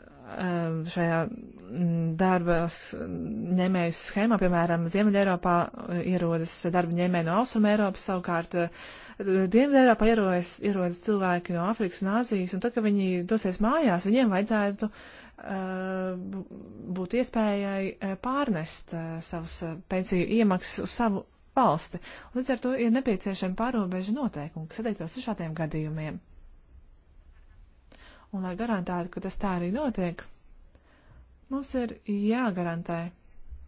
eh, šajā mm, darba ņēmēju schēmā, piemēram, Ziemeļēropā eh, ierodas darba ņēmēji no Austrum Eiropas, savukārt Dienvidēropā ierodas, ierodas cilvēki no Afrikas un Āzijas, un tad, kad viņi dosies mājās, viņiem vajadzētu uh, Uh, būtu iespējai uh, pārnest uh, savus pensiju iemaksas uz savu valsti. Līdz ar to ir nepieciešami pārobežu noteikumi, kas attiecas uz šādiem gadījumiem. Un, lai garantētu, ka tas tā arī notiek, mums ir jāgarantē,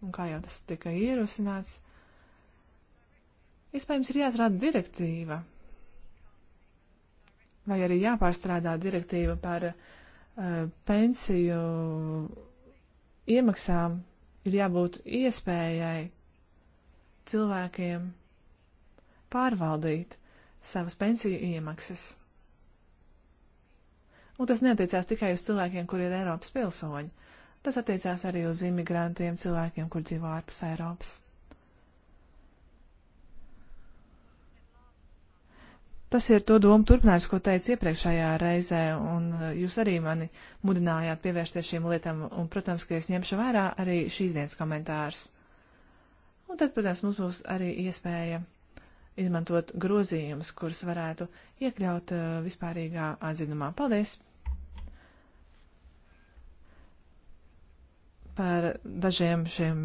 un kā jau tas tika ierosināts, iespējams ir jāizrada direktīva, vai arī jāpārstrādā direktīva par uh, Eh, pensiju iemaksām ir jābūt iespējai cilvēkiem pārvaldīt savas pensiju iemaksas. Un tas neatiecās tikai uz cilvēkiem, kur ir Eiropas pilsoņi. Tas attiecās arī uz imigrantiem, cilvēkiem, kur dzīvo ārpus Eiropas. Tas ir to domu turpinājums, ko teicu iepriekšējā reizē, un uh, jūs arī mani mudinājāt pievērsties šīm lietām, un, protams, ka es ņemšu vērā arī šīs dienas komentārus. Un tad, protams, mums būs arī iespēja izmantot grozījumus, kurus varētu iekļaut uh, vispārīgā atzinumā. Paldies! Par dažiem šiem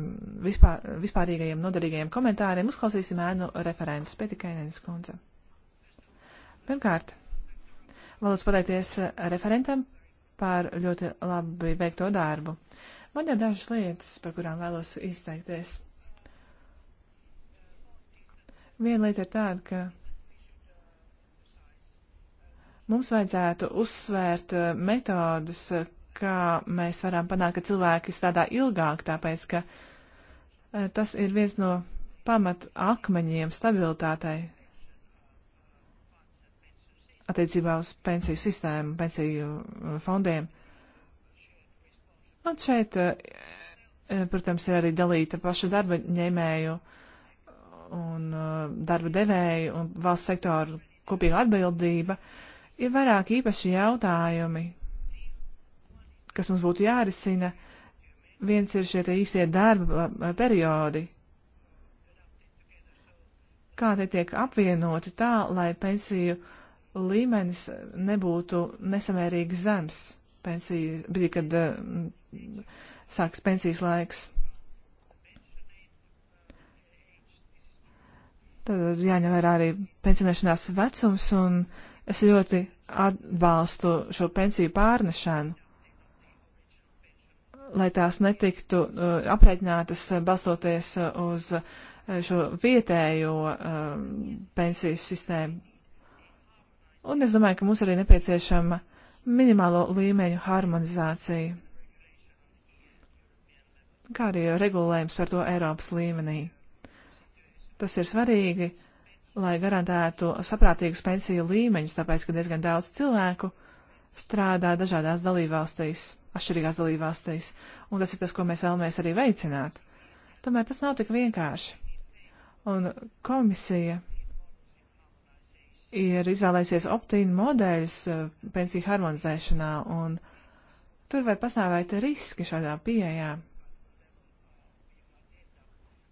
vispār, vispārīgajiem noderīgajiem komentāriem uzklausīsim ēnu referentus Petikainēnas kundze. Pirmkārt, vēlos pateikties eh, referentam par ļoti labi veikto darbu. Man ir dažas lietas, par kurām vēlos izteikties. Viena lieta ir tāda, ka mums vajadzētu uzsvērt eh, metodas, eh, kā mēs varam panākt, ka cilvēki strādā ilgāk, tāpēc ka tas ir viens no pamat akmeņiem stabilitātei attiecībā uz pensiju sistēmu, pensiju uh, fondiem. Un šeit, uh, protams, ir arī dalīta paša darba ņēmēju un uh, darba devēju un valsts sektoru kopīga atbildība. Ir vairāk īpaši jautājumi, kas mums būtu jārisina. Viens ir šie īsie darba periodi, kā tie tiek apvienoti tā, lai pensiju uh, līmenis nebūtu nesamērīgi zems pensijas, brīdī, kad uh, sāks pensijas laiks. Tad jāņem vērā arī pensionēšanās vecums, un es ļoti atbalstu šo pensiju pārnešanu, lai tās netiktu uh, aprēķinātas uh, balstoties uh, uz uh, šo vietējo uh, pensiju sistēmu Un es domāju, ka mums arī nepieciešama minimālo līmeņu harmonizācija, kā arī regulējums par to Eiropas līmenī. Tas ir svarīgi, lai garantētu saprātīgus pensiju līmeņus, tāpēc, ka diezgan daudz cilvēku strādā dažādās dalībvalstīs, atšķirīgās dalībvalstīs, un tas ir tas, ko mēs vēlamies arī veicināt. Tomēr tas nav tik vienkārši. Un komisija ir izvēlējusies optīnu modeļus eh, pensiju harmonizēšanā, un tur var pastāvēt riski šādā pieejā.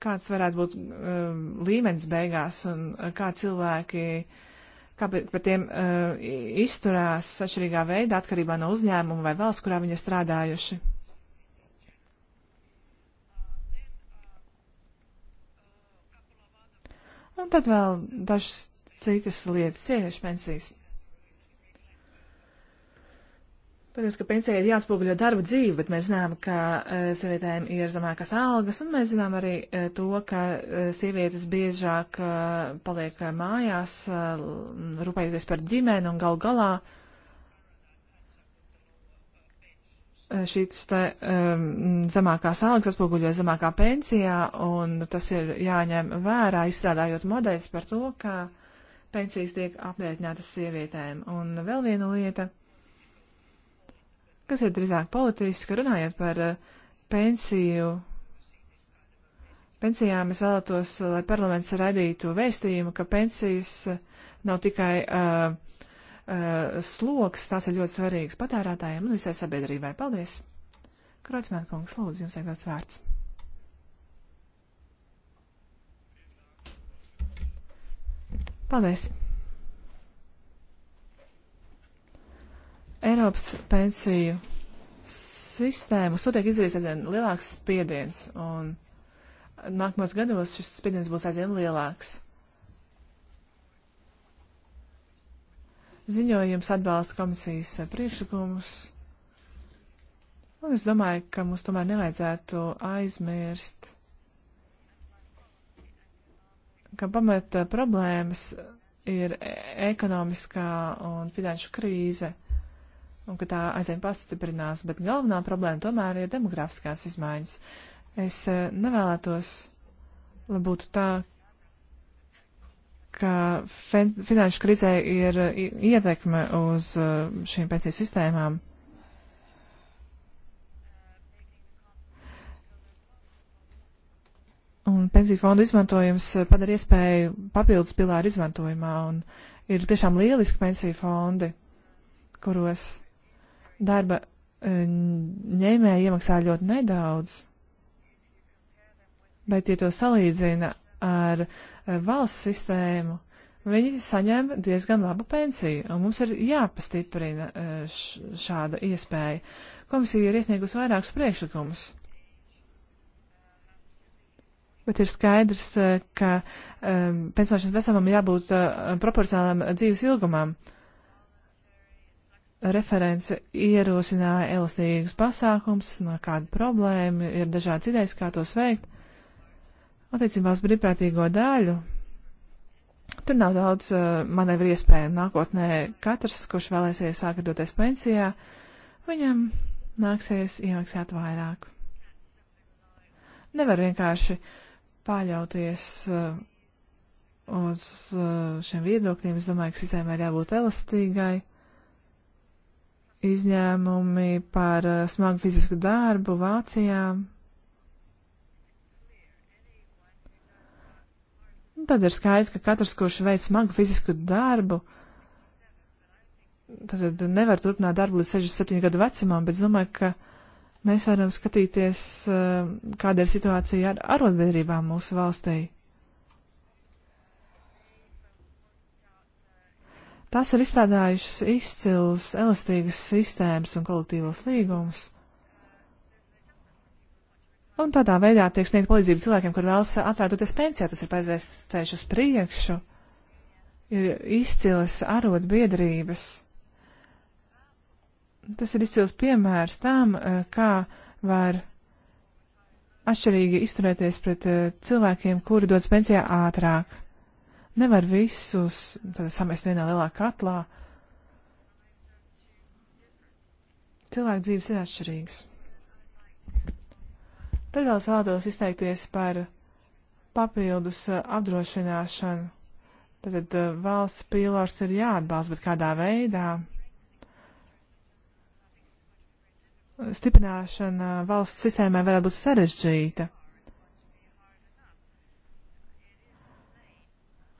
Kāds varētu būt um, līmenis beigās, un eh, kā cilvēki kā par tiem uh, izturās atšķirīgā veidā atkarībā no uzņēmuma vai valsts, kurā viņi strādājuši. Un tad vēl dažas citas lietas, sieviešu pensijas. Protams, ka pensija ir jāspoguļo darba dzīve, bet mēs zinām, ka uh, sievietēm ir zemākas algas, un mēs zinām arī uh, to, ka uh, sievietes biežāk uh, paliek mājās, uh, rūpējoties par ģimeni, un gal galā uh, šīs te um, zemākās algas atspoguļo zemākā pensijā, un tas ir jāņem vērā, izstrādājot modeļus par to, ka uh, pensijas tiek aprēķinātas sievietēm. Un vēl viena lieta, kas ir drīzāk politiska, runājot par eh, pensiju. Pensijām es vēlētos, eh, lai parlaments radītu vēstījumu, ka pensijas eh, nav tikai uh, uh, sloks, tās ir ļoti svarīgas patērētājiem un visai sabiedrībai. Paldies! Krocmēnkungs, lūdzu, jums ir dots vārds. Paldies! Eiropas pensiju sistēmu sūtiek izdarīts aizvien lielāks spiediens, un nākamos gados šis spiediens būs aizvien lielāks. Ziņojums atbalsta komisijas priekšlikumus, un es domāju, ka mums tomēr nevajadzētu aizmirst ka pamata eh, problēmas ir e, ekonomiskā un finanšu krīze, un ka tā aizvien pastiprinās, bet galvenā problēma tomēr ir demografiskās izmaiņas. Es eh, nevēlētos, lai būtu tā, ka finanšu krīzē ir ietekme uz eh, šīm pensiju sistēmām. un pensiju fondu izmantojums eh, padara iespēju papildus pilāru izmantojumā, un ir tiešām lieliski pensiju fondi, kuros darba eh, ņēmēji iemaksā ļoti nedaudz, bet, ja to salīdzina ar eh, valsts sistēmu, viņi saņem diezgan labu pensiju, un mums ir jāpastiprina šāda iespēja. Komisija ir iesniegusi vairākus priekšlikumus Bet ir skaidrs, eh, ka um, pensionēšanas vecumam jābūt uh, proporcionālam dzīves ilgumam. Referents ierosināja elastīgus pasākums, no kāda problēma, ir dažādas idejas, kā tos veikt. Attiecībā uz brīvprātīgo daļu. Tur nav daudz uh, manevru iespēju. Nākotnē katrs, kurš vēlēsies sākt doties pensijā, viņam nāksies iemaksāt vairāk. Nevar vienkārši uh, paļauties uh, uz uh, šiem viedokļiem. Es domāju, ka sistēmai ir jābūt elastīgai. Izņēmumi par uh, smagu fizisku darbu Vācijā. Un tad ir skaidrs, ka katrs, kurš veic smagu fizisku darbu, tad nevar turpināt darbu līdz 67 gadu vecumam, bet domāju, ka Mēs varam skatīties, eh, kāda ir situācija ar arotbiedrībām mūsu valstī. Tās ir izstrādājušas izcilus, elastīgas sistēmas un kolektīvos līgumus. Un tādā veidā tiek sniegt palīdzību cilvēkiem, kur vēlas atvērtoties pensijā, tas ir paizēs ceļš uz priekšu. Ir izcilas arotbiedrības tas ir izcils piemērs tam, eh, kā var atšķirīgi izturēties pret eh, cilvēkiem, kuri dodas pensijā ātrāk. Nevar visus tad, samest vienā lielā katlā. Cilvēku dzīves ir atšķirīgas. Tad vēl es vēlētos izteikties par papildus eh, apdrošināšanu. Tad valsts pīlārs ir jāatbalsta, bet kādā veidā stiprināšana valsts sistēmai varētu būt sarežģīta.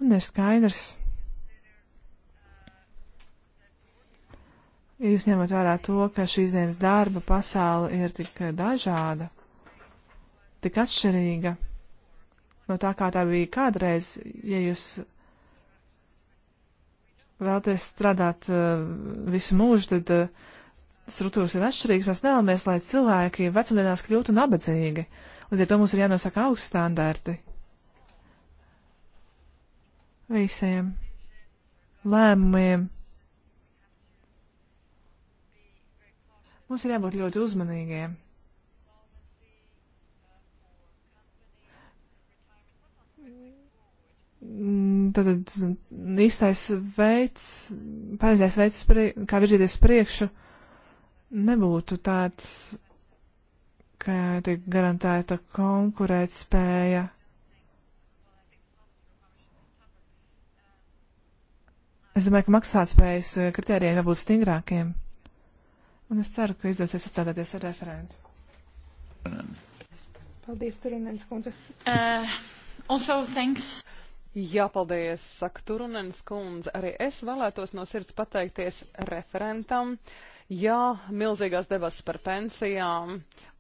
Un ir skaidrs. Ja jūs ņemat vērā to, ka šīs dienas darba pasaule ir tik dažāda, tik atšķirīga no tā, kā tā bija kādreiz, ja jūs vēlaties strādāt uh, visu mūžu, tad uh, struktūras ir atšķirīgas, mēs nevēlamies, lai cilvēki vecumdienās kļūtu nabadzīgi. Līdz ar to mums ir jānosaka augsts standarti. Visiem lēmumiem. Mums ir jābūt ļoti uzmanīgiem. Tātad īstais veids, pareizais veids, kā virzīties priekšu nebūtu tāds, ka tiek garantēta konkurētspēja. Es domāju, ka maksātspējas eh, kritērijiem jābūt stingrākiem. Un es ceru, ka izdosies atstādāties ar referentu. Paldies, Turunens kundze. Uh, also, thanks. Jā, paldies, saka Turunens kundze. Arī es vēlētos no sirds pateikties referentam. Uh, Jā, milzīgās debatas par pensijām,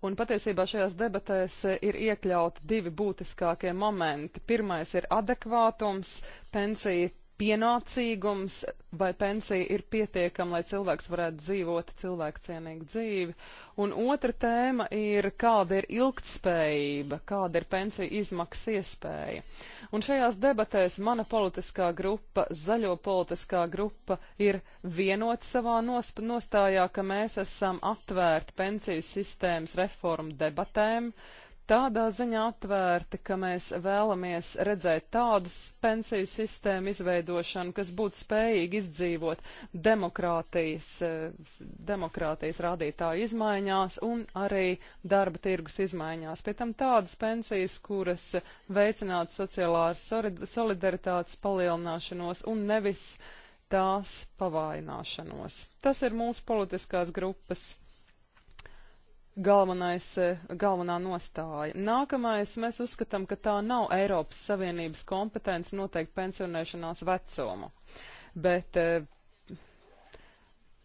un patiesībā šajās debatēs ir iekļauti divi būtiskākie momenti. Pirmais ir adekvātums, pensija pienācīgums vai pensija ir pietiekama, lai cilvēks varētu dzīvot cilvēkcienīgu dzīvi. Un otra tēma ir, kāda ir ilgtspējība, kāda ir pensija izmaksas iespēja. Un šajās debatēs mana politiskā grupa, zaļo politiskā grupa, ir vienota savā nostājā, ka mēs esam atvērti pensiju sistēmas reformu debatēm. Uh, tādā ziņā atvērti, ka mēs vēlamies redzēt tādu pensiju sistēmu izveidošanu, kas būtu spējīgi izdzīvot demokrātijas, eh, demokrātijas rādītāju izmaiņās un arī darba tirgus izmaiņās. Pie tam tādas pensijas, kuras veicinātu sociālās solidaritātes palielināšanos un nevis tās pavaināšanos. Tas ir mūsu politiskās grupas galvenais, eh, galvenā nostāja. Nākamais, mēs uzskatām, ka tā nav Eiropas Savienības kompetence noteikt pensionēšanās vecumu. Bet eh,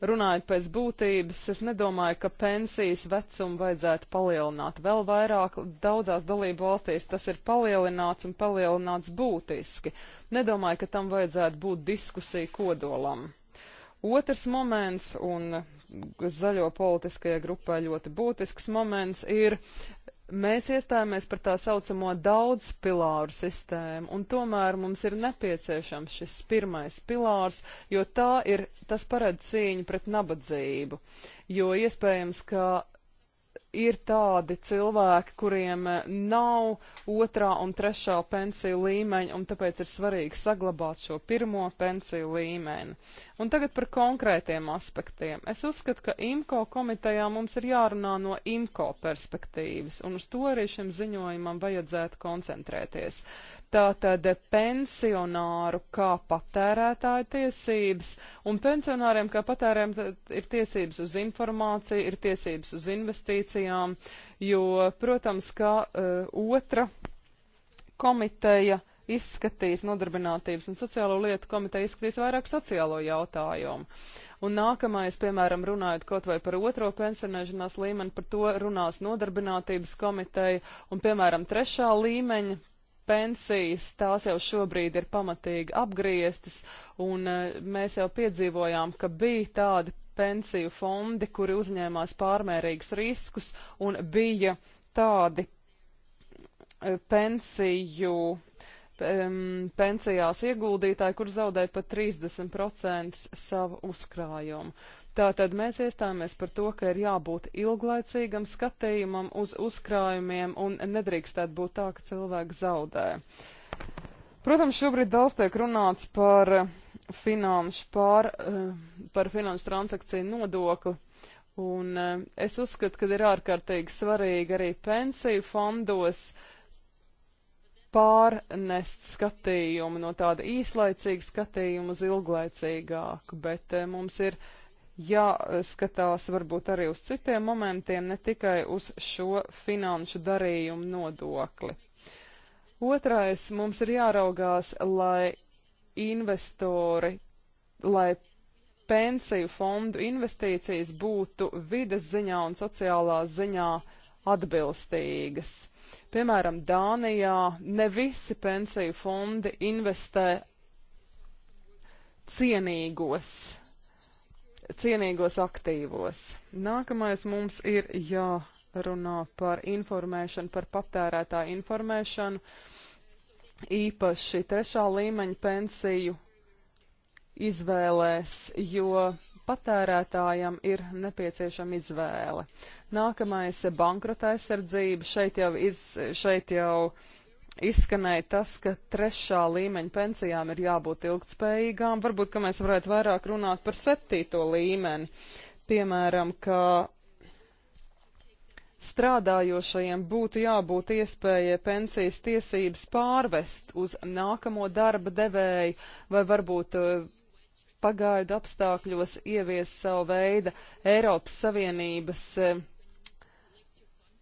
runājot pēc būtības, es nedomāju, ka pensijas vecumu vajadzētu palielināt. Vēl vairāk daudzās dalību valstīs tas ir palielināts un palielināts būtiski. Nedomāju, ka tam vajadzētu būt diskusija kodolam. Otrs moments, un zaļo politiskajai grupai ļoti būtisks moments ir, mēs iestājāmies par tā saucamo daudzpilāru sistēmu, un tomēr mums ir nepieciešams šis pirmais pilārs, jo tā ir, tas paredz cīņu pret nabadzību, jo iespējams, ka ir tādi cilvēki, kuriem eh, nav otrā un trešā pensiju līmeņa, un tāpēc ir svarīgi saglabāt šo pirmo pensiju līmeni. Un tagad par konkrētiem aspektiem. Es uzskatu, ka IMCO komitejā mums ir jārunā no IMCO perspektīvas, un uz to arī šim ziņojumam vajadzētu koncentrēties. Tātad pensionāru kā patērētāju tiesības, un pensionāriem kā patērēm ir tiesības uz informāciju, ir tiesības uz investīcijām, jo, protams, kā uh, otra komiteja izskatīs nodarbinātības un sociālo lietu komiteja izskatīs vairāk sociālo jautājumu. Un nākamais, piemēram, runājot kaut vai par otro pensionēšanās līmeni, par to runās nodarbinātības komiteja un, piemēram, trešā līmeņa pensijas, tās jau šobrīd ir pamatīgi apgrieztas, un eh, mēs jau piedzīvojām, ka bija tādi pensiju fondi, kuri uzņēmās pārmērīgus riskus, un bija tādi eh, pensiju, pensijās ieguldītāji, kur zaudēja pat 30% savu uzkrājumu. Tātad mēs iestājāmies par to, ka ir jābūt ilglaicīgam skatījumam uz uzkrājumiem un nedrīkstētu būt tā, ka cilvēki zaudē. Protams, šobrīd daudz tiek runāts par finanšu, pār, eh, par finanšu transakciju nodokli. Un eh, es uzskatu, ka ir ārkārtīgi svarīgi arī pensiju fondos pārnest skatījumu no tāda īslaicīga skatījuma uz ilglaicīgāku, bet eh, mums ir jāskatās varbūt arī uz citiem momentiem, ne tikai uz šo finanšu darījumu nodokli. Otrais, mums ir jāraugās, lai investori, lai pensiju fondu investīcijas būtu vides ziņā un sociālā ziņā atbilstīgas. Piemēram, Dānijā ne visi pensiju fondi investē cienīgos cienīgos aktīvos. Nākamais mums ir jārunā par informēšanu, par patērētāju informēšanu, īpaši trešā līmeņa pensiju izvēlēs, jo patērētājam ir nepieciešama izvēle. Nākamais - bankrota aizsardzība. Šeit jau, iz, šeit jau uh, izskanēja tas, ka trešā līmeņa pensijām ir jābūt ilgtspējīgām. Varbūt, ka mēs varētu vairāk runāt par septīto līmeni. Piemēram, ka strādājošajiem būtu jābūt iespējai pensijas tiesības pārvest uz nākamo darba devēju vai varbūt eh, pagaidu apstākļos ievies savu veidu Eiropas Savienības eh,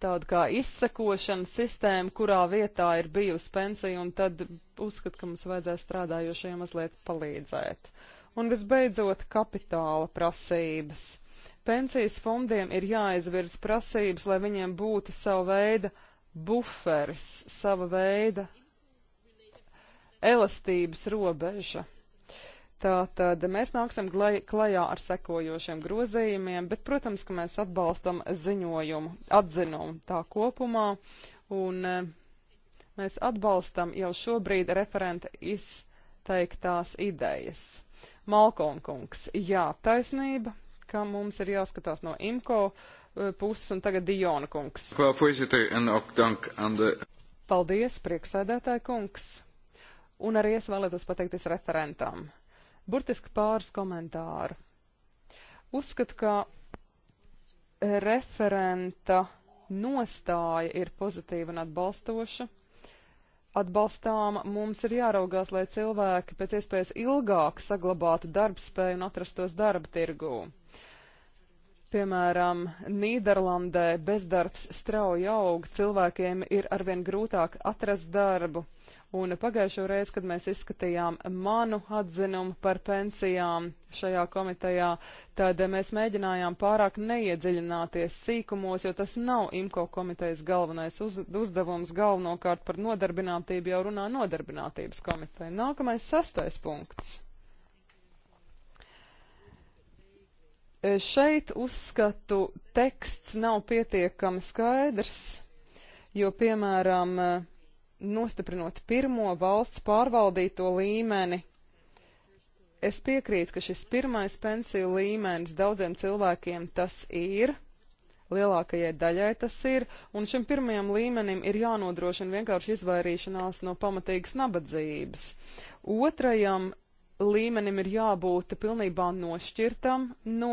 tāda kā izsakošana sistēma, kurā vietā ir bijusi pensija, un tad uzskat, ka mums vajadzēs strādājošiem mazliet palīdzēt. Un visbeidzot, kapitāla prasības. Pensijas fondiem ir jāizvirz prasības, lai viņiem būtu sava veida buferis, sava veida elastības robeža. Tātad mēs nāksim klajā ar sekojošiem grozījumiem, bet, protams, ka mēs atbalstam ziņojumu, atzinumu tā kopumā, un eh, mēs atbalstam jau šobrīd referenta izteiktās idejas. Malkonkungs, jā, taisnība, ka mums ir jāskatās no IMCO eh, puses un tagad Diona kungs. Paldies, prieksēdētāji kungs. Un arī es vēlētos pateikties referentam. Burtiski pāris komentāru. Uzskatu, ka referenta nostāja ir pozitīva un atbalstoša. Atbalstām mums ir jāraugās, lai cilvēki pēc iespējas ilgāk saglabātu darbspēju un atrastos darba tirgū. Piemēram, Nīderlandē bezdarbs strauji aug, cilvēkiem ir arvien grūtāk atrast darbu, Un pagājušo reizi, kad mēs izskatījām manu atzinumu par pensijām šajā komitejā, tad mēs mēģinājām pārāk neiedziļināties sīkumos, jo tas nav IMCO komitejas galvenais uz, uzdevums. Galvenokārt par nodarbinātību jau runā nodarbinātības komiteja. Nākamais sastais punkts. E, šeit uzskatu teksts nav pietiekami skaidrs, jo, piemēram, nostiprinot pirmo valsts pārvaldīto līmeni. Es piekrītu, ka šis pirmais pensiju līmenis daudziem cilvēkiem tas ir, lielākajai daļai tas ir, un šim pirmajam līmenim ir jānodrošina vienkārši izvairīšanās no pamatīgas nabadzības. Otrajam līmenim ir jābūt pilnībā nošķirtam no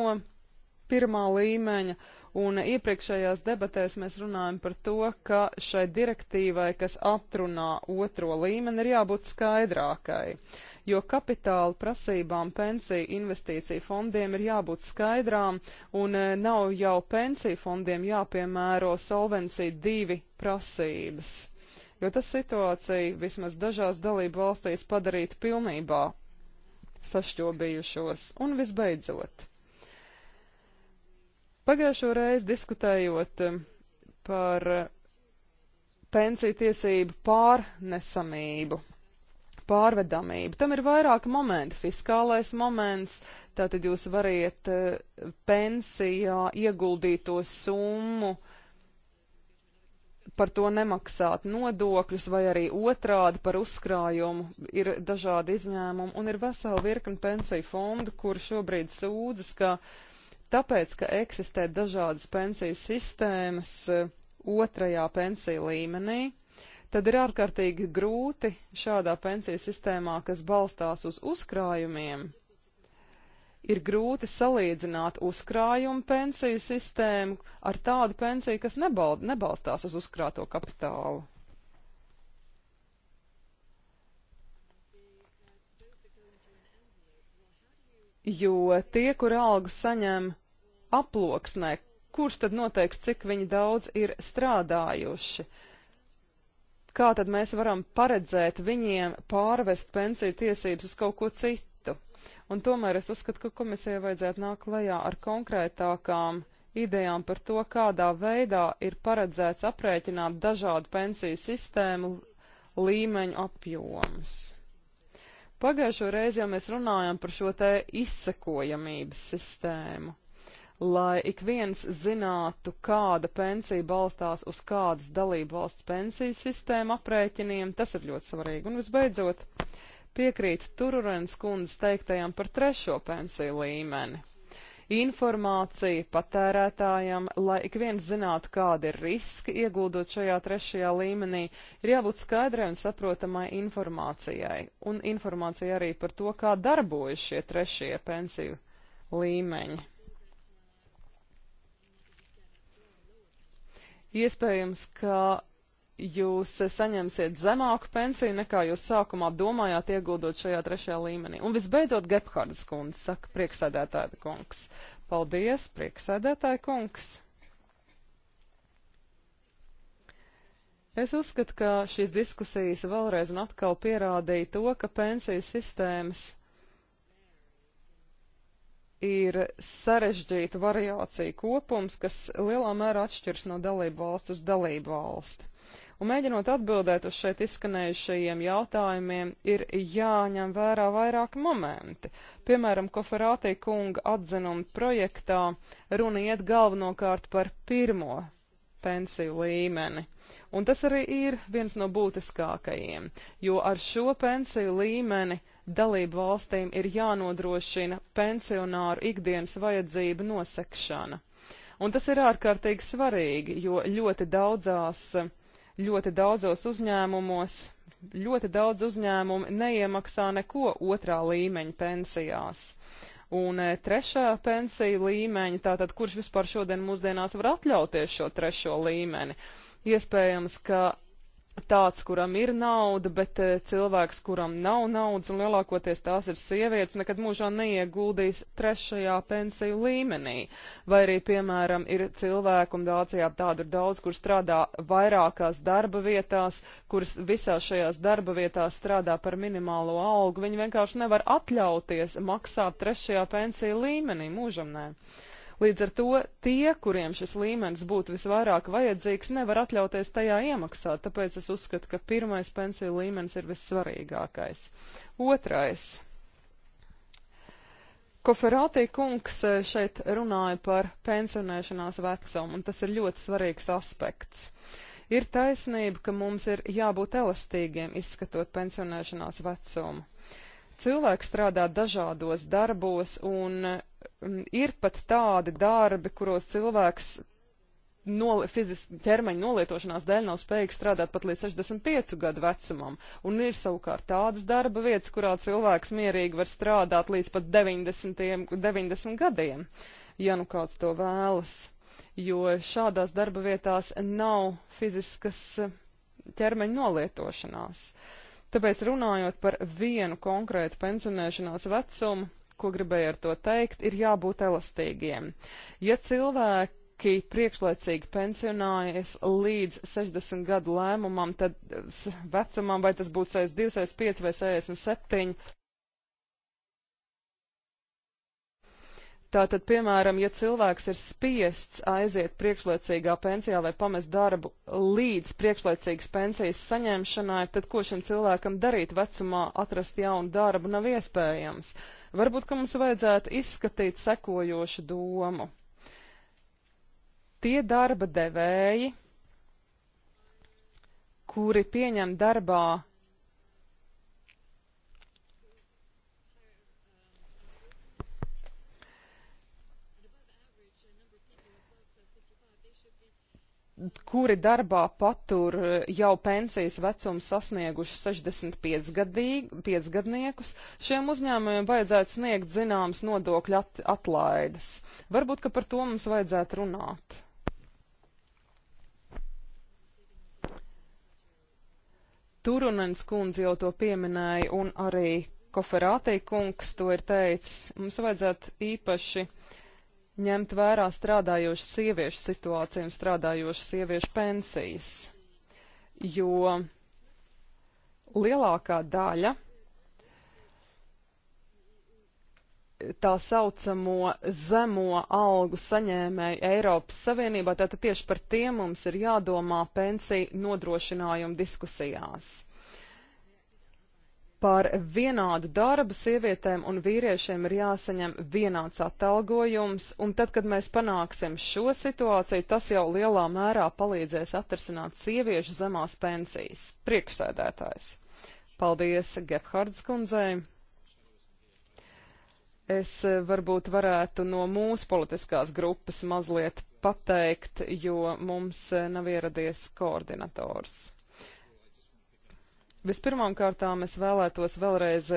pirmā līmeņa, Un iepriekšējās debatēs mēs runājam par to, ka šai direktīvai, kas atrunā otro līmeni, ir jābūt skaidrākai, jo kapitāla prasībām pensiju investīciju fondiem ir jābūt skaidrām, un e, nav jau pensiju fondiem jāpiemēro solvencija divi prasības jo tas situācija vismaz dažās dalību valstīs padarītu pilnībā sašķobījušos. Un visbeidzot, Pagājušo reizi diskutējot eh, par eh, pensiju tiesību pārnesamību, pārvedamību. Tam ir vairāki momenti. Fiskālais moments, tātad jūs variet eh, pensijā ieguldīto summu, par to nemaksāt nodokļus vai arī otrādi par uzkrājumu. Ir dažādi izņēmumi un ir vesela virkni pensiju fondu, kur šobrīd sūdzas, ka uh, Tāpēc, ka eksistē dažādas pensiju sistēmas eh, otrajā pensiju līmenī, tad ir ārkārtīgi grūti šādā pensiju sistēmā, kas balstās uz uzkrājumiem, ir grūti salīdzināt uzkrājumu pensiju sistēmu ar tādu pensiju, kas nebal nebalstās uz uzkrāto kapitālu. Jo tie, kur algas saņem aploksnē, kurš tad noteiks, cik viņi daudz ir strādājuši. Kā tad mēs varam paredzēt viņiem pārvest pensiju tiesības uz kaut ko citu? Un tomēr es uzskatu, ka komisijai vajadzētu nākt klajā ar konkrētākām idejām par to, kādā veidā ir paredzēts aprēķināt dažādu pensiju sistēmu līmeņu apjomus. Pagājušo reizi jau mēs runājām par šo te izsekojamības sistēmu lai ik viens zinātu, kāda pensija balstās uz kādas dalību valsts pensiju sistēmu aprēķiniem. Tas ir ļoti svarīgi. Un visbeidzot, piekrīt Tururens kundzes teiktajam par trešo pensiju līmeni. Informācija patērētājam, lai ik viens zinātu, kādi ir riski ieguldot šajā trešajā līmenī, ir jābūt skaidrai un saprotamai informācijai, un informācija arī par to, kā darbojas šie trešie pensiju līmeņi. Iespējams, ka jūs saņemsiet zemāku pensiju nekā jūs sākumā domājāt ieguldot šajā trešajā līmenī. Un visbeidzot, Gephardas kundze saka prieksēdētāja kungs. Paldies, prieksēdētāja kungs! Es uzskatu, ka šīs diskusijas vēlreiz un atkal pierādīja to, ka pensiju sistēmas ir sarežģīta variācija kopums, kas lielā mērā atšķiras no dalību valsts uz dalību valsti. Un mēģinot atbildēt uz šeit izskanējušajiem jautājumiem, ir jāņem vērā vairāk momenti. Piemēram, Koferātī kunga atzinuma projektā runa iet galvenokārt par pirmo pensiju līmeni. Un tas arī ir viens no būtiskākajiem, jo ar šo pensiju līmeni dalību valstīm ir jānodrošina pensionāru ikdienas vajadzību nosekšana. Un tas ir ārkārtīgi svarīgi, jo ļoti daudzās, ļoti daudzos uzņēmumos, ļoti daudz uzņēmumu neiemaksā neko otrā līmeņa pensijās. Un e, trešā pensija līmeņa, tātad kurš vispār šodien mūsdienās var atļauties šo trešo līmeni? Iespējams, ka tāds, kuram ir nauda, bet eh, cilvēks, kuram nav naudas, un lielākoties tās ir sievietes, nekad mūžā neieguldīs trešajā pensiju līmenī. Vai arī, piemēram, ir cilvēku, un Dācijā tādu ir daudz, kur strādā vairākās darba vietās, kuras visās šajās darba vietās strādā par minimālo algu. Viņi vienkārši nevar atļauties maksāt trešajā pensiju līmenī mūžam nē. Ne. Līdz ar to tie, kuriem šis līmenis būtu visvairāk vajadzīgs, nevar atļauties tajā iemaksāt, tāpēc es uzskatu, ka pirmais pensiju līmenis ir vissvarīgākais. Otrais. Koferātī kungs eh, šeit runāja par pensionēšanās vecumu, un tas ir ļoti svarīgs aspekts. Ir taisnība, ka mums ir jābūt elastīgiem izskatot pensionēšanās vecumu. Cilvēki strādā dažādos darbos, un mm, ir pat tādi darbi, kuros cilvēks no, fiziski ķermeņa nolietošanās dēļ nav spējīgs strādāt pat līdz 65 gadu vecumam, un ir savukārt tādas darba vietas, kurā cilvēks mierīgi var strādāt līdz pat 90, 90 gadiem, ja nu kāds to vēlas, jo šādās darba vietās nav fiziskas eh, ķermeņa nolietošanās. Uh, Tāpēc runājot par vienu konkrētu pensionēšanās vecumu, ko gribēju ar to teikt, ir jābūt elastīgiem. Ja cilvēki priekšlaicīgi pensionājas līdz 60 gadu lēmumam, tad vecumam, vai tas būtu 62, 65 vai 67, Tātad, piemēram, ja cilvēks ir spiests aiziet priekšlaicīgā pensijā vai pamest darbu līdz priekšlaicīgas pensijas saņemšanai, tad ko šim cilvēkam darīt vecumā, atrast jaunu darbu nav iespējams. Varbūt, ka mums vajadzētu izskatīt sekojošu domu. Tie darba devēji, kuri pieņem darbā kuri darbā patur jau pensijas vecumu sasnieguši 65 gadniekus, šiem uzņēmumiem vajadzētu sniegt zināmas nodokļu at atlaides. Varbūt, ka par to mums vajadzētu runāt. Turunens kundze jau to pieminēja un arī Koferātei kungs to ir teicis. Mums vajadzētu īpaši uh, ņemt vērā strādājošu sieviešu situāciju un strādājošu sieviešu pensijas, jo lielākā daļa tā saucamo zemo algu saņēmēju Eiropas Savienībā, tātad tieši par tiem mums ir jādomā pensiju nodrošinājumu diskusijās par vienādu darbu sievietēm un vīriešiem ir jāsaņem vienāds atalgojums, un tad, kad mēs panāksim šo situāciju, tas jau lielā mērā palīdzēs atrasināt sieviešu zemās pensijas. Priekšsēdētājs. Paldies Gebhards kundzei. Es e, varbūt varētu no mūsu politiskās grupas mazliet pateikt, jo mums e, nav ieradies koordinators. Vispirmām kārtām es vēlētos vēlreiz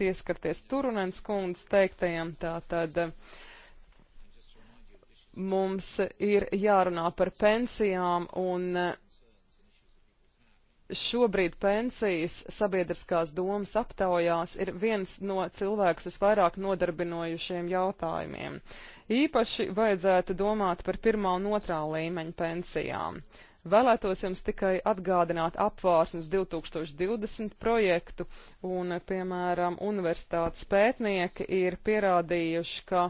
pieskarties Turunens kundas teiktajam, tātad mums ir jārunā par pensijām un šobrīd pensijas sabiedriskās domas aptaujās ir viens no cilvēkus visvairāk nodarbinojušiem jautājumiem. Īpaši vajadzētu domāt par pirmā un otrā līmeņa pensijām. Vēlētos jums tikai atgādināt apvārsnes 2020 projektu, un, piemēram, universitātes pētnieki ir pierādījuši, ka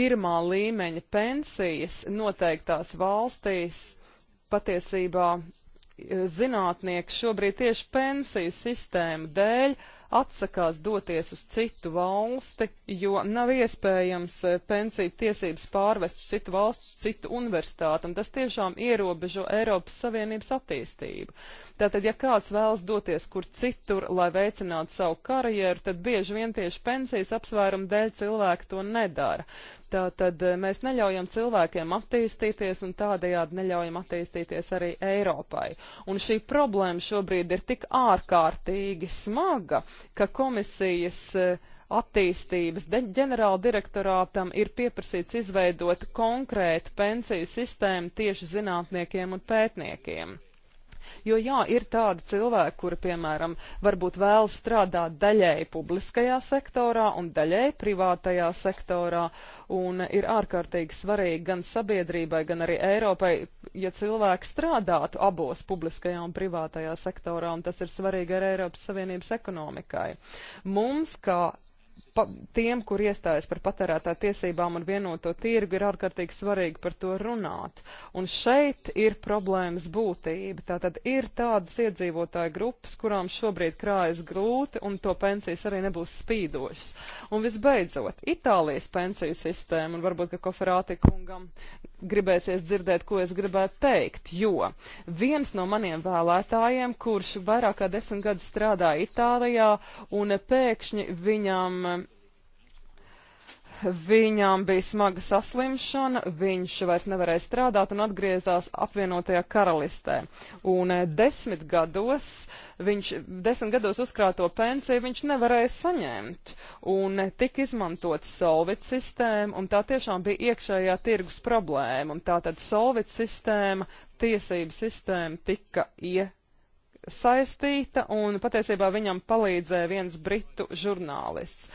pirmā līmeņa pensijas noteiktās valstīs patiesībā e, zinātnieki šobrīd tieši pensiju sistēmu dēļ atsakās doties uz citu valsti, jo nav iespējams eh, pensiju tiesības pārvest uz citu valstu, uz citu universitāti, un tas tiešām ierobežo Eiropas Savienības attīstību. Tātad, ja kāds vēlas doties kur citur, lai veicinātu savu karjeru, tad bieži vien tieši pensijas apsvērumu dēļ cilvēki to nedara. Tātad eh, mēs neļaujam cilvēkiem attīstīties un tādējādi neļaujam attīstīties arī Eiropai. Un šī problēma šobrīd ir tik ārkārtīgi smaga, ka komisijas eh, attīstības ģenerāla direktorātam ir pieprasīts izveidot konkrētu pensiju sistēmu tieši zinātniekiem un pētniekiem. Jo jā, ir tādi cilvēki, kuri, piemēram, varbūt vēl strādāt daļēji publiskajā sektorā un daļēji privātajā sektorā, un ir ārkārtīgi svarīgi gan sabiedrībai, gan arī Eiropai, ja cilvēki strādātu abos publiskajā un privātajā sektorā, un tas ir svarīgi arī Eiropas Savienības ekonomikai. Mums, kā pa, tiem, kur iestājas par patērētā tiesībām un vienoto tirgu, ir ārkārtīgi svarīgi par to runāt. Un šeit ir problēmas būtība. Tātad ir tādas iedzīvotāju grupas, kurām šobrīd krājas grūti un to pensijas arī nebūs spīdošas. Un visbeidzot, Itālijas pensiju sistēma, un varbūt, ka koferāti kungam gribēsies dzirdēt, ko es gribētu teikt, jo viens no maniem vēlētājiem, kurš vairāk kā desmit gadus strādāja Itālijā, un pēkšņi viņam Viņām bija smaga saslimšana, viņš vairs nevarēja strādāt un atgriezās apvienotajā karalistē. Un eh, desmit gados, viņš, desmit gados uzkrāto pensiju viņš nevarēja saņemt. Un eh, tika izmantot solvit sistēma, un tā tiešām bija iekšējā tirgus problēma. Un tā tad solvit sistēma, tiesību sistēma tika ie saistīta, un patiesībā viņam palīdzēja viens britu žurnālists.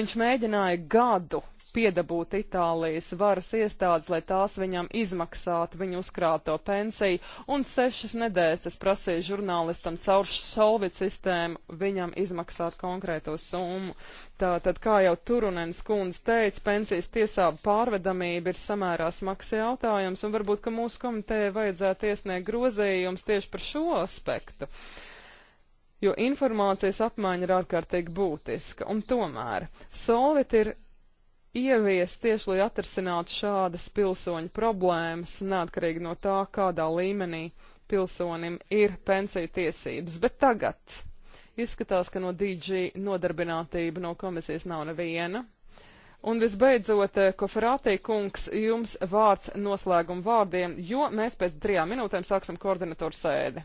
Viņš mēģināja gadu piedabūt Itālijas varas iestādes, lai tās viņam izmaksātu viņu uzkrāto pensiju, un sešas nedēļas tas prasīja žurnālistam caur solvit sistēmu viņam izmaksāt konkrēto summu. Tātad, kā jau Turunens kundze teica, pensijas tiesābu pārvedamība ir samērā smags jautājums, un varbūt, ka mūsu komitē vajadzētu iesniegt grozījums tieši par šo aspektu jo informācijas apmaiņa ir ārkārtīgi būtiska. Un tomēr Solvit ir ieviest tieši, lai atrasinātu šādas pilsoņu problēmas, neatkarīgi no tā, kādā līmenī pilsonim ir pensiju tiesības. Bet tagad izskatās, ka no DG nodarbinātība no komisijas nav neviena. Un visbeidzot, Koferātī kungs, jums vārds noslēguma vārdiem, jo mēs pēc trijām minūtēm sāksim koordinatoru sēdi.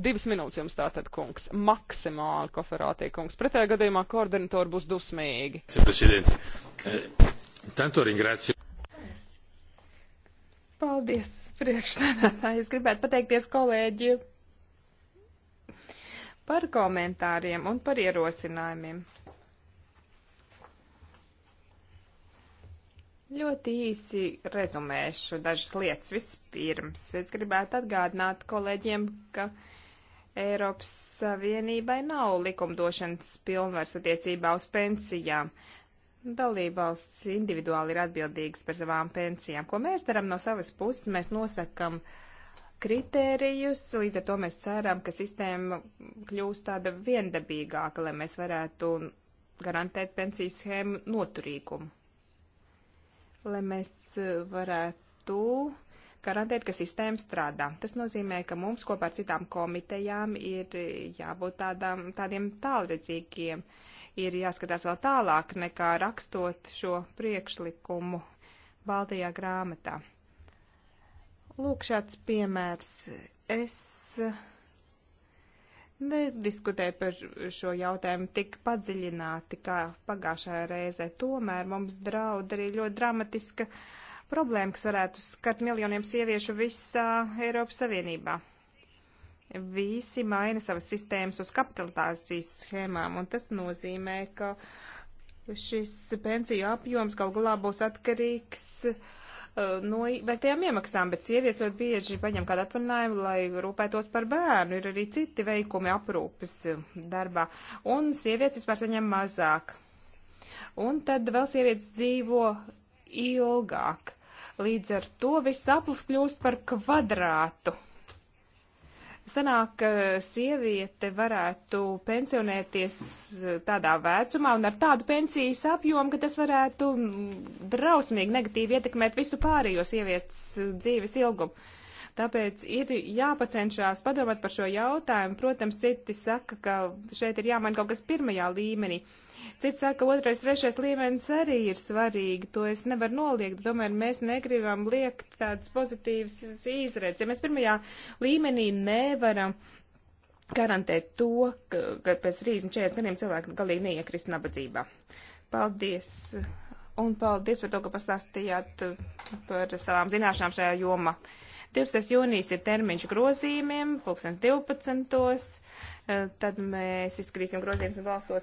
Divas minūtes jums tātad, kungs, maksimāli koferātie, kungs. Pretējā gadījumā koordinatori būs dusmīgi. Eh, Paldies, priekšsēdētāji. Es gribētu pateikties kolēģi par komentāriem un par ierosinājumiem. Ļoti īsi rezumēšu dažas lietas. Vispirms es gribētu atgādināt kolēģiem, ka Eiropas Savienībai nav likumdošanas pilnvars attiecībā uz pensijām. Dalībvalsts individuāli ir atbildīgas par savām pensijām. Ko mēs darām no savas puses? Mēs nosakam kritērijus, līdz ar to mēs ceram, ka sistēma kļūs tāda viendabīgāka, lai mēs varētu garantēt pensiju schēmu noturīgumu. Lai mēs varētu garantēt, ka sistēma strādā. Tas nozīmē, ka mums kopā ar citām komitejām ir jābūt tādām, tādiem tālredzīgiem, ir jāskatās vēl tālāk nekā rakstot šo priekšlikumu Baltijā grāmatā. Lūk, šāds piemērs. Es nediskutēju par šo jautājumu tik padziļināti kā pagājušajā reizē. Tomēr mums draud arī ļoti dramatiska uh, problēma, kas varētu skart miljoniem sieviešu visā Eiropas Savienībā. Visi maina savas sistēmas uz kapitalizācijas schēmām, un tas nozīmē, ka šis pensiju apjoms kaut galā būs atkarīgs uh, no veiktajām iemaksām, bet sievietes ļoti bieži paņem kādu atvaļinājumu, lai rūpētos par bērnu. Ir arī citi veikumi aprūpes darbā, un sievietes vispār saņem mazāk. Un tad vēl sievietes dzīvo ilgāk. Līdz ar to viss aplis kļūst par kvadrātu. Sanāk, ka sieviete varētu pensionēties eh, tādā vecumā un ar tādu pensijas apjomu, ka tas varētu mm, drausmīgi negatīvi ietekmēt visu pārējo sievietes eh, dzīves ilgumu. Tāpēc ir jāpacenšās padomāt par šo jautājumu. Protams, citi saka, ka šeit ir jāmaina kaut kas pirmajā līmenī. Uh, Cits saka, otrais, trešais līmenis arī ir svarīgi, to es nevaru noliegt, tomēr mēs negribam liekt tādas pozitīvas izredzes. Ja mēs pirmajā līmenī nevaram garantēt to, ka, ka pēc 30-40 gadiem cilvēki galīgi neiekrist nabadzībā. Paldies! Un paldies par to, ka pastāstījāt uh, par savām zināšanām šajā jomā. 12. jūnijas ir termiņš grozījumiem, 2012. Uh, tad mēs izskatīsim grozījumus un balsosim.